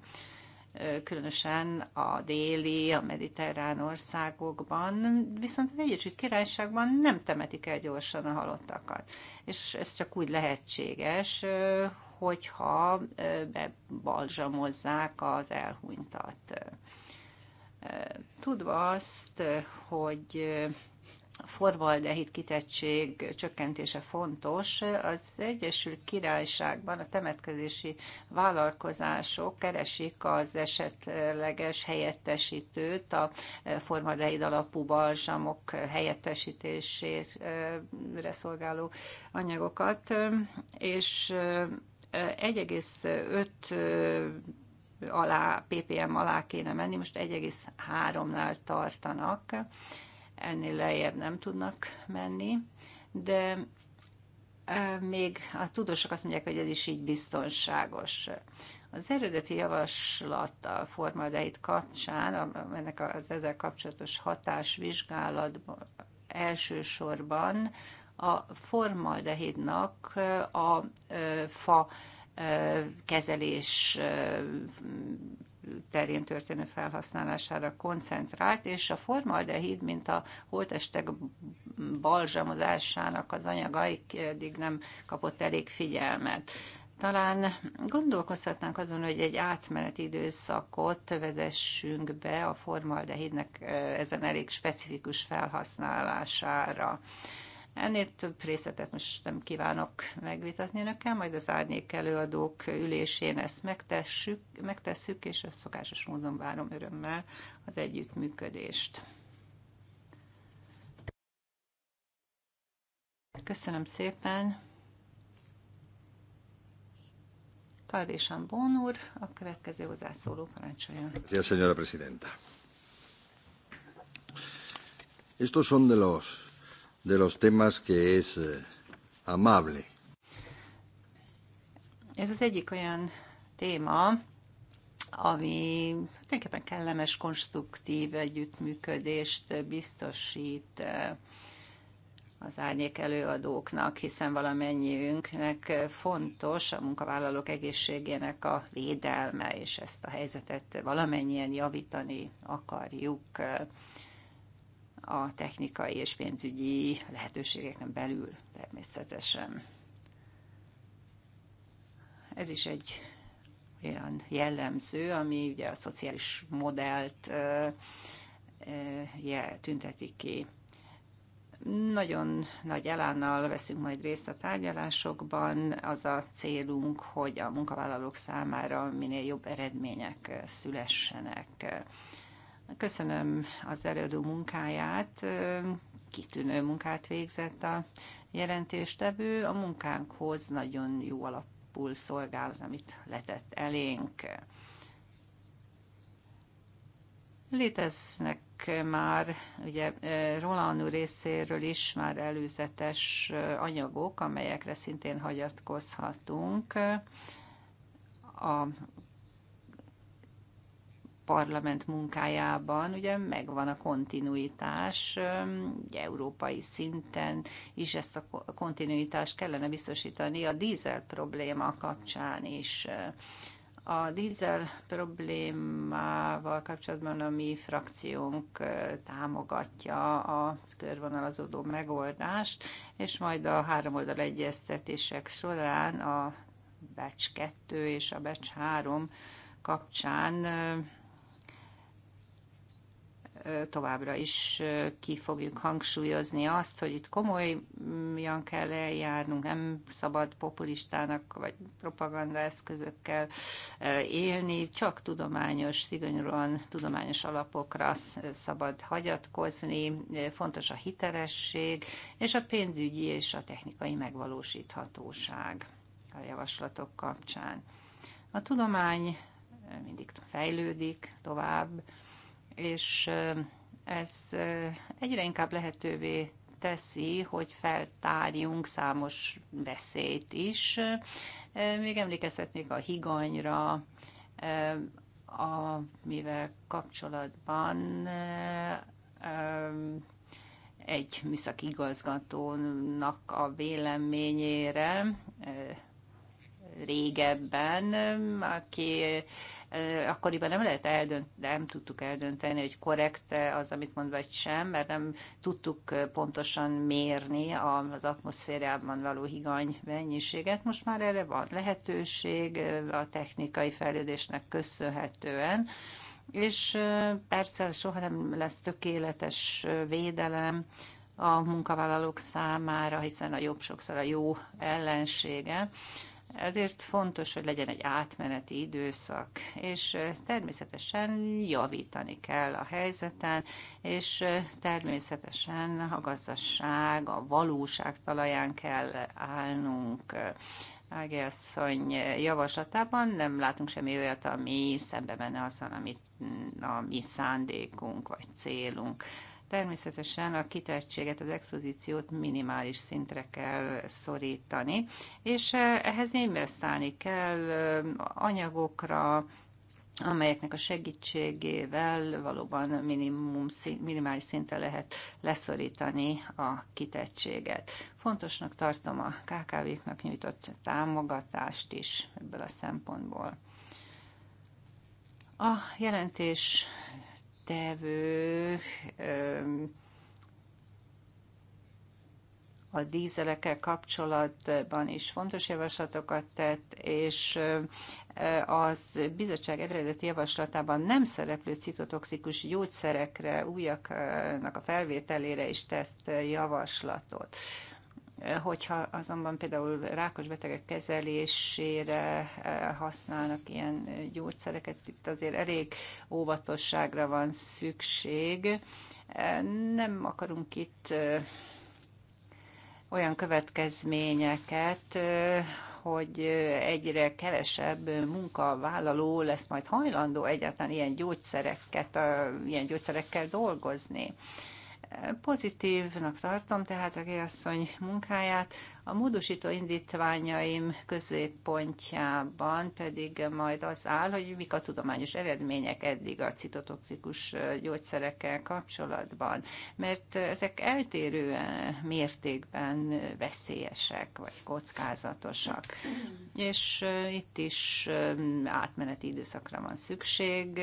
különösen a déli, a mediterrán országokban, viszont az Egyesült Királyságban nem temetik el gyorsan a halottakat. És ez csak úgy lehetséges, hogyha bebalzsamozzák az elhunytat. Tudva azt, hogy a forvaldehid kitettség csökkentése fontos. Az Egyesült Királyságban a temetkezési vállalkozások keresik az esetleges helyettesítőt a formaldehid alapú balzsamok helyettesítésére szolgáló anyagokat, és 1,5 alá, ppm alá kéne menni, most 1,3-nál tartanak, ennél lejjebb nem tudnak menni, de még a tudósok azt mondják, hogy ez is így biztonságos. Az eredeti javaslat a formaldehid kapcsán, ennek az ezzel kapcsolatos hatásvizsgálatban elsősorban a formaldehidnak a fa kezelés terén történő felhasználására koncentrált, és a formaldehid, mint a holtestek balzsamozásának az anyaga, eddig nem kapott elég figyelmet. Talán gondolkozhatnánk azon, hogy egy átmeneti időszakot vezessünk be a formaldehidnek ezen elég specifikus felhasználására. Ennél több részletet most nem kívánok megvitatni nekem, majd az árnyék előadók ülésén ezt megtessük, megtesszük, és a szokásos módon várom örömmel az együttműködést. Köszönöm szépen! Kardésan Bón úr, a következő hozzászóló parancsoljon. Köszönöm, señora presidenta. Estos son de los de los temas que es eh, amable. Ez az egyik olyan téma, ami tulajdonképpen kellemes, konstruktív együttműködést biztosít eh, az árnyék előadóknak, hiszen valamennyiünknek fontos a munkavállalók egészségének a védelme, és ezt a helyzetet valamennyien javítani akarjuk a technikai és pénzügyi lehetőségeken belül természetesen. Ez is egy olyan jellemző, ami ugye a szociális modellt jel, tüntetik ki. Nagyon nagy elánnal veszünk majd részt a tárgyalásokban. Az a célunk, hogy a munkavállalók számára minél jobb eredmények szülessenek. Köszönöm az előadó munkáját, kitűnő munkát végzett a jelentéstevő. A munkánkhoz nagyon jó alapul szolgál az, amit letett elénk. Léteznek már ugye Roland úr részéről is már előzetes anyagok, amelyekre szintén hagyatkozhatunk a parlament munkájában ugye megvan a kontinuitás, ugye, európai szinten is ezt a kontinuitást kellene biztosítani a dízel probléma kapcsán is. A dízel problémával kapcsolatban a mi frakciónk támogatja a körvonalazódó megoldást, és majd a háromoldal egyeztetések során a Batch 2 és a Batch 3 kapcsán továbbra is ki fogjuk hangsúlyozni azt, hogy itt komolyan kell eljárnunk, nem szabad populistának vagy propagandaeszközökkel élni, csak tudományos, szigonyúan tudományos alapokra szabad hagyatkozni, fontos a hitelesség és a pénzügyi és a technikai megvalósíthatóság a javaslatok kapcsán. A tudomány mindig fejlődik tovább, és ez egyre inkább lehetővé teszi, hogy feltárjunk számos veszélyt is. Még emlékezhetnék a higanyra, amivel kapcsolatban egy műszaki igazgatónak a véleményére régebben, aki akkoriban nem lehet eldönt, nem tudtuk eldönteni, hogy korrekt az, amit mond, vagy sem, mert nem tudtuk pontosan mérni az atmoszférában való higany mennyiséget. Most már erre van lehetőség a technikai fejlődésnek köszönhetően, és persze soha nem lesz tökéletes védelem, a munkavállalók számára, hiszen a jobb sokszor a jó ellensége. Ezért fontos, hogy legyen egy átmeneti időszak, és természetesen javítani kell a helyzeten, és természetesen a gazdaság, a valóság talaján kell állnunk. Ági asszony javaslatában nem látunk semmi olyat, ami szembe menne azzal, amit a mi szándékunk vagy célunk. Természetesen a kitettséget, az expozíciót minimális szintre kell szorítani, és e, ehhez investálni kell anyagokra, amelyeknek a segítségével valóban minimum, minimális szinten lehet leszorítani a kitettséget. Fontosnak tartom a KKV-knak nyújtott támogatást is ebből a szempontból. A jelentés tevő a dízelekkel kapcsolatban is fontos javaslatokat tett, és az bizottság eredeti javaslatában nem szereplő citotoxikus gyógyszerekre, újaknak a felvételére is tett javaslatot. Hogyha azonban például rákos betegek kezelésére eh, használnak ilyen eh, gyógyszereket, itt azért elég óvatosságra van szükség. Eh, nem akarunk itt olyan következményeket, hogy egyre kevesebb munkavállaló lesz majd hajlandó egyáltalán ilyen gyógyszereket, ilyen gyógyszerekkel dolgozni. Pozitívnak tartom tehát a asszony munkáját, a módosító indítványaim középpontjában pedig majd az áll, hogy mik a tudományos eredmények eddig a citotoxikus gyógyszerekkel kapcsolatban, mert ezek eltérő mértékben veszélyesek vagy kockázatosak. És eh, itt is eh, átmeneti időszakra van szükség,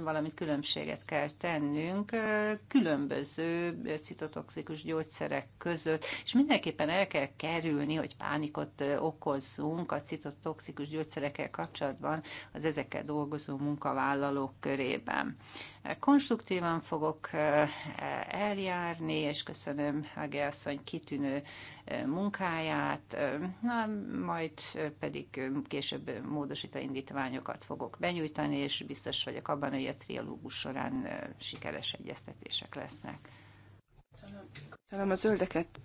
valamit különbséget kell tennünk eh, különböző citotoxikus gyógyszerek között, és mindenképpen el kell kerülni, hogy pánikot okozzunk a citotoxikus gyógyszerekkel kapcsolatban az ezekkel dolgozó munkavállalók körében. Konstruktívan fogok eljárni, és köszönöm a Gelszony kitűnő munkáját, na, majd pedig később módosító indítványokat fogok benyújtani, és biztos vagyok abban, hogy a trialógus során sikeres egyeztetések lesznek. Köszönöm. Köszönöm a zöldeket,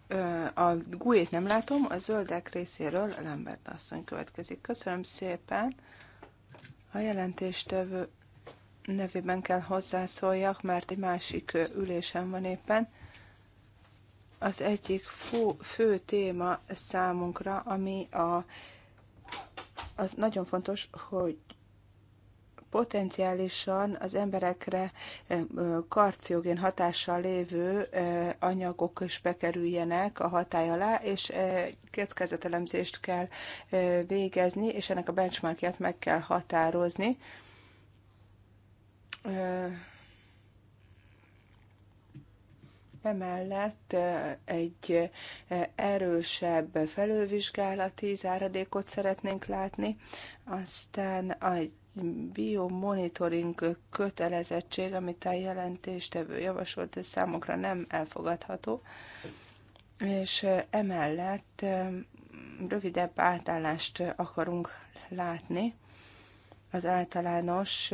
a gújét nem látom, a zöldek részéről Lambert asszony következik. Köszönöm szépen. A jelentéstevő nevében kell hozzászóljak, mert egy másik ülésen van éppen. Az egyik fő, fő téma számunkra, ami a, az nagyon fontos, hogy potenciálisan az emberekre karciogén hatással lévő anyagok is bekerüljenek a hatály alá, és kockázatelemzést kell végezni, és ennek a benchmarkját meg kell határozni. Emellett egy erősebb felővizsgálati záradékot szeretnénk látni, aztán egy biomonitoring kötelezettség, amit a jelentéstevő javasolt, ez számokra nem elfogadható, és emellett rövidebb átállást akarunk látni az általános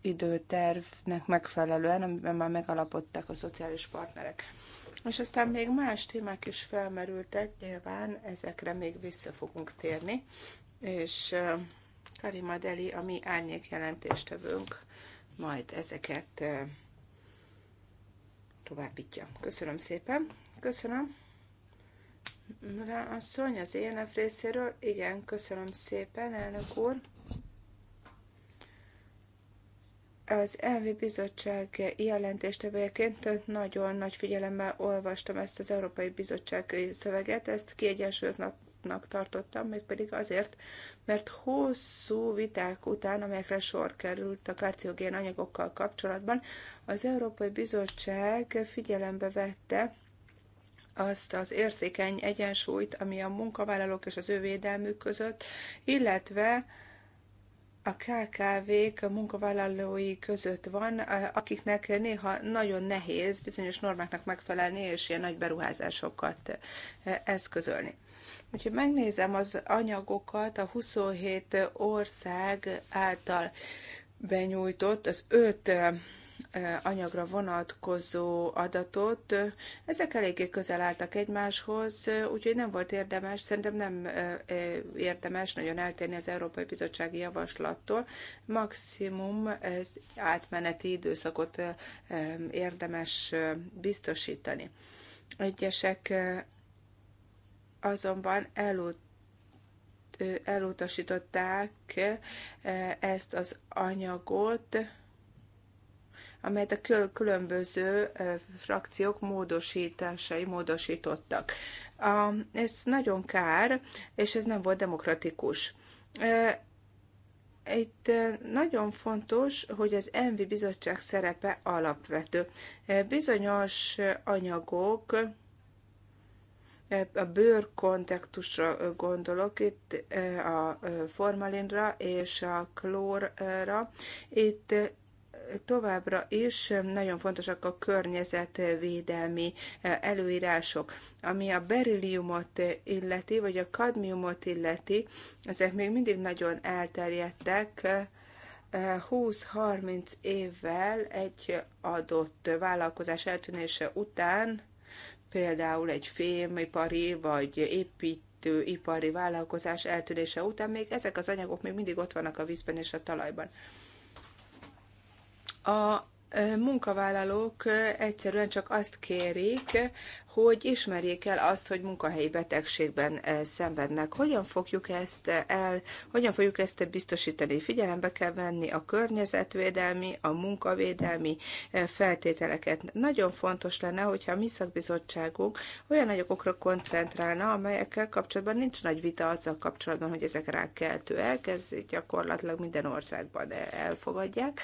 időtervnek megfelelően, amiben már megalapodtak a szociális partnerek. És aztán még más témák is felmerültek, nyilván ezekre még vissza fogunk térni, és Karima Deli, a mi árnyék jelentéstevőnk, majd ezeket továbbítja. Köszönöm szépen. Köszönöm. a szony az ENF részéről. Igen, köszönöm szépen, elnök úr. Az elvi bizottság jelentéstevőjeként nagyon nagy figyelemmel olvastam ezt az Európai Bizottság szöveget, ezt kiegyensúlyoznak fontosnak tartottam, mégpedig azért, mert hosszú viták után, amelyekre sor került a karciogén anyagokkal kapcsolatban, az Európai Bizottság figyelembe vette azt az érzékeny egyensúlyt, ami a munkavállalók és az ő védelmük között, illetve a KKV-k a munkavállalói között van, akiknek néha nagyon nehéz bizonyos normáknak megfelelni és ilyen nagy beruházásokat eh, eszközölni. Hogyha megnézem az anyagokat a 27 ország által benyújtott, az öt anyagra vonatkozó adatot, ezek eléggé közel álltak egymáshoz, úgyhogy nem volt érdemes, szerintem nem érdemes nagyon eltérni az Európai Bizottsági Javaslattól. Maximum ez átmeneti időszakot érdemes biztosítani. Egyesek azonban elut, elutasították ezt az anyagot, amelyet a különböző frakciók módosításai módosítottak. Ez nagyon kár, és ez nem volt demokratikus. Itt nagyon fontos, hogy az ENVI bizottság szerepe alapvető. Bizonyos anyagok a bőr kontaktusra gondolok, itt a formalinra és a klórra. Itt továbbra is nagyon fontosak a környezetvédelmi előírások. Ami a berilliumot illeti, vagy a kadmiumot illeti, ezek még mindig nagyon elterjedtek. 20-30 évvel egy adott vállalkozás eltűnése után például egy fémipari vagy építőipari ipari vállalkozás eltűnése után még ezek az anyagok még mindig ott vannak a vízben és a talajban. A munkavállalók egyszerűen csak azt kérik, hogy ismerjék el azt, hogy munkahelyi betegségben szenvednek. Hogyan fogjuk ezt el, hogyan fogjuk ezt biztosítani? Figyelembe kell venni a környezetvédelmi, a munkavédelmi feltételeket. Nagyon fontos lenne, hogyha a mi szakbizottságunk olyan nagyokokra koncentrálna, amelyekkel kapcsolatban nincs nagy vita azzal kapcsolatban, hogy ezek rákeltőek, ez gyakorlatilag minden országban elfogadják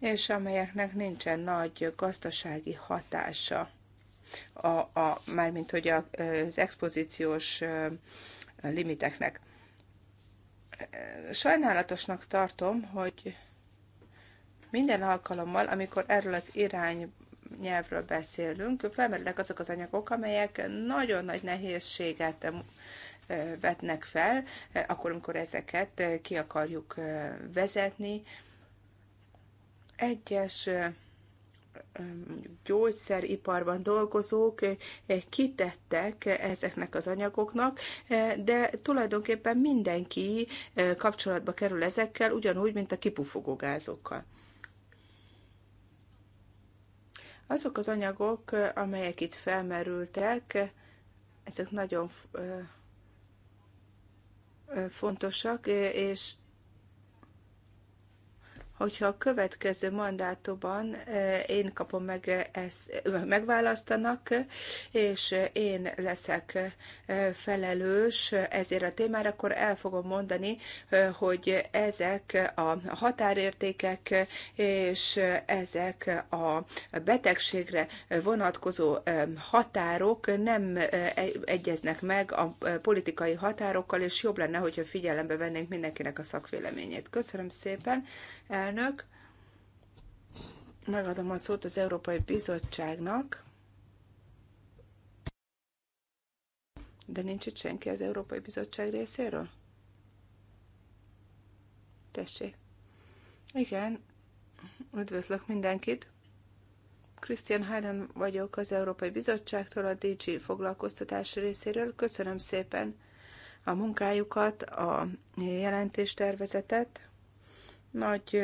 és amelyeknek nincsen nagy gazdasági hatása. A, a, mármint hogy az expozíciós limiteknek. Sajnálatosnak tartom, hogy minden alkalommal, amikor erről az irány nyelvről beszélünk, felmerülnek azok az anyagok, amelyek nagyon nagy nehézséget vetnek fel, akkor, amikor ezeket ki akarjuk vezetni, egyes gyógyszeriparban dolgozók kitettek ezeknek az anyagoknak, de tulajdonképpen mindenki kapcsolatba kerül ezekkel, ugyanúgy, mint a kipufogó gázokkal. Azok az anyagok, amelyek itt felmerültek, ezek nagyon fontosak, és hogyha a következő mandátumban eh, én kapom meg, ezt, eh, megválasztanak, és én leszek eh, felelős ezért a témára, akkor el fogom mondani, hogy ezek a határértékek és ezek a betegségre vonatkozó határok nem egyeznek meg a politikai határokkal, és jobb lenne, hogyha figyelembe vennénk mindenkinek a szakvéleményét. Köszönöm szépen, elnök. Megadom a szót az Európai Bizottságnak. De nincs itt senki az Európai Bizottság részéről? Tessék. Igen, üdvözlök mindenkit. Christian Heiden vagyok az Európai Bizottságtól, a DG foglalkoztatás részéről. Köszönöm szépen a munkájukat, a jelentéstervezetet nagy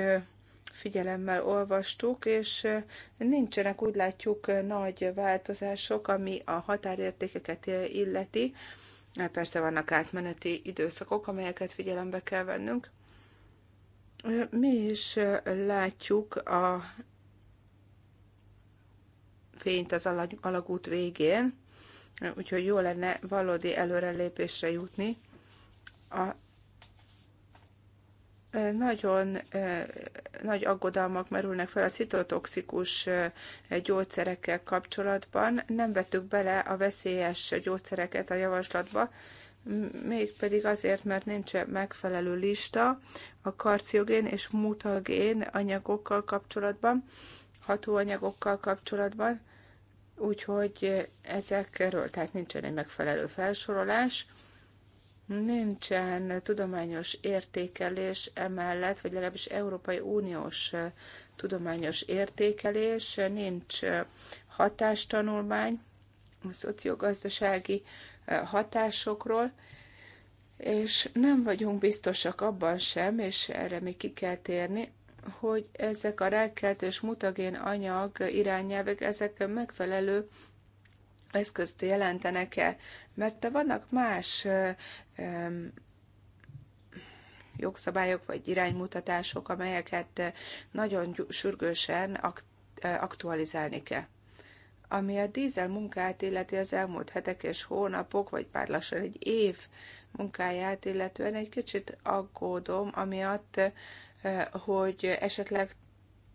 figyelemmel olvastuk, és nincsenek, úgy látjuk, nagy változások, ami a határértékeket illeti. Hát persze vannak átmeneti időszakok, amelyeket figyelembe kell vennünk. Mi is látjuk a fényt az alagút végén, úgyhogy jó lenne valódi előrelépésre jutni a nagyon nagy aggodalmak merülnek fel a citotoxikus gyógyszerekkel kapcsolatban. Nem vettük bele a veszélyes gyógyszereket a javaslatba, mégpedig azért, mert nincs megfelelő lista a karciogén és mutagén anyagokkal kapcsolatban, hatóanyagokkal kapcsolatban, úgyhogy ezekről, tehát nincsen egy megfelelő felsorolás nincsen tudományos értékelés emellett, vagy legalábbis Európai Uniós tudományos értékelés, nincs hatástanulmány a szociogazdasági hatásokról, és nem vagyunk biztosak abban sem, és erre még ki kell térni, hogy ezek a rákkeltős mutagén anyag irányelvek, ezek megfelelő eszközt jelentenek-e, mert vannak más jogszabályok vagy iránymutatások, amelyeket nagyon sürgősen aktualizálni kell. Ami a dízel munkát illeti az elmúlt hetek és hónapok, vagy pár lassan egy év munkáját, illetően egy kicsit aggódom, amiatt, hogy esetleg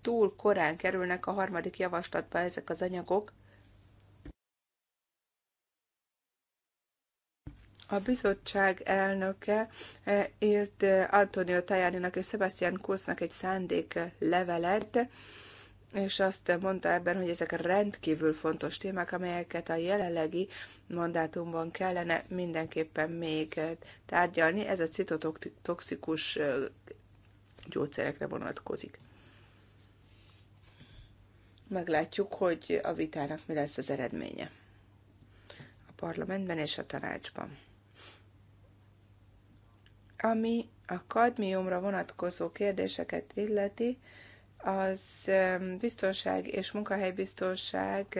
túl korán kerülnek a harmadik javaslatba ezek az anyagok, a bizottság elnöke eh, írt eh, Antonio Tajáninak és Sebastian Kusznak egy szándék eh, levelet, és azt mondta ebben, hogy ezek rendkívül fontos témák, amelyeket a jelenlegi mandátumban kellene mindenképpen még tárgyalni. Ez a citotoxikus gyógyszerekre vonatkozik. Meglátjuk, hogy a vitának mi lesz az eredménye a parlamentben és a tanácsban. Ami a kadmiumra vonatkozó kérdéseket illeti, az biztonság és munkahelybiztonság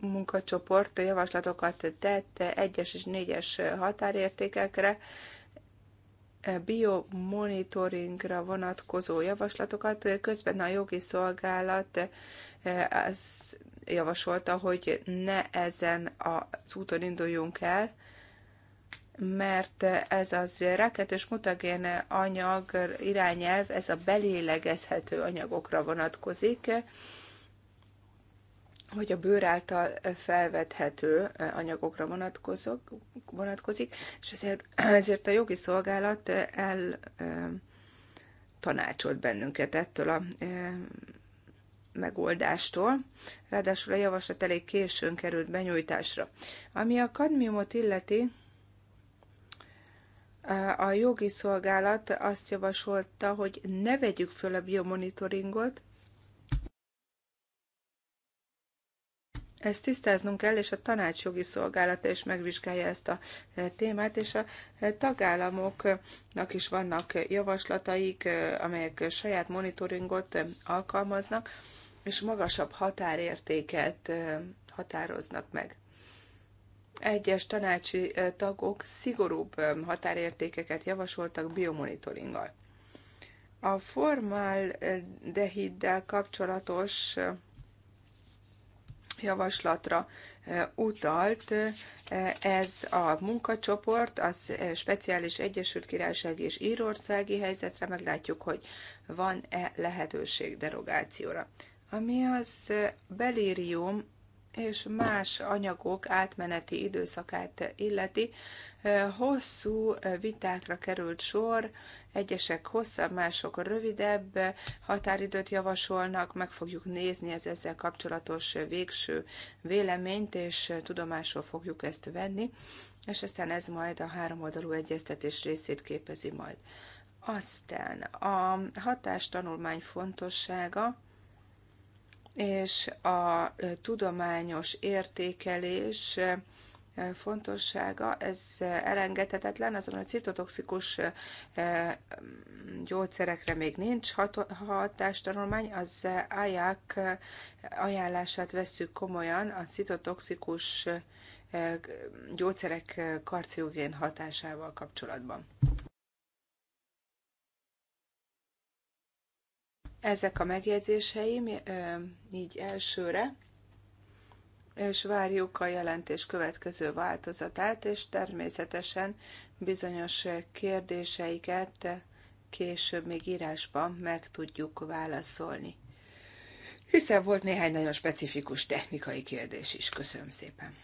munkacsoport javaslatokat tett egyes és négyes határértékekre, e, biomonitoringra vonatkozó javaslatokat, közben a jogi szolgálat e, az javasolta, hogy ne ezen az úton induljunk el, mert ez az ráketős mutagén anyag irányelv, ez a belélegezhető anyagokra vonatkozik, hogy a bőr által felvethető anyagokra vonatkozok, vonatkozik, és ezért, ezért a jogi szolgálat el tanácsolt bennünket ettől a megoldástól, ráadásul a javaslat elég későn került benyújtásra. Ami a kadmiumot illeti, a jogi szolgálat azt javasolta, hogy ne vegyük föl a biomonitoringot, Ezt tisztáznunk kell, és a tanács jogi szolgálata is megvizsgálja ezt a témát, és a tagállamoknak is vannak javaslataik, amelyek saját monitoringot alkalmaznak és magasabb határértéket határoznak meg. Egyes tanácsi tagok szigorúbb határértékeket javasoltak biomonitoringgal. A formaldehiddel kapcsolatos javaslatra utalt ez a munkacsoport, az speciális Egyesült Királyság és Írországi helyzetre, meglátjuk, hogy van-e lehetőség derogációra ami az belérium és más anyagok átmeneti időszakát illeti, hosszú vitákra került sor, egyesek hosszabb, mások rövidebb határidőt javasolnak, meg fogjuk nézni az ezzel kapcsolatos végső véleményt, és tudomásról fogjuk ezt venni, és aztán ez majd a háromoldalú egyeztetés részét képezi majd. Aztán a hatástanulmány fontossága, és a tudományos értékelés fontossága, ez elengedhetetlen, azonban a citotoxikus gyógyszerekre még nincs hatástanulmány, az AJAK ajánlását vesszük komolyan, a citotoxikus gyógyszerek karciogén hatásával kapcsolatban. Ezek a megjegyzéseim így elsőre, és várjuk a jelentés következő változatát, és természetesen bizonyos kérdéseiket később még írásban meg tudjuk válaszolni. Hiszen volt néhány nagyon specifikus technikai kérdés is. Köszönöm szépen.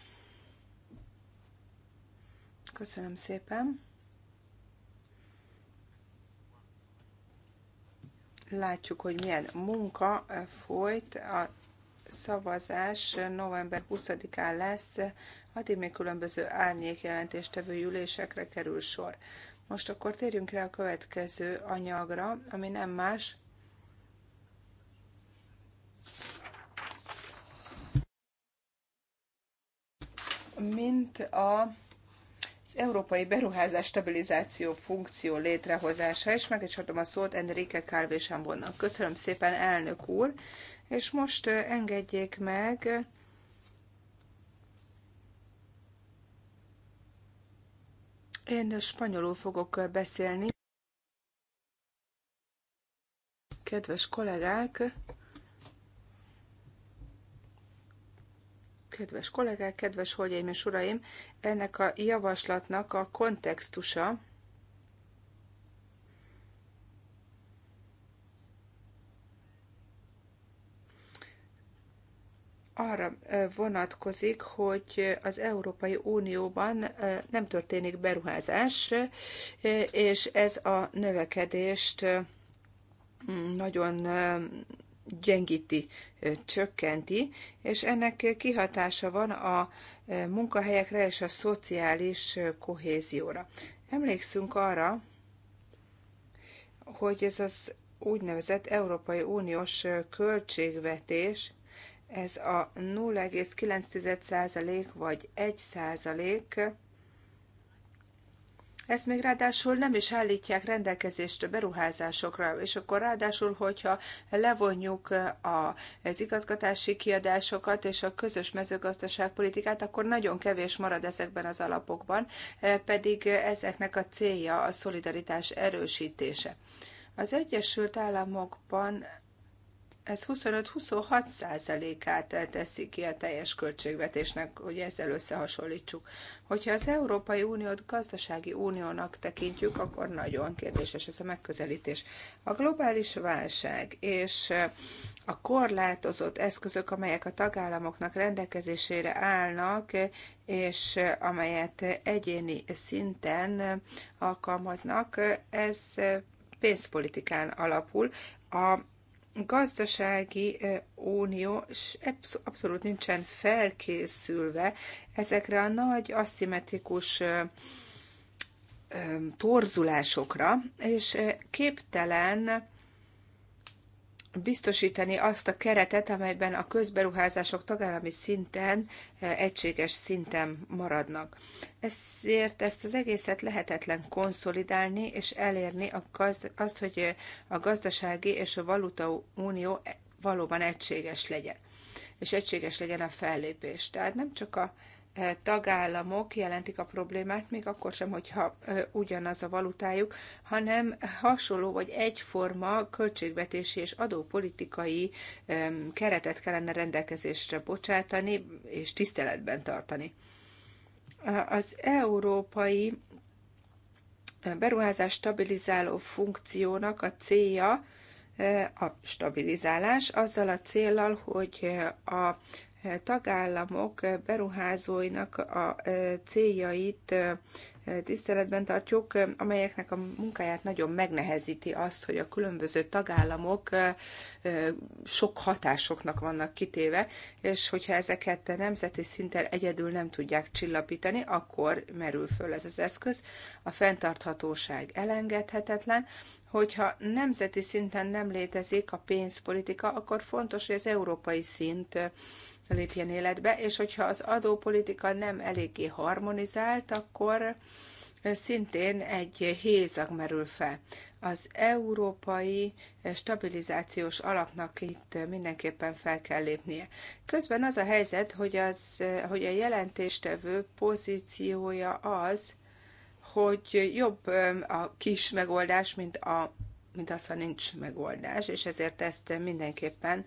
Köszönöm szépen. Látjuk, hogy milyen munka eh, folyt. A szavazás eh, november 20-án lesz, addig még különböző árnyék jelentéstevő ülésekre kerül sor. Most akkor térjünk rá a következő anyagra, ami nem más, mint a Európai Beruházás Stabilizáció Funkció létrehozása, és meg is adom a szót Enrique calvé Köszönöm szépen, elnök úr, és most engedjék meg, Én spanyolul fogok beszélni. Kedves kollégák, Kedves kollégák, kedves hölgyeim és uraim, ennek a javaslatnak a kontextusa arra vonatkozik, hogy az Európai Unióban nem történik beruházás, és ez a növekedést nagyon gyengíti, csökkenti, és ennek kihatása van a munkahelyekre és a szociális kohézióra. Emlékszünk arra, hogy ez az úgynevezett Európai Uniós költségvetés, ez a 0,9% vagy 1% ezt még ráadásul nem is állítják rendelkezést beruházásokra, és akkor ráadásul, hogyha levonjuk eh, az igazgatási kiadásokat és a közös mezőgazdaságpolitikát, akkor nagyon kevés marad ezekben az alapokban, eh, pedig ezeknek a célja a szolidaritás erősítése. Az Egyesült Államokban ez 25-26 százalékát teszi ki a teljes költségvetésnek, hogy ezzel összehasonlítsuk. Hogyha az Európai Uniót gazdasági uniónak tekintjük, akkor nagyon kérdéses ez a megközelítés. A globális válság és a korlátozott eszközök, amelyek a tagállamoknak rendelkezésére állnak, és amelyet egyéni szinten alkalmaznak, ez pénzpolitikán alapul. A gazdasági unió abszolút nincsen felkészülve ezekre a nagy aszimetrikus torzulásokra, és képtelen biztosítani azt a keretet, amelyben a közberuházások tagállami szinten, eh, egységes szinten maradnak. Ezért ezt az egészet lehetetlen konszolidálni és elérni azt, hogy eh, a gazdasági és a valuta unió eh, valóban egységes legyen, és egységes legyen a fellépés. Tehát nem csak a E, tagállamok jelentik a problémát, még akkor sem, hogyha e, ugyanaz a valutájuk, hanem hasonló vagy egyforma költségvetési és adópolitikai e, keretet kellene rendelkezésre bocsátani és tiszteletben tartani. Az európai beruházás stabilizáló funkciónak a célja a stabilizálás, azzal a célral, hogy a tagállamok beruházóinak a e, céljait e, tiszteletben tartjuk, amelyeknek a munkáját nagyon megnehezíti azt, hogy a különböző tagállamok e, sok hatásoknak vannak kitéve, és hogyha ezeket nemzeti szinten egyedül nem tudják csillapítani, akkor merül föl ez az eszköz. A fenntarthatóság elengedhetetlen, hogyha nemzeti szinten nem létezik a pénzpolitika, akkor fontos, hogy az európai szint lépjen életbe, és hogyha az adópolitika nem eléggé harmonizált, akkor szintén egy hézag merül fel. Az európai stabilizációs alapnak itt mindenképpen fel kell lépnie. Közben az a helyzet, hogy, az, hogy a jelentéstevő pozíciója az, hogy jobb a kis megoldás, mint, a, mint az, ha nincs megoldás, és ezért ezt mindenképpen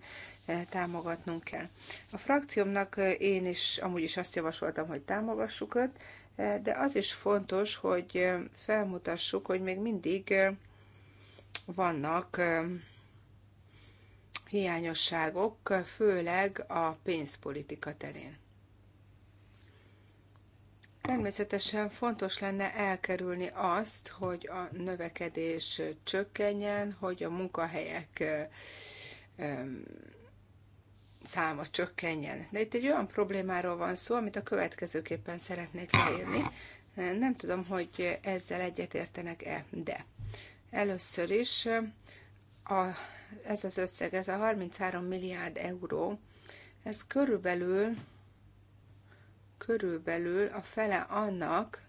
támogatnunk kell. A frakciómnak én is amúgy is azt javasoltam, hogy támogassuk őt, de az is fontos, hogy felmutassuk, hogy még mindig vannak hiányosságok, főleg a pénzpolitika terén. Természetesen fontos lenne elkerülni azt, hogy a növekedés csökkenjen, hogy a munkahelyek száma csökkenjen. De itt egy olyan problémáról van szó, amit a következőképpen szeretnék leírni. Nem tudom, hogy ezzel egyetértenek-e, de először is a, ez az összeg, ez a 33 milliárd euró, ez körülbelül, körülbelül a fele annak,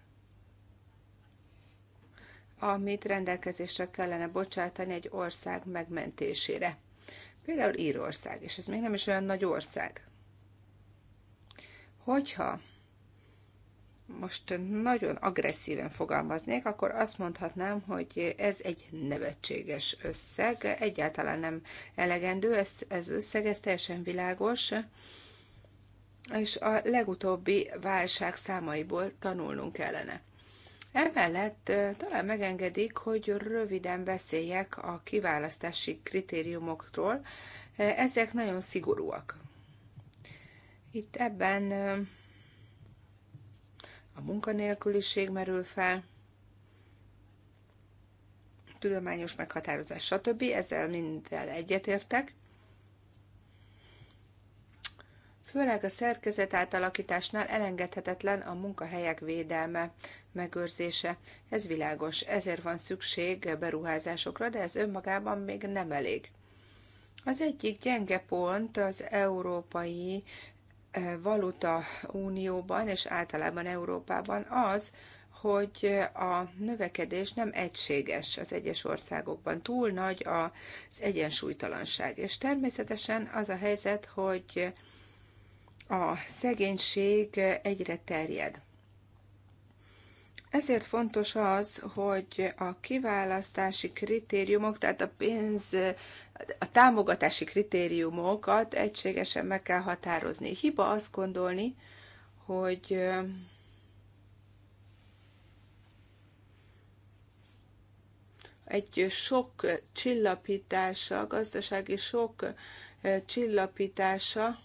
amit rendelkezésre kellene bocsátani egy ország megmentésére. Például Írország, és ez még nem is olyan nagy ország. Hogyha most nagyon agresszíven fogalmaznék, akkor azt mondhatnám, hogy ez egy nevetséges összeg, egyáltalán nem elegendő, ez, ez összeg, ez teljesen világos, és a legutóbbi válság számaiból tanulnunk kellene. Emellett talán megengedik, hogy röviden beszéljek a kiválasztási kritériumokról. Ezek nagyon szigorúak. Itt ebben a munkanélküliség merül fel, tudományos meghatározás, stb. Ezzel mindel egyetértek. Főleg a szerkezet átalakításnál elengedhetetlen a munkahelyek védelme, megőrzése. Ez világos, ezért van szükség beruházásokra, de ez önmagában még nem elég. Az egyik gyenge pont az európai eh, valuta unióban és általában Európában az, hogy a növekedés nem egységes az egyes országokban. Túl nagy az egyensúlytalanság. És természetesen az a helyzet, hogy a szegénység egyre terjed. Ezért fontos az, hogy a kiválasztási kritériumok, tehát a pénz, a támogatási kritériumokat egységesen meg kell határozni. Hiba azt gondolni, hogy eh, egy sok csillapítása, a gazdasági sok eh, csillapítása,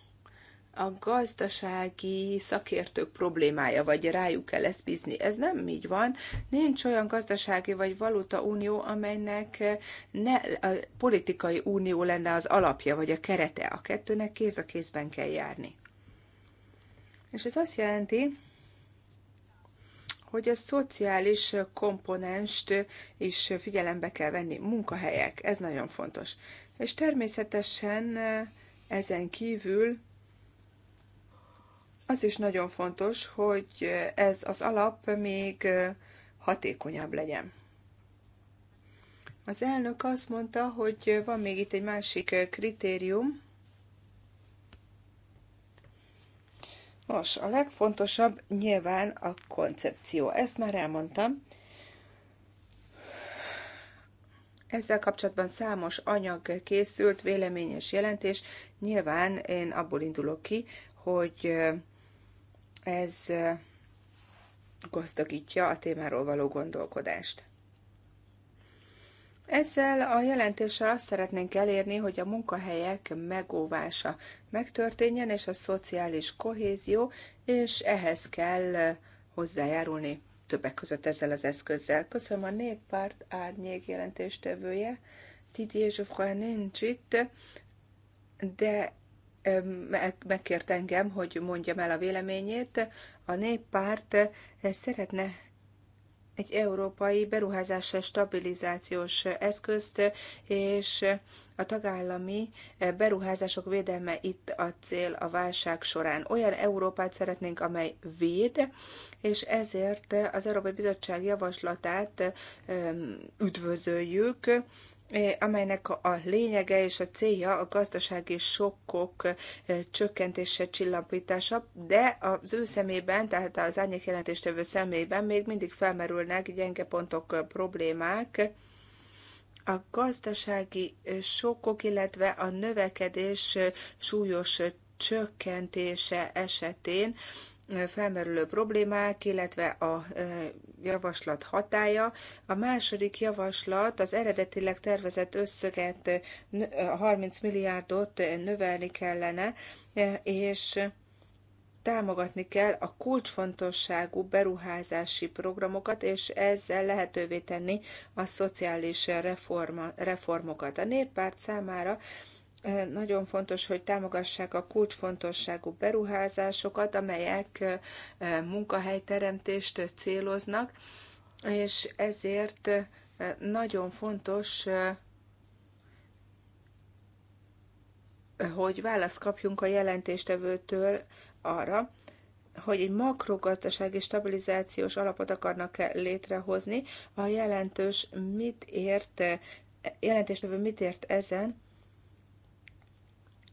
a gazdasági szakértők problémája, vagy rájuk kell ezt bízni. Ez nem így van. Nincs olyan gazdasági vagy valuta unió, amelynek ne a politikai unió lenne az alapja, vagy a kerete. A kettőnek kéz a kézben kell járni. És ez azt jelenti, hogy a szociális komponenst is figyelembe kell venni. Munkahelyek, ez nagyon fontos. És természetesen ezen kívül az is nagyon fontos, hogy ez az alap még hatékonyabb legyen. Az elnök azt mondta, hogy van még itt egy másik kritérium. Nos, a legfontosabb nyilván a koncepció. Ezt már elmondtam. Ezzel kapcsolatban számos anyag készült, véleményes jelentés. Nyilván én abból indulok ki, hogy ez gazdagítja a témáról való gondolkodást. Ezzel a jelentéssel azt szeretnénk elérni, hogy a munkahelyek megóvása megtörténjen, és a szociális kohézió, és ehhez kell hozzájárulni többek között ezzel az eszközzel. Köszönöm a néppárt árnyék jelentéstevője, Didier Geoffroy nincs itt, de megkért engem, hogy mondjam el a véleményét. A néppárt eh, szeretne egy európai beruházás stabilizációs eh, eszközt, és a tagállami eh, beruházások védelme itt a cél a válság során. Olyan Európát szeretnénk, amely véd, és ezért az Európai Bizottság javaslatát üdvözöljük, E, amelynek a lényege és a célja a gazdasági sokkok e, csökkentése, csillapítása, de az ő szemében, tehát az árnyék jelentéstevő szemében még mindig felmerülnek gyenge pontok, e, problémák, a gazdasági sokkok, illetve a növekedés súlyos csökkentése esetén felmerülő problémák, illetve a javaslat hatája. A második javaslat az eredetileg tervezett összeget, 30 milliárdot növelni kellene, és támogatni kell a kulcsfontosságú beruházási programokat, és ezzel lehetővé tenni a szociális reforma, reformokat. A néppárt számára nagyon fontos, hogy támogassák a kulcsfontosságú beruházásokat, amelyek munkahelyteremtést céloznak, és ezért nagyon fontos, hogy választ kapjunk a jelentéstevőtől arra, hogy egy makrogazdasági stabilizációs alapot akarnak létrehozni. A jelentős mit ért, jelentéstevő mit ért ezen,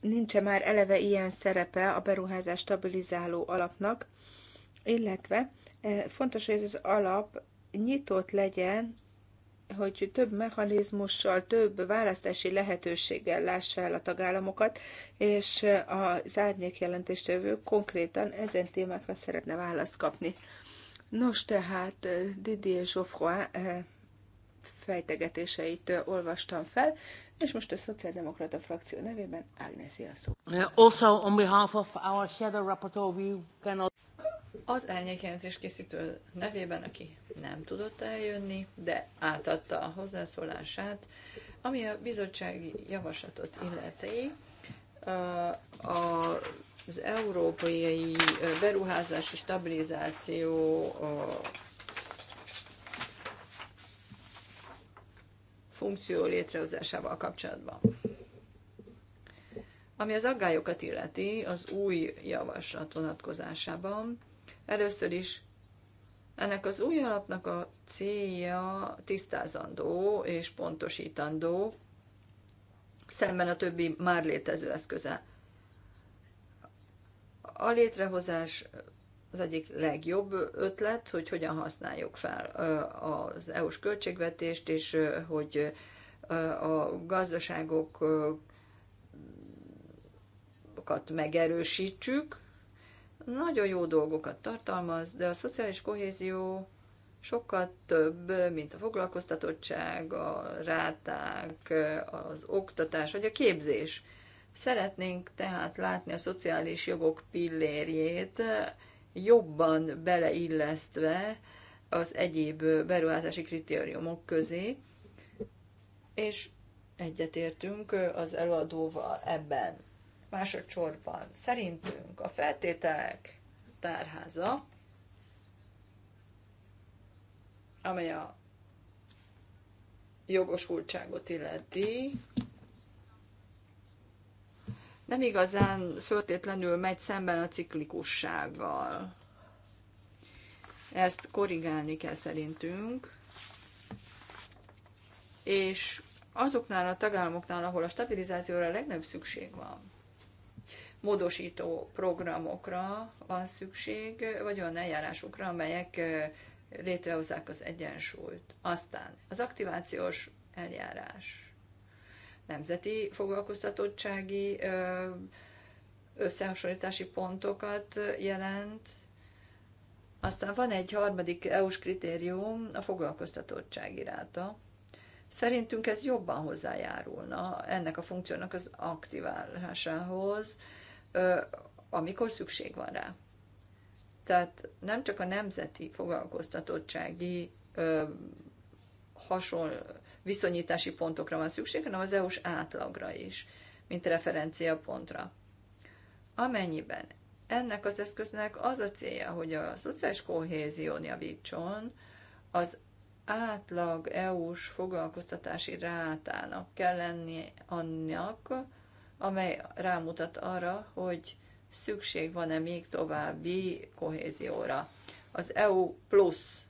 nincs -e már eleve ilyen szerepe a beruházás stabilizáló alapnak, illetve e, fontos, hogy ez az alap nyitott legyen, hogy több mechanizmussal, több választási lehetőséggel lássa el a tagállamokat, és az árnyék jelentéstevő konkrétan ezen témákra szeretne választ kapni. Nos, tehát e, Didier Geoffroy e, fejtegetéseit olvastam fel, és most a Szociáldemokrata frakció nevében Ágnesi a szó. Uh, also on behalf of our shadow rapporteur, we cannot... Az elnyékjelentés készítő nevében, aki nem tudott eljönni, de átadta a hozzászólását, ami a bizottsági javaslatot illeti, uh, az Európai uh, Beruházási Stabilizáció funkció létrehozásával kapcsolatban. Ami az aggályokat illeti, az új javaslat vonatkozásában először is ennek az új alapnak a célja tisztázandó és pontosítandó, szemben a többi már létező eszköze. A létrehozás az egyik legjobb ötlet, hogy hogyan használjuk fel az EU-s költségvetést, és hogy a gazdaságokat megerősítsük. Nagyon jó dolgokat tartalmaz, de a szociális kohézió sokkal több, mint a foglalkoztatottság, a ráták, az oktatás vagy a képzés. Szeretnénk tehát látni a szociális jogok pillérjét, jobban beleillesztve az egyéb beruházási kritériumok közé, és egyetértünk az előadóval ebben. Másodszorban szerintünk a feltételek tárháza, amely a jogosultságot illeti, nem igazán föltétlenül megy szemben a ciklikussággal. Ezt korrigálni kell szerintünk. És azoknál a tagállamoknál, ahol a stabilizációra a legnagyobb szükség van, módosító programokra van szükség, vagy olyan eljárásokra, amelyek létrehozzák az egyensúlyt. Aztán az aktivációs eljárás nemzeti foglalkoztatottsági összehasonlítási pontokat jelent. Aztán van egy harmadik EU-s kritérium, a foglalkoztatottsági ráta. Szerintünk ez jobban hozzájárulna ennek a funkciónak az aktiválásához, amikor szükség van rá. Tehát nem csak a nemzeti foglalkoztatottsági hasonló viszonyítási pontokra van szükség, hanem az EU-s átlagra is, mint referencia pontra. Amennyiben ennek az eszköznek az a célja, hogy a szociális kohézión javítson, az átlag EU-s foglalkoztatási rátának kell lenni annak, amely rámutat arra, hogy szükség van-e még további kohézióra. Az EU plusz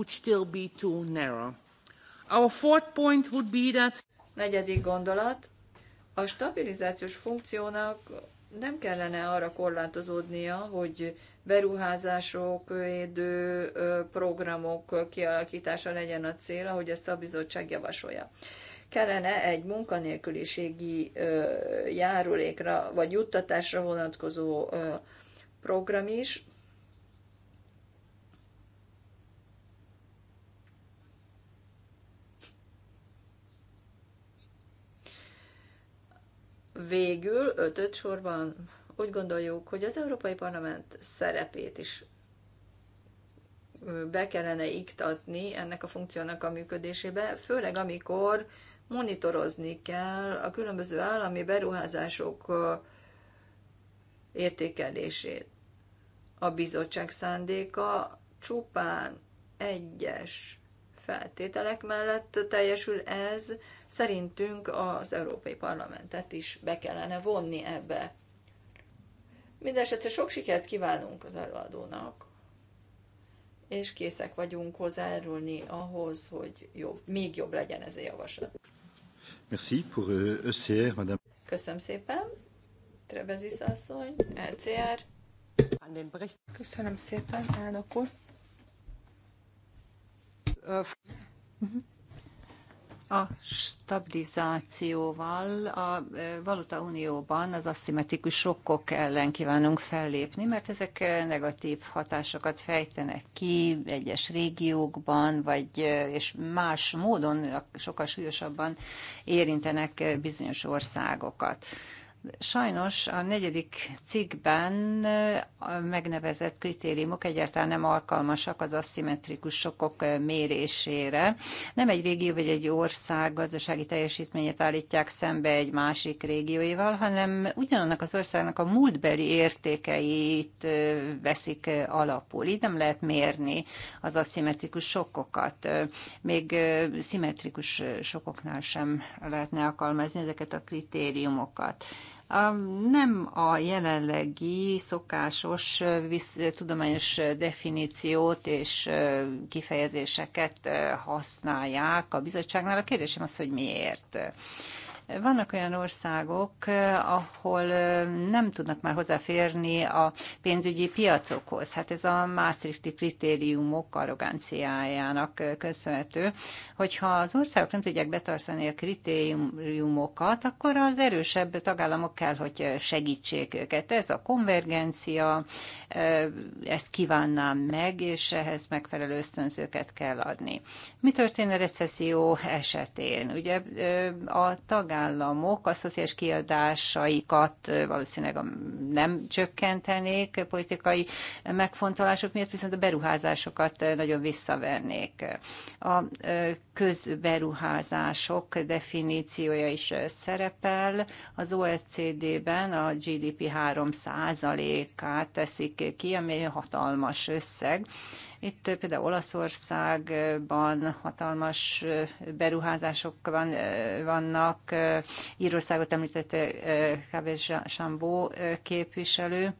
would still be too narrow. Our fourth point would be that Negyedik gondolat, a stabilizációs funkciónak nem kellene arra korlátozódnia, hogy beruházások, védő programok kialakítása legyen a cél, ahogy ezt a bizottság javasolja. Kellene egy munkanélküliségi járulékra vagy juttatásra vonatkozó program is, Végül, ötöt sorban úgy gondoljuk, hogy az Európai Parlament szerepét is be kellene iktatni ennek a funkciónak a működésébe, főleg amikor monitorozni kell a különböző állami beruházások értékelését. A bizottság szándéka csupán egyes feltételek mellett teljesül ez, szerintünk az Európai Parlamentet is be kellene vonni ebbe. Mindenesetre sok sikert kívánunk az előadónak, és készek vagyunk hozzájárulni ahhoz, hogy jobb, még jobb legyen ez a javaslat. Merci pour ECR, euh, e madame. Köszönöm szépen. Trebezis asszony, ECR. Köszönöm szépen, elnök úr. A stabilizációval a Valuta Unióban az aszimetikus sokkok ellen kívánunk fellépni, mert ezek negatív hatásokat fejtenek ki egyes régiókban, vagy és más módon sokkal súlyosabban érintenek bizonyos országokat. Sajnos a negyedik cikkben megnevezett kritériumok egyáltalán nem alkalmasak az aszimmetrikus sokok mérésére. Nem egy régió vagy egy ország gazdasági teljesítményét állítják szembe egy másik régióival, hanem ugyanannak az országnak a múltbeli értékeit veszik alapul. Így nem lehet mérni az aszimmetrikus sokokat. Még szimmetrikus sokoknál sem lehetne alkalmazni ezeket a kritériumokat nem a jelenlegi szokásos tudományos definíciót és kifejezéseket használják a bizottságnál. A kérdésem az, hogy miért. Vannak olyan országok, ahol nem tudnak már hozzáférni a pénzügyi piacokhoz. Hát ez a Maastrichti kritériumok arroganciájának köszönhető, hogyha az országok nem tudják betartani a kritériumokat, akkor az erősebb tagállamok kell, hogy segítsék őket. Ez a konvergencia, ezt kívánnám meg, és ehhez megfelelő ösztönzőket kell adni. Mi történt a recesszió esetén? Ugye a tagállamok tagállamok a szociális kiadásaikat valószínűleg nem csökkentenék politikai megfontolások miatt, viszont a beruházásokat nagyon visszavennék. A közberuházások definíciója is szerepel. Az OECD-ben a GDP 3%-át teszik ki, ami hatalmas összeg, itt például Olaszországban hatalmas beruházások van, vannak, Írországot említette K.B. Sambó képviselő,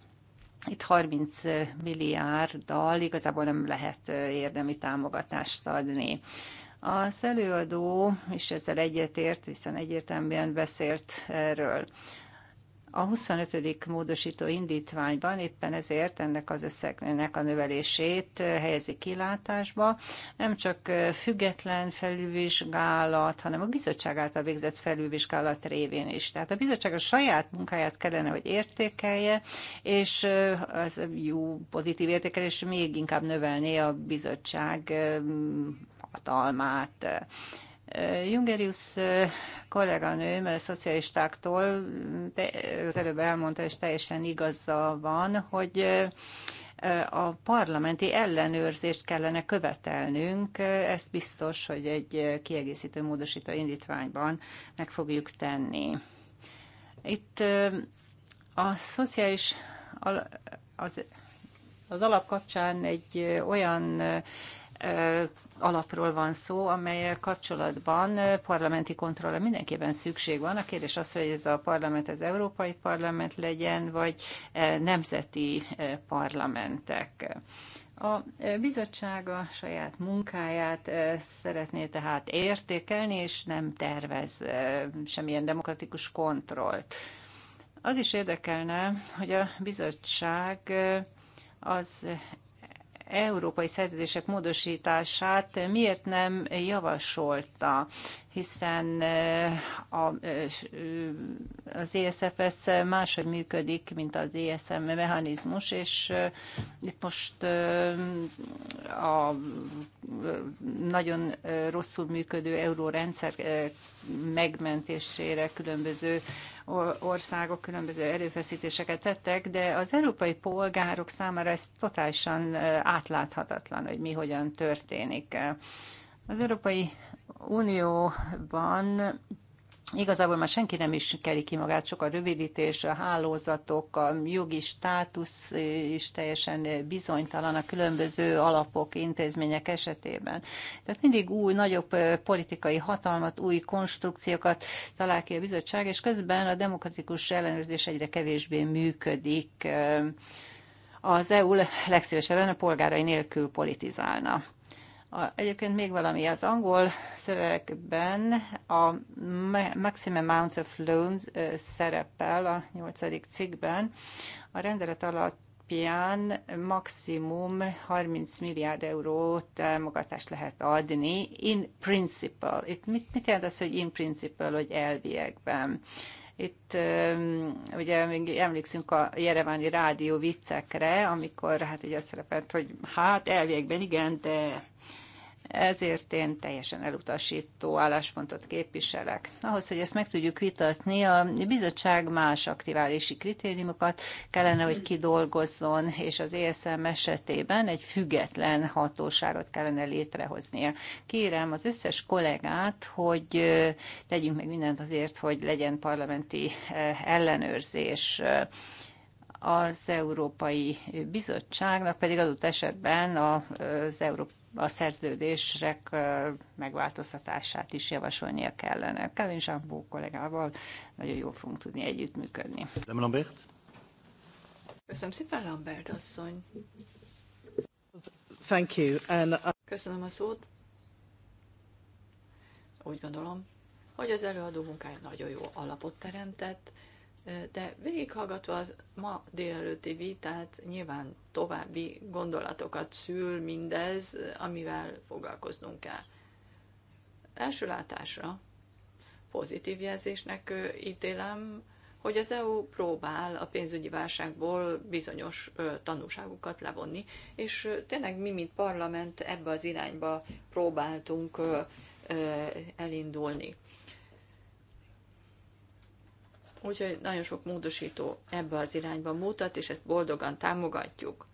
itt 30 milliárddal igazából nem lehet érdemi támogatást adni. Az előadó, és ezzel egyetért, hiszen egyértelműen beszélt erről. A 25. módosító indítványban éppen ezért ennek az összegnek a növelését helyezi kilátásba. Nem csak független felülvizsgálat, hanem a bizottság által végzett felülvizsgálat révén is. Tehát a bizottság a saját munkáját kellene, hogy értékelje, és az jó pozitív értékelés még inkább növelné a bizottság hatalmát. Jungerius kolléganőm, a szocialistáktól te, az előbb elmondta, és teljesen igaza van, hogy a parlamenti ellenőrzést kellene követelnünk, ezt biztos, hogy egy kiegészítő módosító indítványban meg fogjuk tenni. Itt a szociális az, az alap kapcsán egy olyan alapról van szó, amely kapcsolatban parlamenti kontrollra mindenképpen szükség van. A kérdés az, hogy ez a parlament az Európai Parlament legyen, vagy nemzeti parlamentek. A bizottság a saját munkáját szeretné tehát értékelni, és nem tervez semmilyen demokratikus kontrollt. Az is érdekelne, hogy a bizottság az európai szerződések módosítását miért nem javasolta, hiszen eh, a, eh, az ESFS máshogy működik, mint az ESM mechanizmus, és eh, itt most a nagyon rosszul működő eurórendszer megmentésére különböző országok különböző erőfeszítéseket tettek, de az európai polgárok számára ez totálisan átláthatatlan, hogy mi hogyan történik. Az Európai Unióban Igazából már senki nem is keri ki magát, csak a rövidítés, a hálózatok, a jogi státusz is teljesen bizonytalan a különböző alapok, intézmények esetében. Tehát mindig új, nagyobb politikai hatalmat, új konstrukciókat talál ki a bizottság, és közben a demokratikus ellenőrzés egyre kevésbé működik. Az EU legszívesebben a polgárai nélkül politizálna. A, egyébként még valami, az angol szövegben a maximum amount of loans szerepel a nyolcadik cikkben. A rendelet alapján maximum 30 milliárd eurót támogatást lehet adni in principle. Itt mit, mit jelent az, hogy in principle, hogy elviekben? Itt ugye még emlékszünk a Jereváni rádió viccekre, amikor hát ugye szerepelt, hogy hát elvégben igen, de ezért én teljesen elutasító álláspontot képviselek. Ahhoz, hogy ezt meg tudjuk vitatni, a bizottság más aktiválési kritériumokat kellene, hogy kidolgozzon, és az ESM esetében egy független hatóságot kellene létrehoznia. Kérem az összes kollégát, hogy tegyünk meg mindent azért, hogy legyen parlamenti ellenőrzés az Európai Bizottságnak, pedig adott esetben az Európai a szerződések megváltoztatását is javasolnia kellene. Kevin Zsambó kollégával nagyon jól fogunk tudni együttműködni. Lambert? Köszönöm szépen, Lambert asszony. Thank you. And I... Uh, Köszönöm a szót. Úgy gondolom, hogy az előadó munkája nagyon jó alapot teremtett, de végighallgatva az ma délelőtti vitát nyilván további gondolatokat szül mindez, amivel foglalkoznunk kell. Első látásra pozitív jelzésnek ítélem, hogy az EU próbál a pénzügyi válságból bizonyos tanulságokat levonni, és tényleg mi, mint parlament ebbe az irányba próbáltunk elindulni. Úgyhogy nagyon sok módosító ebbe az irányba mutat, és ezt boldogan támogatjuk.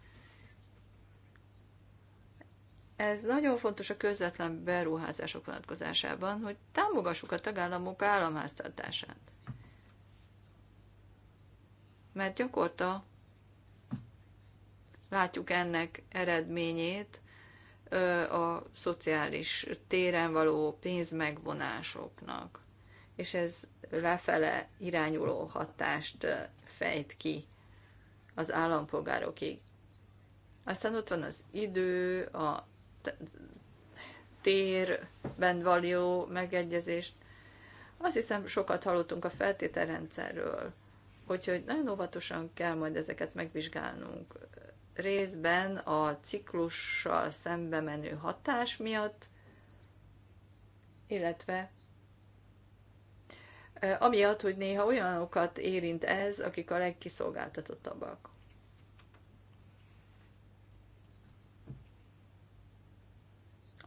Ez nagyon fontos a közvetlen beruházások vonatkozásában, hogy támogassuk a tagállamok államháztartását. Mert gyakorta látjuk ennek eredményét a szociális téren való pénzmegvonásoknak. És ez lefele irányuló hatást fejt ki az állampolgárokig. Aztán ott van az idő, a térben való megegyezés. Azt hiszem, sokat hallottunk a feltételrendszerről, úgyhogy nagyon óvatosan kell majd ezeket megvizsgálnunk. Részben a ciklussal szembe menő hatás miatt, illetve amiatt, hogy néha olyanokat érint ez, akik a legkiszolgáltatottabbak.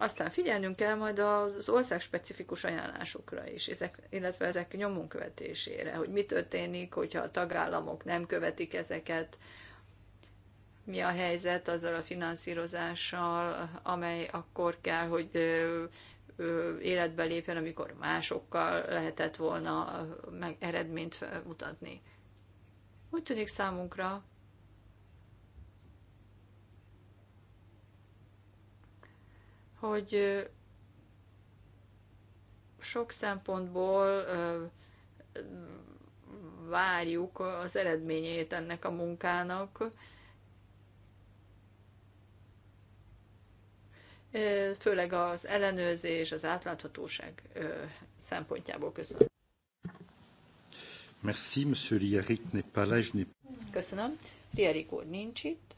Aztán figyelnünk kell majd az ország specifikus ajánlásokra is, ezek, illetve ezek nyomon követésére, hogy mi történik, hogyha a tagállamok nem követik ezeket, mi a helyzet azzal a finanszírozással, amely akkor kell, hogy életbe lépjen, amikor másokkal lehetett volna meg eredményt mutatni. Úgy tűnik számunkra, hogy sok szempontból várjuk az eredményét ennek a munkának, főleg az ellenőrzés, az átláthatóság szempontjából köszönöm. Merci, monsieur Liarik n'est pas là, je n'ai... Köszönöm. Liarik úr nincs itt.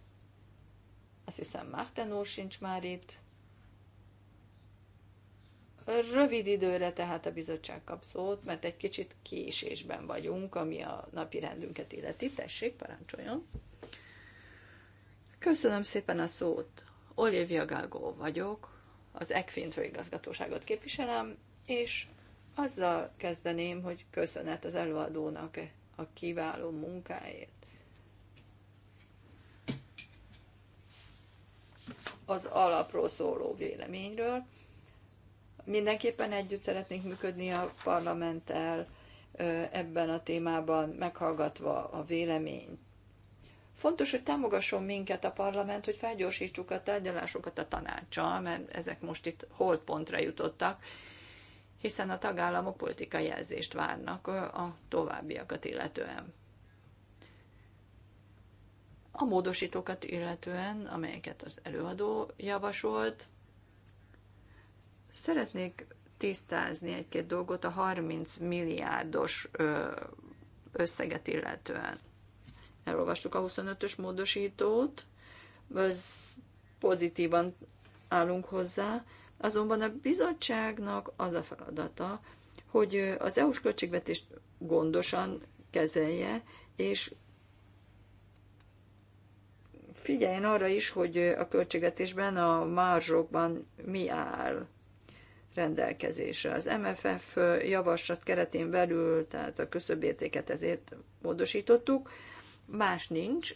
Azt hiszem Márten úr sincs már itt. Rövid időre tehát a bizottság kap szót, mert egy kicsit késésben vagyunk, ami a napi rendünket illeti. Tessék, parancsoljon. Köszönöm szépen a szót. Olivia Galgó vagyok, az ECFIN főigazgatóságot képviselem, és azzal kezdeném, hogy köszönet az előadónak a kiváló munkáért. Az alapról szóló véleményről. Mindenképpen együtt szeretnénk működni a parlamenttel ebben a témában, meghallgatva a véleményt Fontos, hogy támogasson minket a parlament, hogy felgyorsítsuk a tárgyalásokat a tanácssal, mert ezek most itt holdpontra jutottak, hiszen a tagállamok politikai jelzést várnak a továbbiakat illetően. A módosítókat illetően, amelyeket az előadó javasolt, szeretnék tisztázni egy-két dolgot a 30 milliárdos összeget illetően elolvastuk a 25-ös módosítót, az pozitívan állunk hozzá, azonban a bizottságnak az a feladata, hogy az EU-s költségvetést gondosan kezelje, és figyeljen arra is, hogy a költségvetésben, a márzsokban mi áll rendelkezésre. Az MFF javaslat keretén belül, tehát a küszöbértéket ezért módosítottuk, más nincs,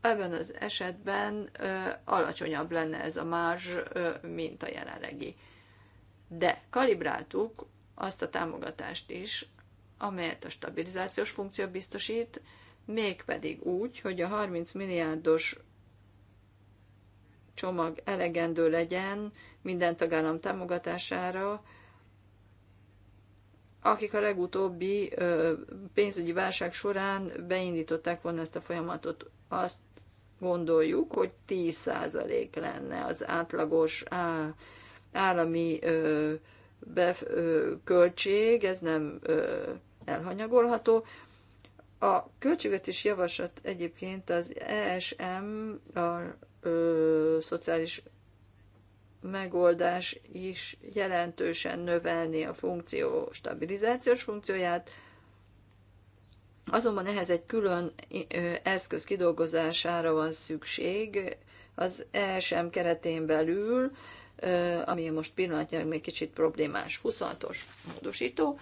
ebben az esetben ö, alacsonyabb lenne ez a más, ö, mint a jelenlegi. De kalibráltuk azt a támogatást is, amelyet a stabilizációs funkció biztosít, mégpedig úgy, hogy a 30 milliárdos csomag elegendő legyen minden tagállam támogatására, akik a legutóbbi pénzügyi válság során beindították volna ezt a folyamatot. Azt gondoljuk, hogy 10% lenne az átlagos állami költség, ez nem elhanyagolható. A költségvetés javaslat egyébként az ESM, a ö, Szociális megoldás is jelentősen növelni a funkció stabilizációs funkcióját, azonban ehhez egy külön eszköz kidolgozására van szükség az ESM keretén belül, ami most pillanatnyilag még kicsit problémás. 26-os módosító.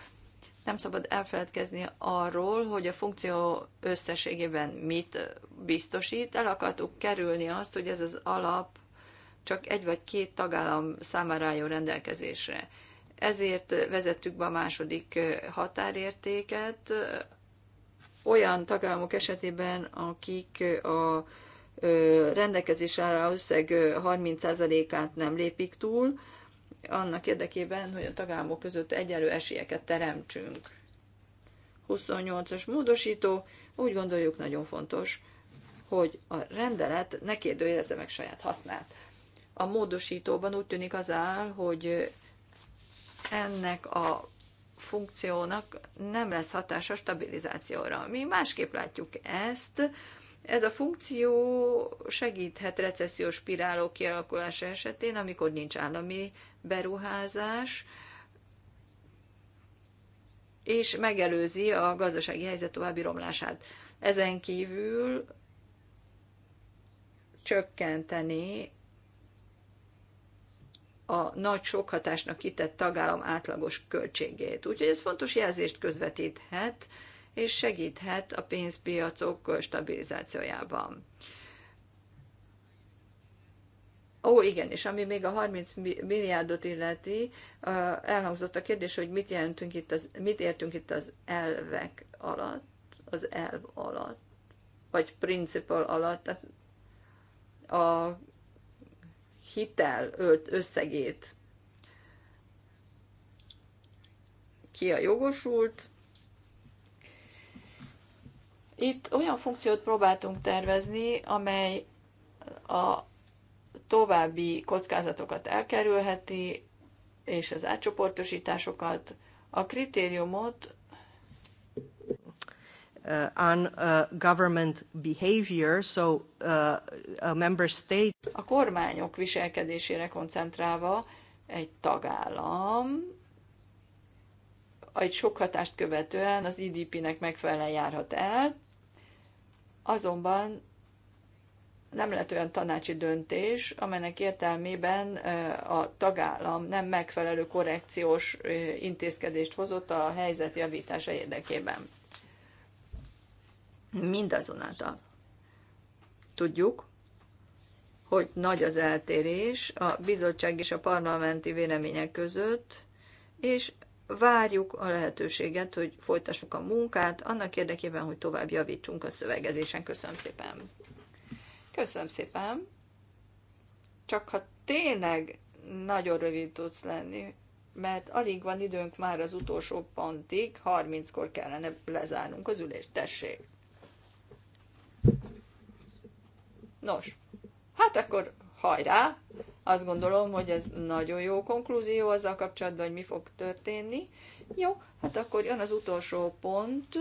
Nem szabad elfeledkezni arról, hogy a funkció összességében mit biztosít. El akartuk kerülni azt, hogy ez az alap csak egy vagy két tagállam számára álljon rendelkezésre. Ezért vezettük be a második határértéket olyan tagállamok esetében, akik a rendelkezésre álló összeg 30%-át nem lépik túl, annak érdekében, hogy a tagállamok között egyenlő esélyeket teremtsünk. 28-as módosító, úgy gondoljuk nagyon fontos, hogy a rendelet ne kérdőjelezze meg saját hasznát. A módosítóban úgy tűnik az áll, hogy ennek a funkciónak nem lesz hatása a stabilizációra. Mi másképp látjuk ezt. Ez a funkció segíthet recessziós spirálok kialakulása esetén, amikor nincs állami beruházás, és megelőzi a gazdasági helyzet további romlását. Ezen kívül csökkenteni a nagy sok hatásnak kitett tagállam átlagos költségét. Úgyhogy ez fontos jelzést közvetíthet, és segíthet a pénzpiacok stabilizációjában. Ó, igen, és ami még a 30 milliárdot illeti, elhangzott a kérdés, hogy mit, jelentünk itt az, mit értünk itt az elvek alatt, az elv alatt, vagy principle alatt, tehát a hitel összegét. Ki a jogosult? Itt olyan funkciót próbáltunk tervezni, amely a további kockázatokat elkerülheti, és az átcsoportosításokat, a kritériumot uh, on uh, government behavior, so uh, a member state. A kormányok viselkedésére koncentrálva egy tagállam egy sok hatást követően az IDP-nek megfelelően járhat el, azonban nem lett olyan tanácsi döntés, amelynek értelmében uh, a tagállam nem megfelelő korrekciós uh, intézkedést hozott a helyzet javítása érdekében. Mindazonáltal tudjuk, hogy nagy az eltérés a bizottság és a parlamenti vélemények között, és várjuk a lehetőséget, hogy folytassuk a munkát, annak érdekében, hogy tovább javítsunk a szövegezésen. Köszönöm szépen! Köszönöm szépen! Csak ha tényleg nagyon rövid tudsz lenni, mert alig van időnk már az utolsó pontig, 30-kor kellene lezárnunk az ülést. Tessék! Nos, hát akkor hajrá! Azt gondolom, hogy ez nagyon jó konklúzió azzal kapcsolatban, hogy mi fog történni. Jó, hát akkor jön az utolsó pont.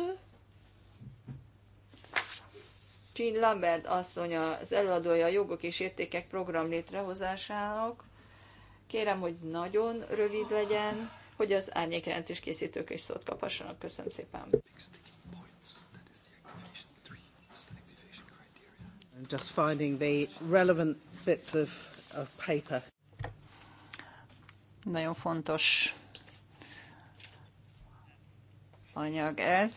Jean Lambert asszony az előadója a jogok és értékek program létrehozásának. Kérem, hogy nagyon rövid legyen, hogy az is készítők is szót kaphassanak. Köszönöm szépen. just finding the relevant bits of, of paper. Nagyon fontos anyag ez.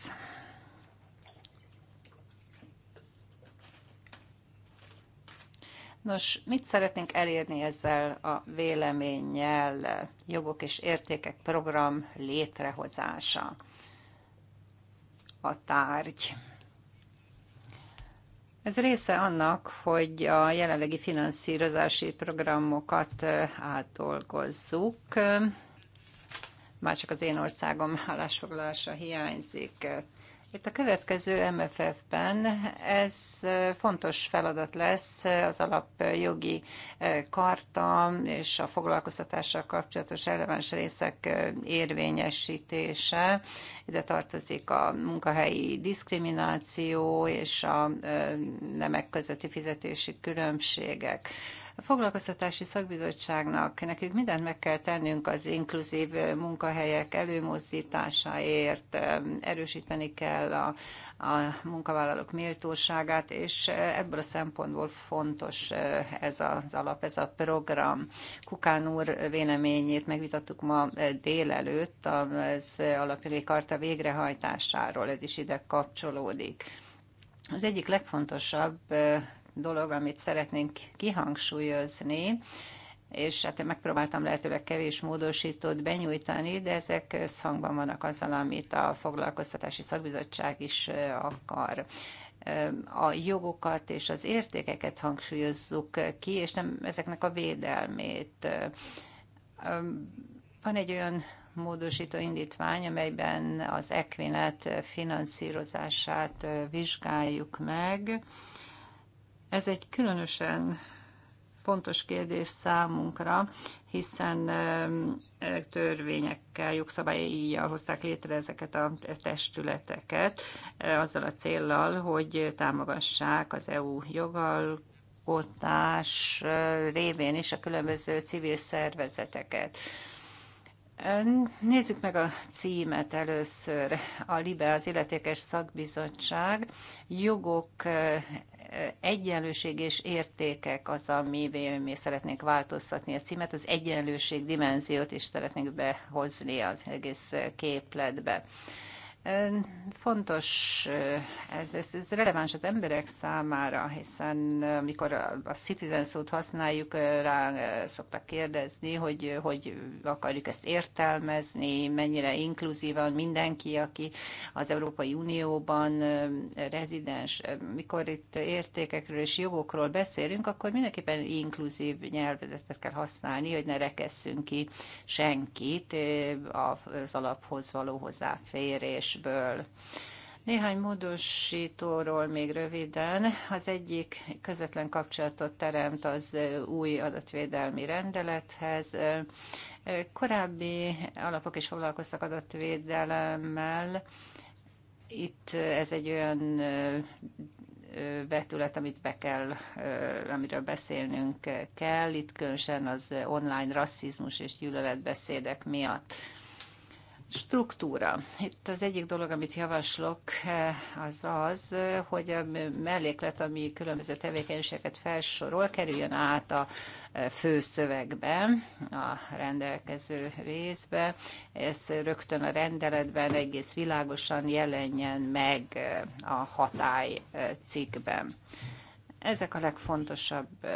Nos, mit szeretnénk elérni ezzel a véleménnyel, jogok és értékek program létrehozása, a tárgy. Ez része annak, hogy a jelenlegi finanszírozási programokat átdolgozzuk. Már csak az én országom állásfoglalása hiányzik. Itt a következő MFF-ben ez fontos feladat lesz az alapjogi karta és a foglalkoztatással kapcsolatos releváns részek érvényesítése. Ide tartozik a munkahelyi diszkrimináció és a nemek közötti fizetési különbségek. A foglalkoztatási szakbizottságnak nekünk mindent meg kell tennünk az inkluzív munkahelyek előmozdításáért, erősíteni kell a, a munkavállalók méltóságát, és ebből a szempontból fontos ez az alap, ez a program. Kukán úr véleményét megvitattuk ma délelőtt az alapjogi karta végrehajtásáról, ez is ide kapcsolódik. Az egyik legfontosabb dolog, amit szeretnénk kihangsúlyozni, és hát én megpróbáltam lehetőleg kevés módosítót benyújtani, de ezek összhangban vannak azzal, amit a foglalkoztatási szakbizottság is akar a jogokat és az értékeket hangsúlyozzuk ki, és nem ezeknek a védelmét. Van egy olyan módosító indítvány, amelyben az ekvinet finanszírozását vizsgáljuk meg, ez egy különösen fontos kérdés számunkra, hiszen törvényekkel, jogszabályjal hozták létre ezeket a testületeket, e, azzal a céllal, hogy támogassák az EU jogalkotás e, révén is a különböző civil szervezeteket. E, nézzük meg a címet először. A LIBE, az Illetékes Szakbizottság jogok egyenlőség és értékek az, amivé mi szeretnénk változtatni a címet, az egyenlőség dimenziót is szeretnénk behozni az egész képletbe. Fontos, eh, ez, ez, ez releváns az emberek számára, hiszen eh, amikor a citizen szót használjuk, eh, rá szoktak kérdezni, hogy hogy akarjuk ezt értelmezni, mennyire inkluzívan mindenki, aki az Európai Unióban rezidens. Mikor itt értékekről és jogokról beszélünk, akkor mindenképpen inkluzív nyelvezetet kell használni, hogy ne rekesszünk ki senkit az alaphoz való hozzáférés kérdésből. Néhány módosítóról még röviden. Az egyik közvetlen kapcsolatot teremt az új adatvédelmi rendelethez. Korábbi alapok is foglalkoztak adatvédelemmel. Itt ez egy olyan vetület, amit be kell, amiről beszélnünk kell, itt különösen az online rasszizmus és gyűlöletbeszédek miatt struktúra. Itt az egyik dolog, amit javaslok, eh, az az, hogy a melléklet, ami különböző tevékenységeket felsorol, kerüljön át a eh, főszövegbe, a rendelkező részbe. Ez rögtön a rendeletben egész világosan jelenjen meg eh, a hatály cikkben. Ezek a legfontosabb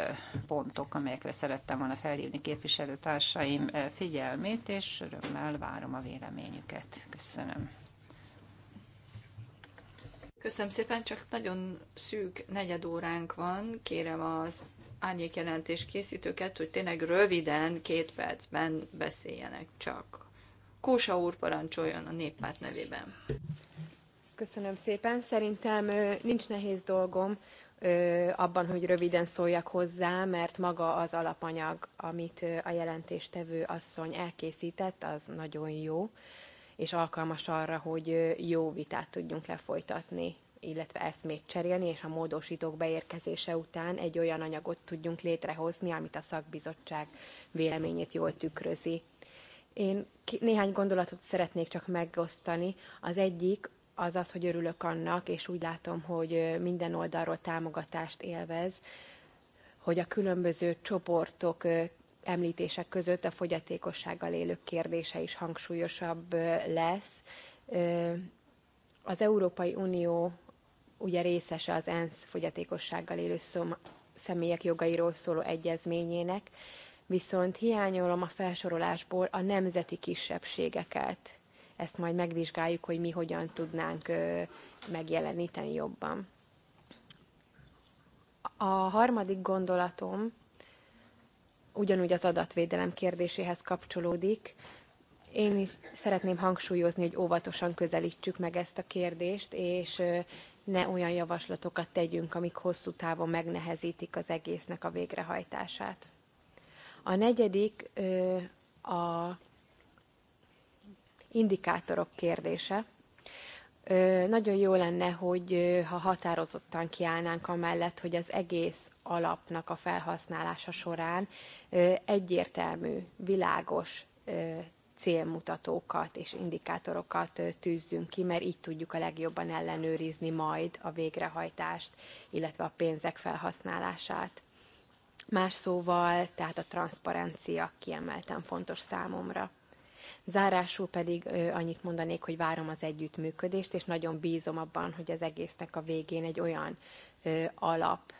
pontok, amelyekre szerettem volna felhívni képviselőtársaim figyelmét, és örömmel várom a véleményüket. Köszönöm. Köszönöm szépen, csak nagyon szűk negyed óránk van. Kérem az árnyékjelentés készítőket, hogy tényleg röviden, két percben beszéljenek csak. Kósa úr parancsoljon a néppárt nevében. Köszönöm szépen. Szerintem nincs nehéz dolgom abban, hogy röviden szóljak hozzá, mert maga az alapanyag, amit a jelentéstevő asszony elkészített, az nagyon jó, és alkalmas arra, hogy jó vitát tudjunk lefolytatni illetve eszmét cserélni, és a módosítók beérkezése után egy olyan anyagot tudjunk létrehozni, amit a szakbizottság véleményét jól tükrözi. Én néhány gondolatot szeretnék csak megosztani. Az egyik az az, hogy örülök annak, és úgy látom, hogy minden oldalról támogatást élvez, hogy a különböző csoportok említések között a fogyatékossággal élők kérdése is hangsúlyosabb lesz. Az Európai Unió ugye részese az ENSZ fogyatékossággal élő személyek jogairól szóló egyezményének, viszont hiányolom a felsorolásból a nemzeti kisebbségeket ezt majd megvizsgáljuk, hogy mi hogyan tudnánk megjeleníteni jobban. A harmadik gondolatom ugyanúgy az adatvédelem kérdéséhez kapcsolódik. Én is szeretném hangsúlyozni, hogy óvatosan közelítsük meg ezt a kérdést, és ne olyan javaslatokat tegyünk, amik hosszú távon megnehezítik az egésznek a végrehajtását. A negyedik a indikátorok kérdése. Nagyon jó lenne, hogy ha határozottan kiállnánk amellett, hogy az egész alapnak a felhasználása során egyértelmű, világos célmutatókat és indikátorokat tűzzünk ki, mert így tudjuk a legjobban ellenőrizni majd a végrehajtást, illetve a pénzek felhasználását. Más szóval, tehát a transzparencia kiemelten fontos számomra. Zárásul pedig annyit mondanék, hogy várom az együttműködést, és nagyon bízom abban, hogy az egésznek a végén egy olyan alap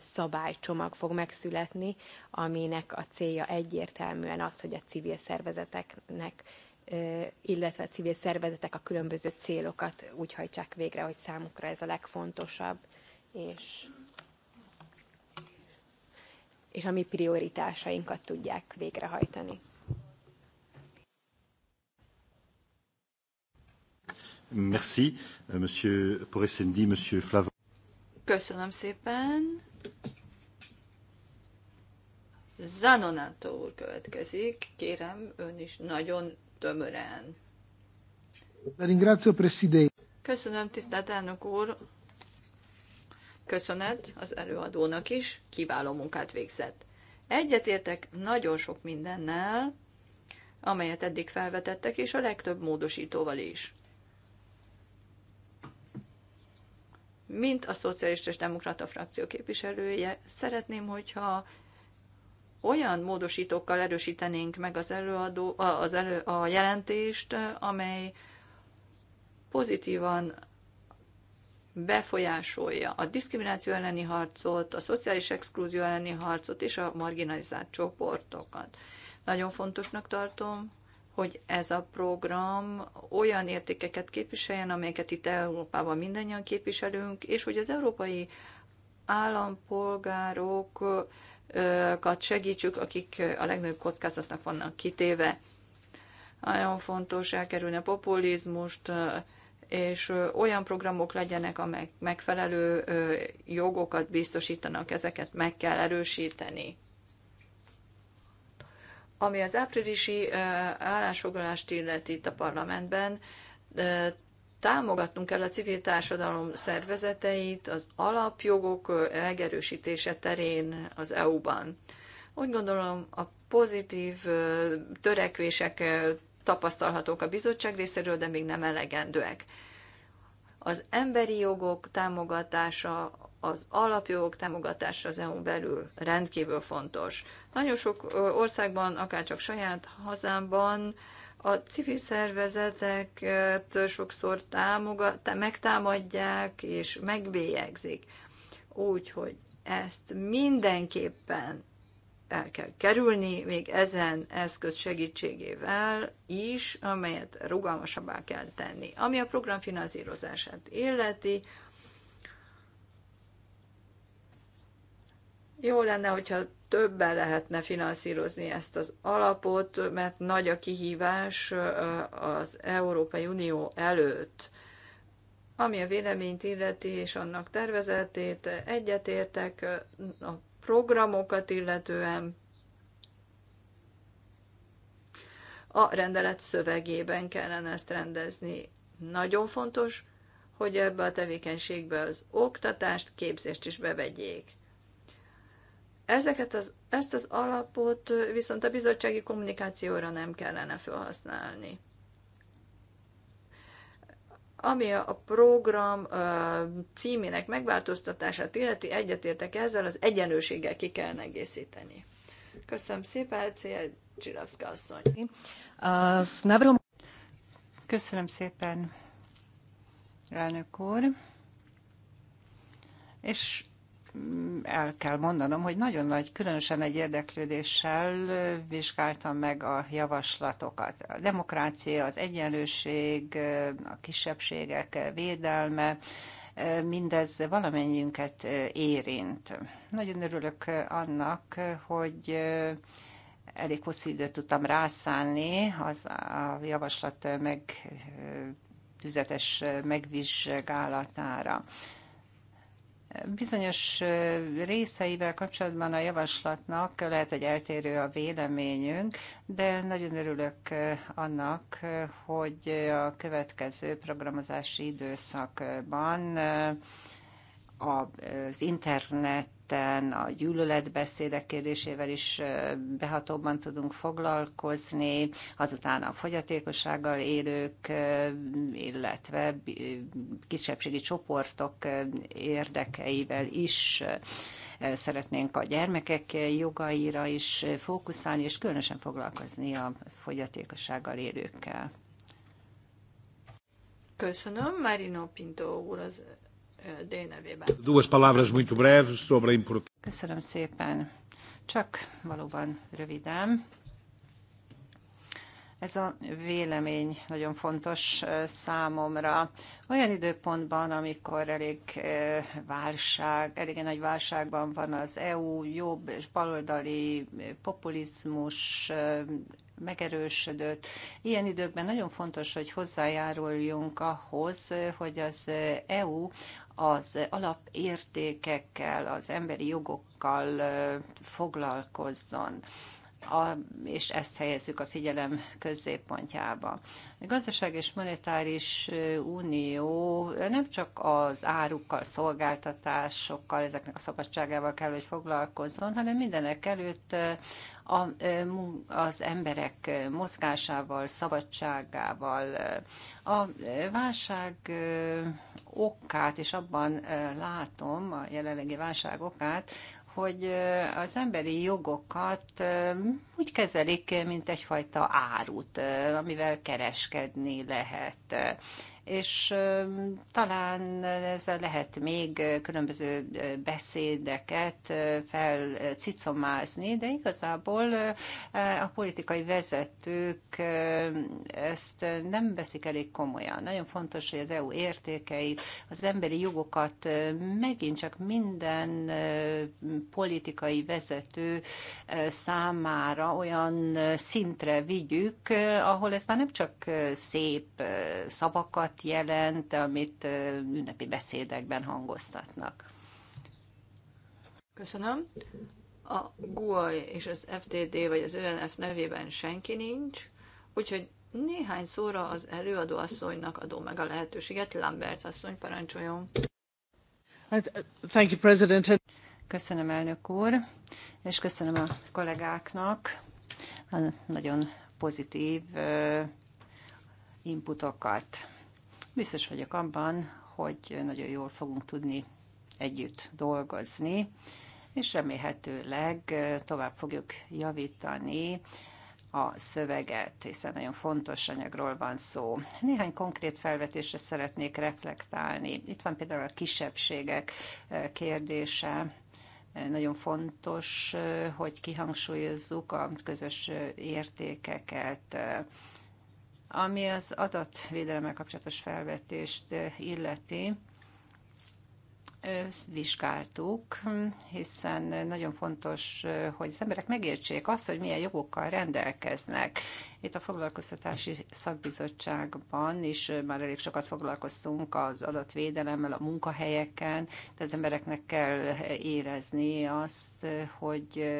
szabálycsomag fog megszületni, aminek a célja egyértelműen az, hogy a civil szervezeteknek illetve a civil szervezetek a különböző célokat úgy hajtsák végre, hogy számukra ez a legfontosabb, és, és a mi prioritásainkat tudják végrehajtani. Merci, euh, Monsieur Monsieur Köszönöm szépen. Zanonato úr következik. Kérem, ön is nagyon tömören. Ringrazio, Presidente. Köszönöm, tisztelt elnök úr. Köszönet az előadónak is, kiváló munkát végzett. Egyetértek nagyon sok mindennel, amelyet eddig felvetettek, és a legtöbb módosítóval is. mint a Szocialista és Demokrata frakció képviselője, szeretném, hogyha olyan módosítókkal erősítenénk meg az előadó, az elő, a jelentést, amely pozitívan befolyásolja a diszkrimináció elleni harcot, a szociális exklúzió elleni harcot és a marginalizált csoportokat. Nagyon fontosnak tartom, hogy ez a program olyan értékeket képviseljen, amelyeket itt Európában mindannyian képviselünk, és hogy az európai állampolgárokat segítsük, akik a legnagyobb kockázatnak vannak kitéve. Nagyon fontos elkerülni a populizmust, és olyan programok legyenek, amelyek megfelelő jogokat biztosítanak, ezeket meg kell erősíteni. Ami az áprilisi állásfoglalást illeti itt a parlamentben, támogatnunk kell a civil társadalom szervezeteit az alapjogok megerősítése terén az EU-ban. Úgy gondolom, a pozitív törekvések tapasztalhatók a bizottság részéről, de még nem elegendőek. Az emberi jogok támogatása az alapjogok támogatása az EU-n belül rendkívül fontos. Nagyon sok országban, akár csak saját hazámban a civil szervezeteket sokszor támogat, megtámadják és megbélyegzik. Úgyhogy ezt mindenképpen el kell kerülni, még ezen eszköz segítségével is, amelyet rugalmasabbá kell tenni. Ami a program finanszírozását illeti, Jó lenne, hogyha többen lehetne finanszírozni ezt az alapot, mert nagy a kihívás az Európai Unió előtt. Ami a véleményt illeti és annak tervezetét, egyetértek a programokat illetően, a rendelet szövegében kellene ezt rendezni. Nagyon fontos, hogy ebbe a tevékenységbe az oktatást, képzést is bevegyék. Ezeket az, ezt az alapot viszont a bizottsági kommunikációra nem kellene felhasználni. Ami a program címének megváltoztatását illeti, egyetértek ezzel, az egyenlőséggel ki kell egészíteni. Köszönöm szépen, Cél Csilavszka asszony. Köszönöm szépen, elnök úr. És el kell mondanom, hogy nagyon nagy, különösen egy érdeklődéssel vizsgáltam meg a javaslatokat. A demokrácia, az egyenlőség, a kisebbségek védelme, mindez valamennyiünket érint. Nagyon örülök annak, hogy elég hosszú időt tudtam rászánni az a javaslat meg tüzetes megvizsgálatára. Bizonyos részeivel kapcsolatban a javaslatnak lehet, hogy eltérő a véleményünk, de nagyon örülök annak, hogy a következő programozási időszakban az internet területen, a gyűlöletbeszédek kérdésével is behatóbban tudunk foglalkozni, azután a fogyatékossággal élők, illetve kisebbségi csoportok érdekeivel is szeretnénk a gyermekek jogaira is fókuszálni, és különösen foglalkozni a fogyatékossággal élőkkel. Köszönöm, Marino Pinto úr az D nevében. Duas palavras muito breves sobre a Köszönöm szépen. Csak valóban röviden. Ez a vélemény nagyon fontos számomra. Olyan időpontban, amikor elég válság, elég nagy válságban van az EU, jobb és baloldali populizmus megerősödött. Ilyen időkben nagyon fontos, hogy hozzájáruljunk ahhoz, hogy az EU az alapértékekkel, az emberi jogokkal foglalkozzon. A, és ezt helyezzük a figyelem középpontjába. A gazdaság és monetáris unió nem csak az árukkal, szolgáltatásokkal, ezeknek a szabadságával kell, hogy foglalkozzon, hanem mindenek előtt a, az emberek mozgásával, szabadságával. A válság okát, és abban látom a jelenlegi válság okát, hogy az emberi jogokat úgy kezelik, mint egyfajta árut, amivel kereskedni lehet és talán ezzel lehet még különböző beszédeket felcicomázni, de igazából a politikai vezetők ezt nem veszik elég komolyan. Nagyon fontos, hogy az EU értékeit, az emberi jogokat megint csak minden politikai vezető számára olyan szintre vigyük, ahol ez már nem csak szép szavakat jelent, amit ünnepi beszédekben hangoztatnak. Köszönöm. A GUAJ és az FTD vagy az ÖNF nevében senki nincs, úgyhogy néhány szóra az előadó asszonynak adom meg a lehetőséget. Lambert asszony, parancsoljon. Thank you, President. Köszönöm, elnök úr, és köszönöm a kollégáknak a nagyon pozitív inputokat. Biztos vagyok abban, hogy nagyon jól fogunk tudni együtt dolgozni, és remélhetőleg tovább fogjuk javítani a szöveget, hiszen nagyon fontos anyagról van szó. Néhány konkrét felvetésre szeretnék reflektálni. Itt van például a kisebbségek kérdése. Nagyon fontos, hogy kihangsúlyozzuk a közös értékeket, ami az adatvédelemmel kapcsolatos felvetést eh, illeti, eh, vizsgáltuk, hiszen nagyon fontos, eh, hogy az emberek megértsék azt, hogy milyen jogokkal rendelkeznek, itt a foglalkoztatási szakbizottságban is már elég sokat foglalkoztunk az adatvédelemmel, a munkahelyeken, de az embereknek kell eh, érezni azt, eh, hogy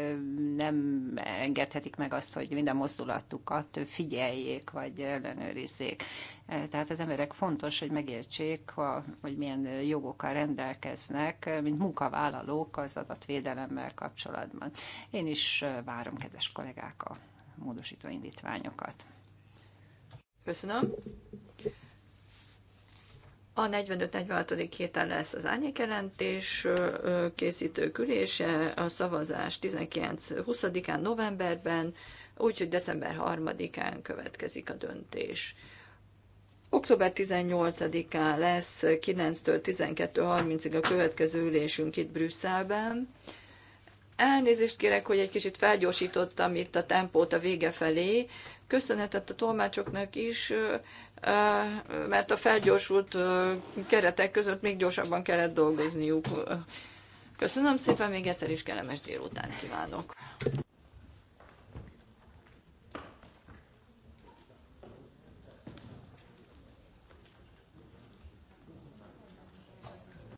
nem engedhetik meg azt, hogy minden mozdulatukat figyeljék, vagy ellenőrizzék. Eh, tehát az emberek fontos, hogy megértsék, hogy milyen jogokkal rendelkeznek, mint munkavállalók az adatvédelemmel kapcsolatban. Én is várom, kedves kollégák, a módosító indítványokat. Köszönöm. A 45-46. héten lesz az árnyékjelentés készítő ülése, a szavazás 19-20-án novemberben, úgyhogy december 3-án következik a döntés. Október 18-án lesz 9-től 12.30-ig a következő ülésünk itt Brüsszelben. Elnézést kérek, hogy egy kicsit felgyorsítottam itt a tempót a vége felé. Köszönetet a tolmácsoknak is, mert a felgyorsult keretek között még gyorsabban kellett dolgozniuk. Köszönöm szépen, még egyszer is kellemes délután kívánok!